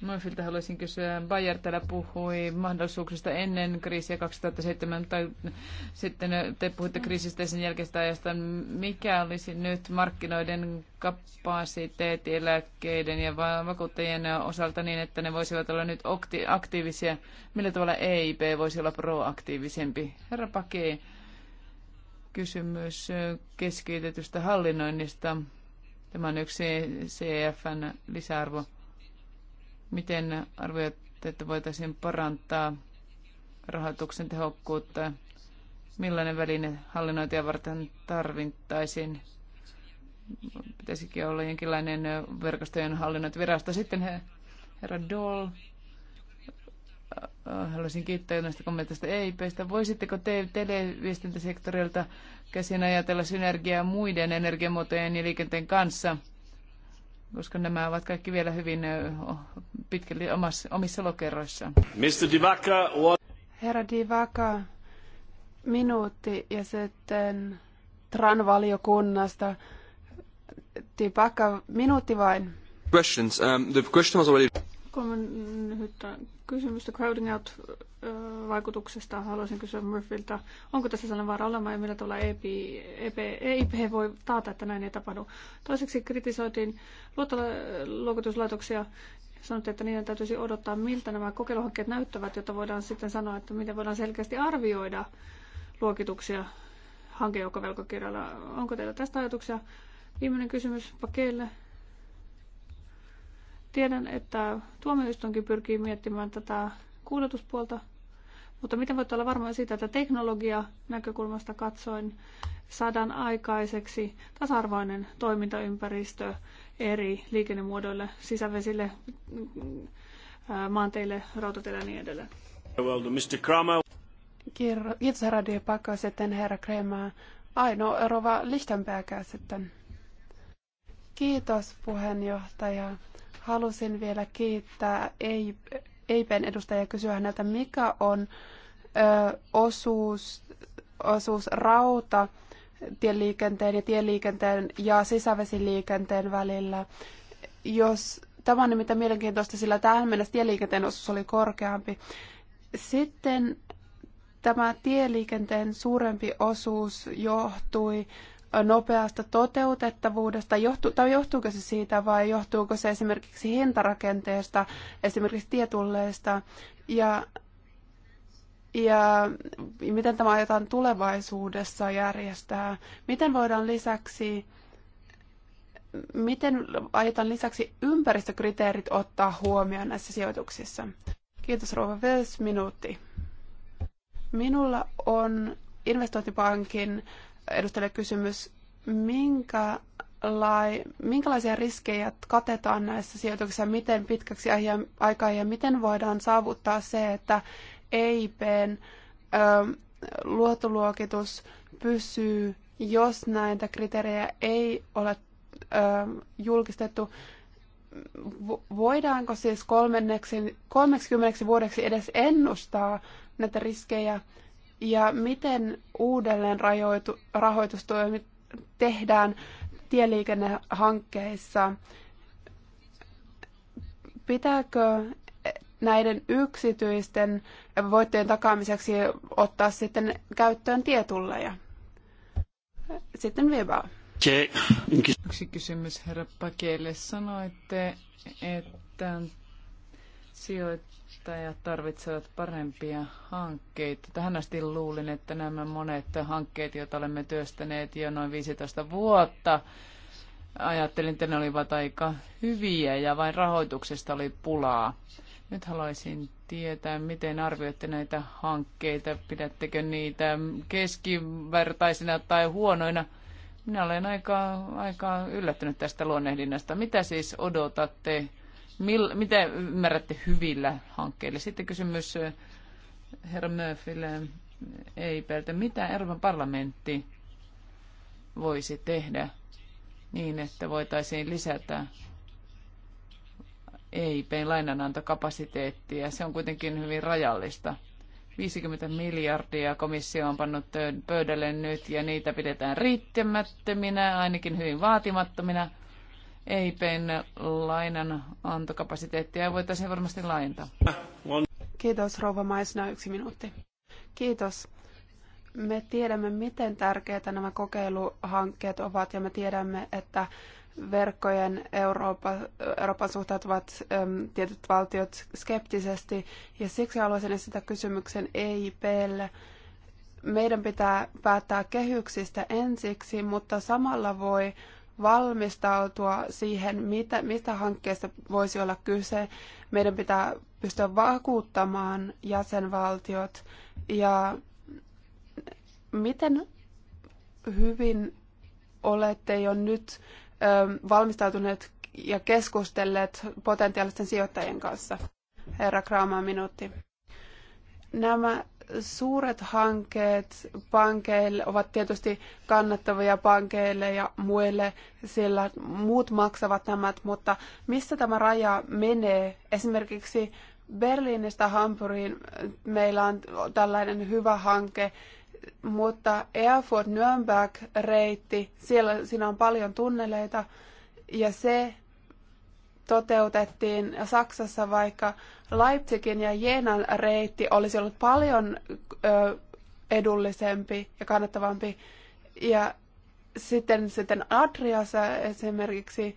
Murphyltä haluaisin kysyä. Bayer täällä puhui mahdollisuuksista ennen kriisiä 2007, tai sitten te puhuitte kriisistä sen jälkeistä ajasta. Mikä olisi nyt markkinoiden kapasiteetti eläkkeiden ja vakuuttajien osalta niin, että ne voisivat olla nyt aktiivisia? Millä tavalla EIP voisi olla proaktiivisempi? Herra Pake, kysymys keskitetystä hallinnoinnista. Tämä on yksi CFN lisäarvo Miten arvioitte, että voitaisiin parantaa rahoituksen tehokkuutta? Millainen väline hallinnointia varten tarvittaisiin? Pitäisikin olla jonkinlainen verkostojen hallinnointivirasto. Sitten herra Doll, haluaisin kiittää näistä kommenteista EIPistä. Voisitteko te televiestintäsektorilta käsin ajatella synergiaa muiden energiamuotojen ja liikenteen kanssa – koska nämä ovat kaikki vielä hyvin pitkälti omissa lokeroissaan. Mr. Divaka, what... Herra Divaka, minuutti ja sitten TRAN-valiokunnasta. Divaka, minuutti vain. Questions. Um, the question was already... Kun nyt kysymystä crowding out-vaikutuksesta. Haluaisin kysyä Murphyltä, onko tässä sellainen vaara olemaan ja millä tavalla EIP, EP, EIP voi taata, että näin ei tapahdu. Toiseksi kritisoitiin luottoluokituslaitoksia sanottiin, että niiden täytyisi odottaa, miltä nämä kokeiluhankkeet näyttävät, jotta voidaan sitten sanoa, että miten voidaan selkeästi arvioida luokituksia hankejoukkovelkokirjalla. Onko teillä tästä ajatuksia? Viimeinen kysymys Pakeille. Tiedän, että tuomioistuinkin pyrkii miettimään tätä kuulutuspuolta, mutta miten voit olla varma siitä, että teknologia näkökulmasta katsoen saadaan aikaiseksi tasa-arvoinen toimintaympäristö eri liikennemuodoille, sisävesille, äh, maanteille, rautateille ja niin edelleen? Well, Mr. Kramer. Kiitos herra Diepakko, sitten herra Kremaa. Ainoa rova Lichtenberg sitten. Kiitos puheenjohtaja. Halusin vielä kiittää EIPen edustajia kysyä häneltä, mikä on ö, osuus, osuus rauta tieliikenteen ja tieliikenteen ja sisävesiliikenteen välillä. Jos tämä on nimittäin mielenkiintoista, sillä tähän mennessä tieliikenteen osuus oli korkeampi. Sitten tämä tieliikenteen suurempi osuus johtui nopeasta toteutettavuudesta, johtu, tai johtuuko se siitä vai johtuuko se esimerkiksi hintarakenteesta, esimerkiksi tietulleista, ja, ja miten tämä aiotaan tulevaisuudessa järjestää, miten voidaan lisäksi miten aiotaan lisäksi ympäristökriteerit ottaa huomioon näissä sijoituksissa? Kiitos Rouva Vels, minuutti. Minulla on investointipankin edustajalle kysymys, minkä lai, minkälaisia riskejä katetaan näissä sijoituksissa, miten pitkäksi aikaa ja miten voidaan saavuttaa se, että EIPn ö, luottoluokitus pysyy, jos näitä kriteerejä ei ole ö, julkistettu. Voidaanko siis 30 vuodeksi edes ennustaa näitä riskejä ja miten uudelleen rajoitu, rahoitustoimit tehdään tieliikennehankkeissa. Pitääkö näiden yksityisten voittojen takaamiseksi ottaa sitten käyttöön tietulleja? Sitten vielä. Yksi kysymys herra Pakeille. Sanoitte, että Sijoittajat tarvitsevat parempia hankkeita. Tähän asti luulin, että nämä monet hankkeet, joita olemme työstäneet jo noin 15 vuotta, ajattelin, että ne olivat aika hyviä ja vain rahoituksesta oli pulaa. Nyt haluaisin tietää, miten arvioitte näitä hankkeita, pidättekö niitä keskivertaisina tai huonoina. Minä olen aika, aika yllättynyt tästä luonnehdinnasta. Mitä siis odotatte Mil, miten ymmärrätte hyvillä hankkeilla? Sitten kysymys eh, herra Murphylle, ei peltä. Mitä Euroopan parlamentti voisi tehdä niin, että voitaisiin lisätä EIPn lainanantokapasiteettia. Se on kuitenkin hyvin rajallista. 50 miljardia komissio on pannut pöydälle nyt ja niitä pidetään riittämättöminä, ainakin hyvin vaatimattomina. EIPn lainan antokapasiteettia voitaisiin varmasti laajentaa. Kiitos Rouva Maisna, yksi minuutti. Kiitos. Me tiedämme, miten tärkeitä nämä kokeiluhankkeet ovat ja me tiedämme, että verkkojen Eurooppa, Euroopan suhtautuvat äm, tietyt valtiot skeptisesti ja siksi haluaisin esittää kysymyksen EIPlle. Meidän pitää päättää kehyksistä ensiksi, mutta samalla voi valmistautua siihen, mitä, mistä hankkeesta voisi olla kyse. Meidän pitää pystyä vakuuttamaan jäsenvaltiot ja miten hyvin olette jo nyt ö, valmistautuneet ja keskustelleet potentiaalisten sijoittajien kanssa? Herra Kraama, minuutti. Nämä suuret hankkeet pankeille ovat tietysti kannattavia pankeille ja muille, sillä muut maksavat nämä, mutta missä tämä raja menee? Esimerkiksi Berliinistä Hampuriin meillä on tällainen hyvä hanke, mutta Erfurt-Nürnberg-reitti, siellä, siinä on paljon tunneleita, ja se toteutettiin Saksassa, vaikka Leipzigin ja Jenan reitti olisi ollut paljon edullisempi ja kannattavampi. Ja sitten, sitten Adriassa esimerkiksi,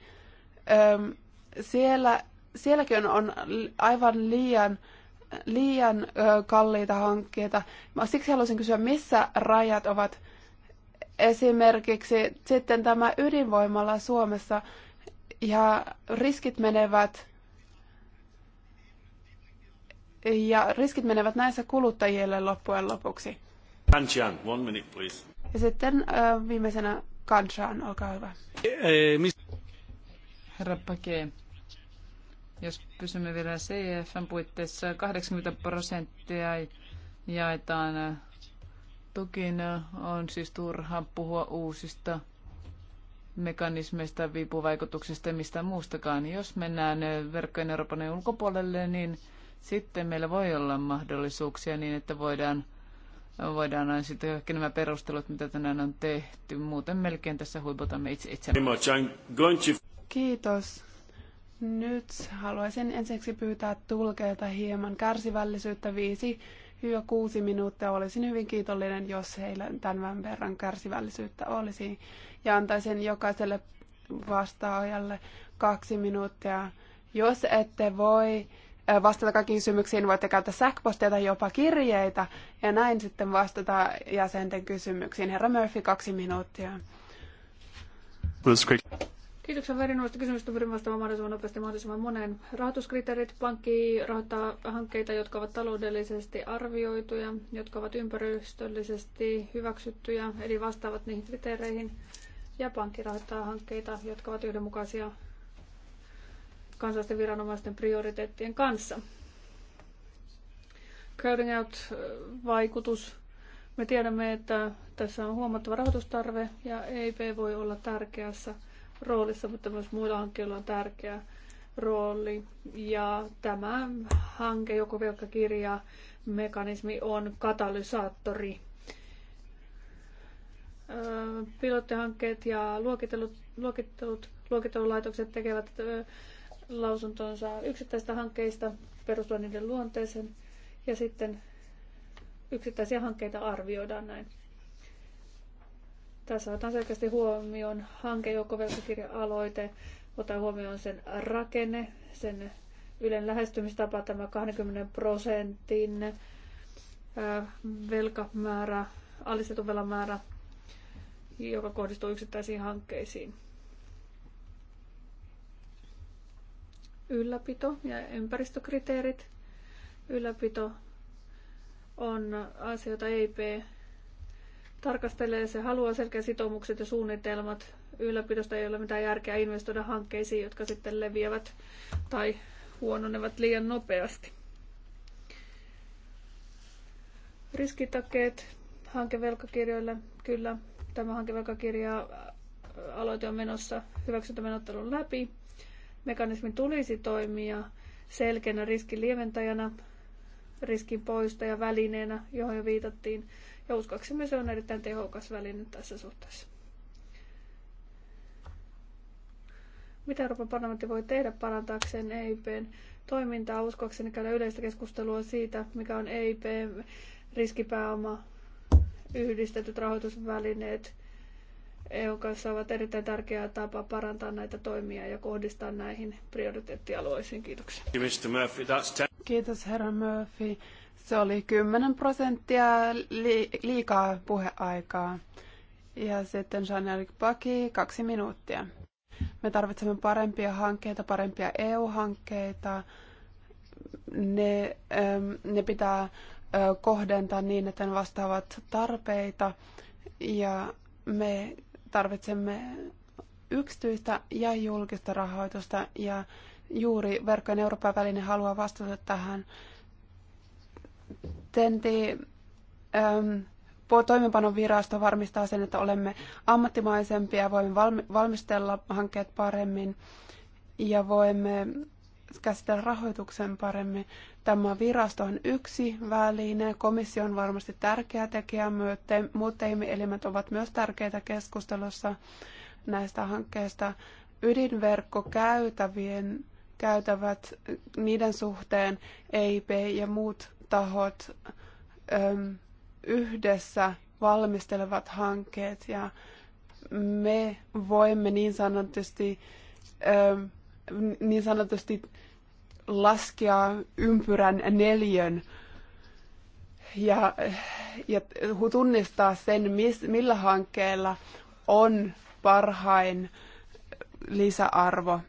siellä, sielläkin on aivan liian, liian kalliita hankkeita. Siksi haluaisin kysyä, missä rajat ovat esimerkiksi sitten tämä ydinvoimalla Suomessa ja riskit menevät ja riskit menevät näissä kuluttajille loppujen lopuksi. Kanchan, one minute please. Ja sitten viimeisenä Kanchan, olkaa hyvä. Eh, Herra Pake, jos pysymme vielä CFN puitteissa, 80 prosenttia jaetaan Tukin on siis turha puhua uusista mekanismeista, viipuvaikutuksista ja mistä muustakaan. Jos mennään verkkojen Euroopan ulkopuolelle, niin sitten meillä voi olla mahdollisuuksia niin, että voidaan, voidaan aina sitten kaikki nämä perustelut, mitä tänään on tehty. Muuten melkein tässä huipotamme itse itsemme. Kiitos. Nyt haluaisin ensiksi pyytää tulkeilta hieman kärsivällisyyttä. Viisi jo kuusi minuuttia. Olisin hyvin kiitollinen, jos heillä tämän verran kärsivällisyyttä olisi. Ja antaisin jokaiselle vastaajalle kaksi minuuttia. Jos ette voi vastata kaikkiin kysymyksiin, voitte käyttää sähköpostia tai jopa kirjeitä ja näin sitten vastata jäsenten kysymyksiin. Herra Murphy, kaksi minuuttia. Kiitoksia verinoista kysymystä. Pyrin vastaamaan mahdollisimman nopeasti mahdollisimman moneen. Rahoituskriteerit. Pankki rahoittaa hankkeita, jotka ovat taloudellisesti arvioituja, jotka ovat ympäristöllisesti hyväksyttyjä, eli vastaavat niihin kriteereihin. Ja pankki rahoittaa hankkeita, jotka ovat yhdenmukaisia kansallisten viranomaisten prioriteettien kanssa. Crowding out-vaikutus. Me tiedämme, että tässä on huomattava rahoitustarve ja EIP voi olla tärkeässä roolissa, mutta myös muilla hankkeilla on tärkeä rooli. Ja tämä hanke, joko velkakirja, mekanismi on katalysaattori. Pilottihankkeet ja luokittelut, luokittelut, luokittelulaitokset tekevät lausuntonsa yksittäistä hankkeista perustuen niiden luonteeseen ja sitten yksittäisiä hankkeita arvioidaan näin. Tässä otetaan selkeästi huomioon hankejoukkovelkakirja-aloite, otan huomioon sen rakenne, sen Ylen lähestymistapa, tämä 20 prosentin äh, velkamäärä, alistetun velamäärä, määrä, joka kohdistuu yksittäisiin hankkeisiin. ylläpito ja ympäristökriteerit. Ylläpito on asioita EIP tarkastelee, se haluaa selkeät sitoumukset ja suunnitelmat. Ylläpidosta ei ole mitään järkeä investoida hankkeisiin, jotka sitten leviävät tai huononevat liian nopeasti. Riskitakeet hankevelkakirjoille. Kyllä, tämä hankevelkakirja aloite on menossa hyväksyntämenottelun läpi. Mekanismin tulisi toimia selkeänä riskin lieventäjänä, riskin poistajana, välineenä, johon jo viitattiin. Ja uskoaksemme se on erittäin tehokas väline tässä suhteessa. Mitä Euroopan parlamentti voi tehdä parantaakseen EIPn toimintaa? Uskoakseni käydä yleistä keskustelua siitä, mikä on EIP, riskipääoma, yhdistetyt rahoitusvälineet, EU kanssa ovat erittäin tärkeä tapa parantaa näitä toimia ja kohdistaa näihin prioriteettialueisiin. Kiitoksia. Kiitos herra Murphy. Se oli 10 prosenttia liikaa puheaikaa. Ja sitten Jean-Eric kaksi minuuttia. Me tarvitsemme parempia hankkeita, parempia EU-hankkeita. Ne, ähm, ne pitää kohdentaa niin, että ne vastaavat tarpeita. Ja me tarvitsemme yksityistä ja julkista rahoitusta ja juuri verkkojen Euroopan väline haluaa vastata tähän. Tenti äm, toimenpanon virasto varmistaa sen, että olemme ammattimaisempia, voimme valmistella hankkeet paremmin ja voimme käsitellä rahoituksen paremmin. Tämä virasto on yksi väline, komissio on varmasti tärkeä tekijä, muut elimet ovat myös tärkeitä keskustelussa näistä hankkeista. Ydinverkkokäytävien käytävät, niiden suhteen EIP ja muut tahot äm, yhdessä valmistelevat hankkeet ja me voimme niin sanotusti äm, niin sanotusti laskea ympyrän neljön ja, ja tunnistaa sen, mis, millä hankkeella on parhain lisäarvo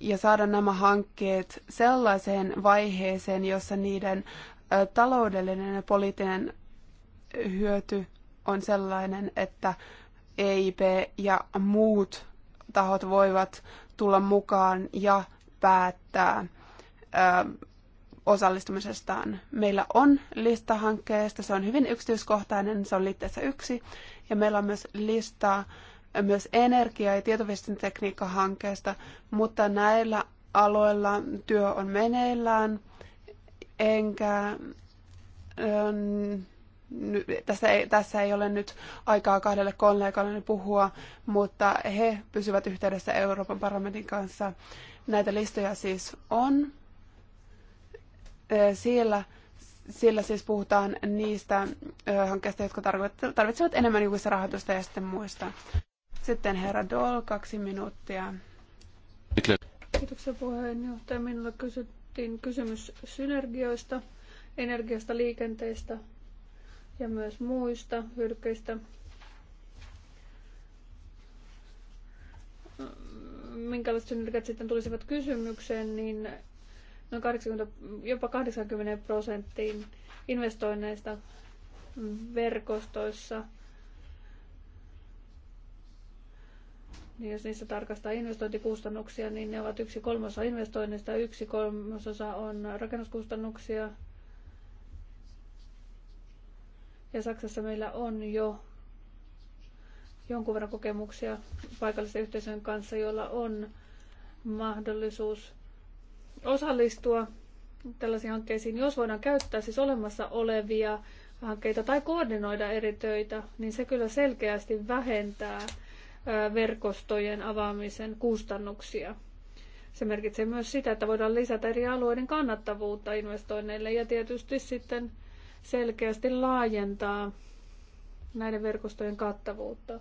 ja saada nämä hankkeet sellaiseen vaiheeseen, jossa niiden taloudellinen ja poliittinen hyöty on sellainen, että EIP ja muut tahot voivat tulla mukaan ja päättää ö, osallistumisestaan. Meillä on lista hankkeesta, se on hyvin yksityiskohtainen, se on liitteessä yksi, ja meillä on myös lista myös energia- ja hankkeesta, mutta näillä aloilla työ on meneillään, enkä tässä ei, tässä ei ole nyt aikaa kahdelle kollegalle puhua, mutta he pysyvät yhteydessä Euroopan parlamentin kanssa. Näitä listoja siis on. Siellä, siellä siis puhutaan niistä hankkeista, jotka tarvitsevat enemmän julkista rahoitusta ja sitten muista. Sitten herra Dol, kaksi minuuttia. Kiitoksia puheenjohtaja. Minulla kysyttiin kysymys synergioista, energiasta, liikenteestä – ja myös muista hylkeistä. Minkälaiset synergiat sitten tulisivat kysymykseen, niin noin 80, jopa 80 prosenttiin investoinneista verkostoissa. Niin jos niissä tarkastaa investointikustannuksia, niin ne ovat yksi kolmasosa investoinnista, yksi kolmasosa on rakennuskustannuksia, ja Saksassa meillä on jo jonkun verran kokemuksia paikallisen yhteisön kanssa, joilla on mahdollisuus osallistua tällaisiin hankkeisiin, jos voidaan käyttää siis olemassa olevia hankkeita tai koordinoida eri töitä, niin se kyllä selkeästi vähentää verkostojen avaamisen kustannuksia. Se merkitsee myös sitä, että voidaan lisätä eri alueiden kannattavuutta investoinneille ja tietysti sitten selkeästi laajentaa näiden verkostojen kattavuutta.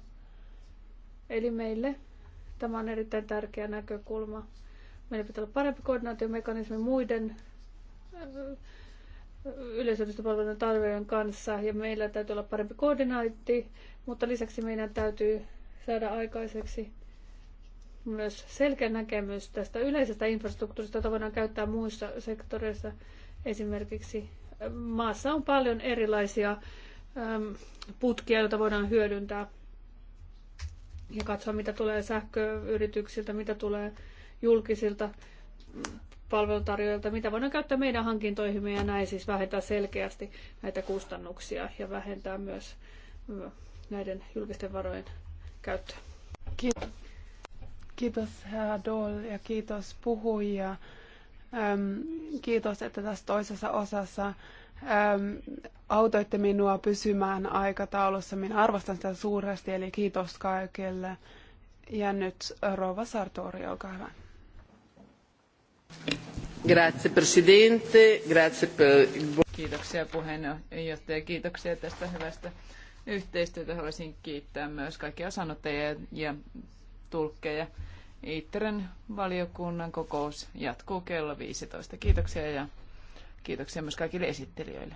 Eli meille tämä on erittäin tärkeä näkökulma. Meillä pitää olla parempi koordinaatiomekanismi muiden äh, yleisöllistopalveluiden tarveiden kanssa ja meillä täytyy olla parempi koordinaatti, mutta lisäksi meidän täytyy saada aikaiseksi myös selkeä näkemys tästä yleisestä infrastruktuurista, jota voidaan käyttää muissa sektoreissa, esimerkiksi maassa on paljon erilaisia putkia, joita voidaan hyödyntää ja katsoa, mitä tulee sähköyrityksiltä, mitä tulee julkisilta palvelutarjoajilta, mitä voidaan käyttää meidän hankintoihimme ja näin siis vähentää selkeästi näitä kustannuksia ja vähentää myös näiden julkisten varojen käyttöä. Kiitos. Kiitos herra Doll ja kiitos puhujia. Ähm, kiitos, että tässä toisessa osassa ähm, autoitte minua pysymään aikataulussa. Minä arvostan sitä suuresti, eli kiitos kaikille. Ja nyt Rova Sartori, olkaa hyvä. Grazie Presidente, grazie per... Kiitoksia puheenjohtaja, kiitoksia tästä hyvästä yhteistyötä. Haluaisin kiittää myös kaikkia sanottajia ja tulkkeja. Itteren valiokunnan kokous jatkuu kello 15. Kiitoksia ja kiitoksia myös kaikille esittelijöille.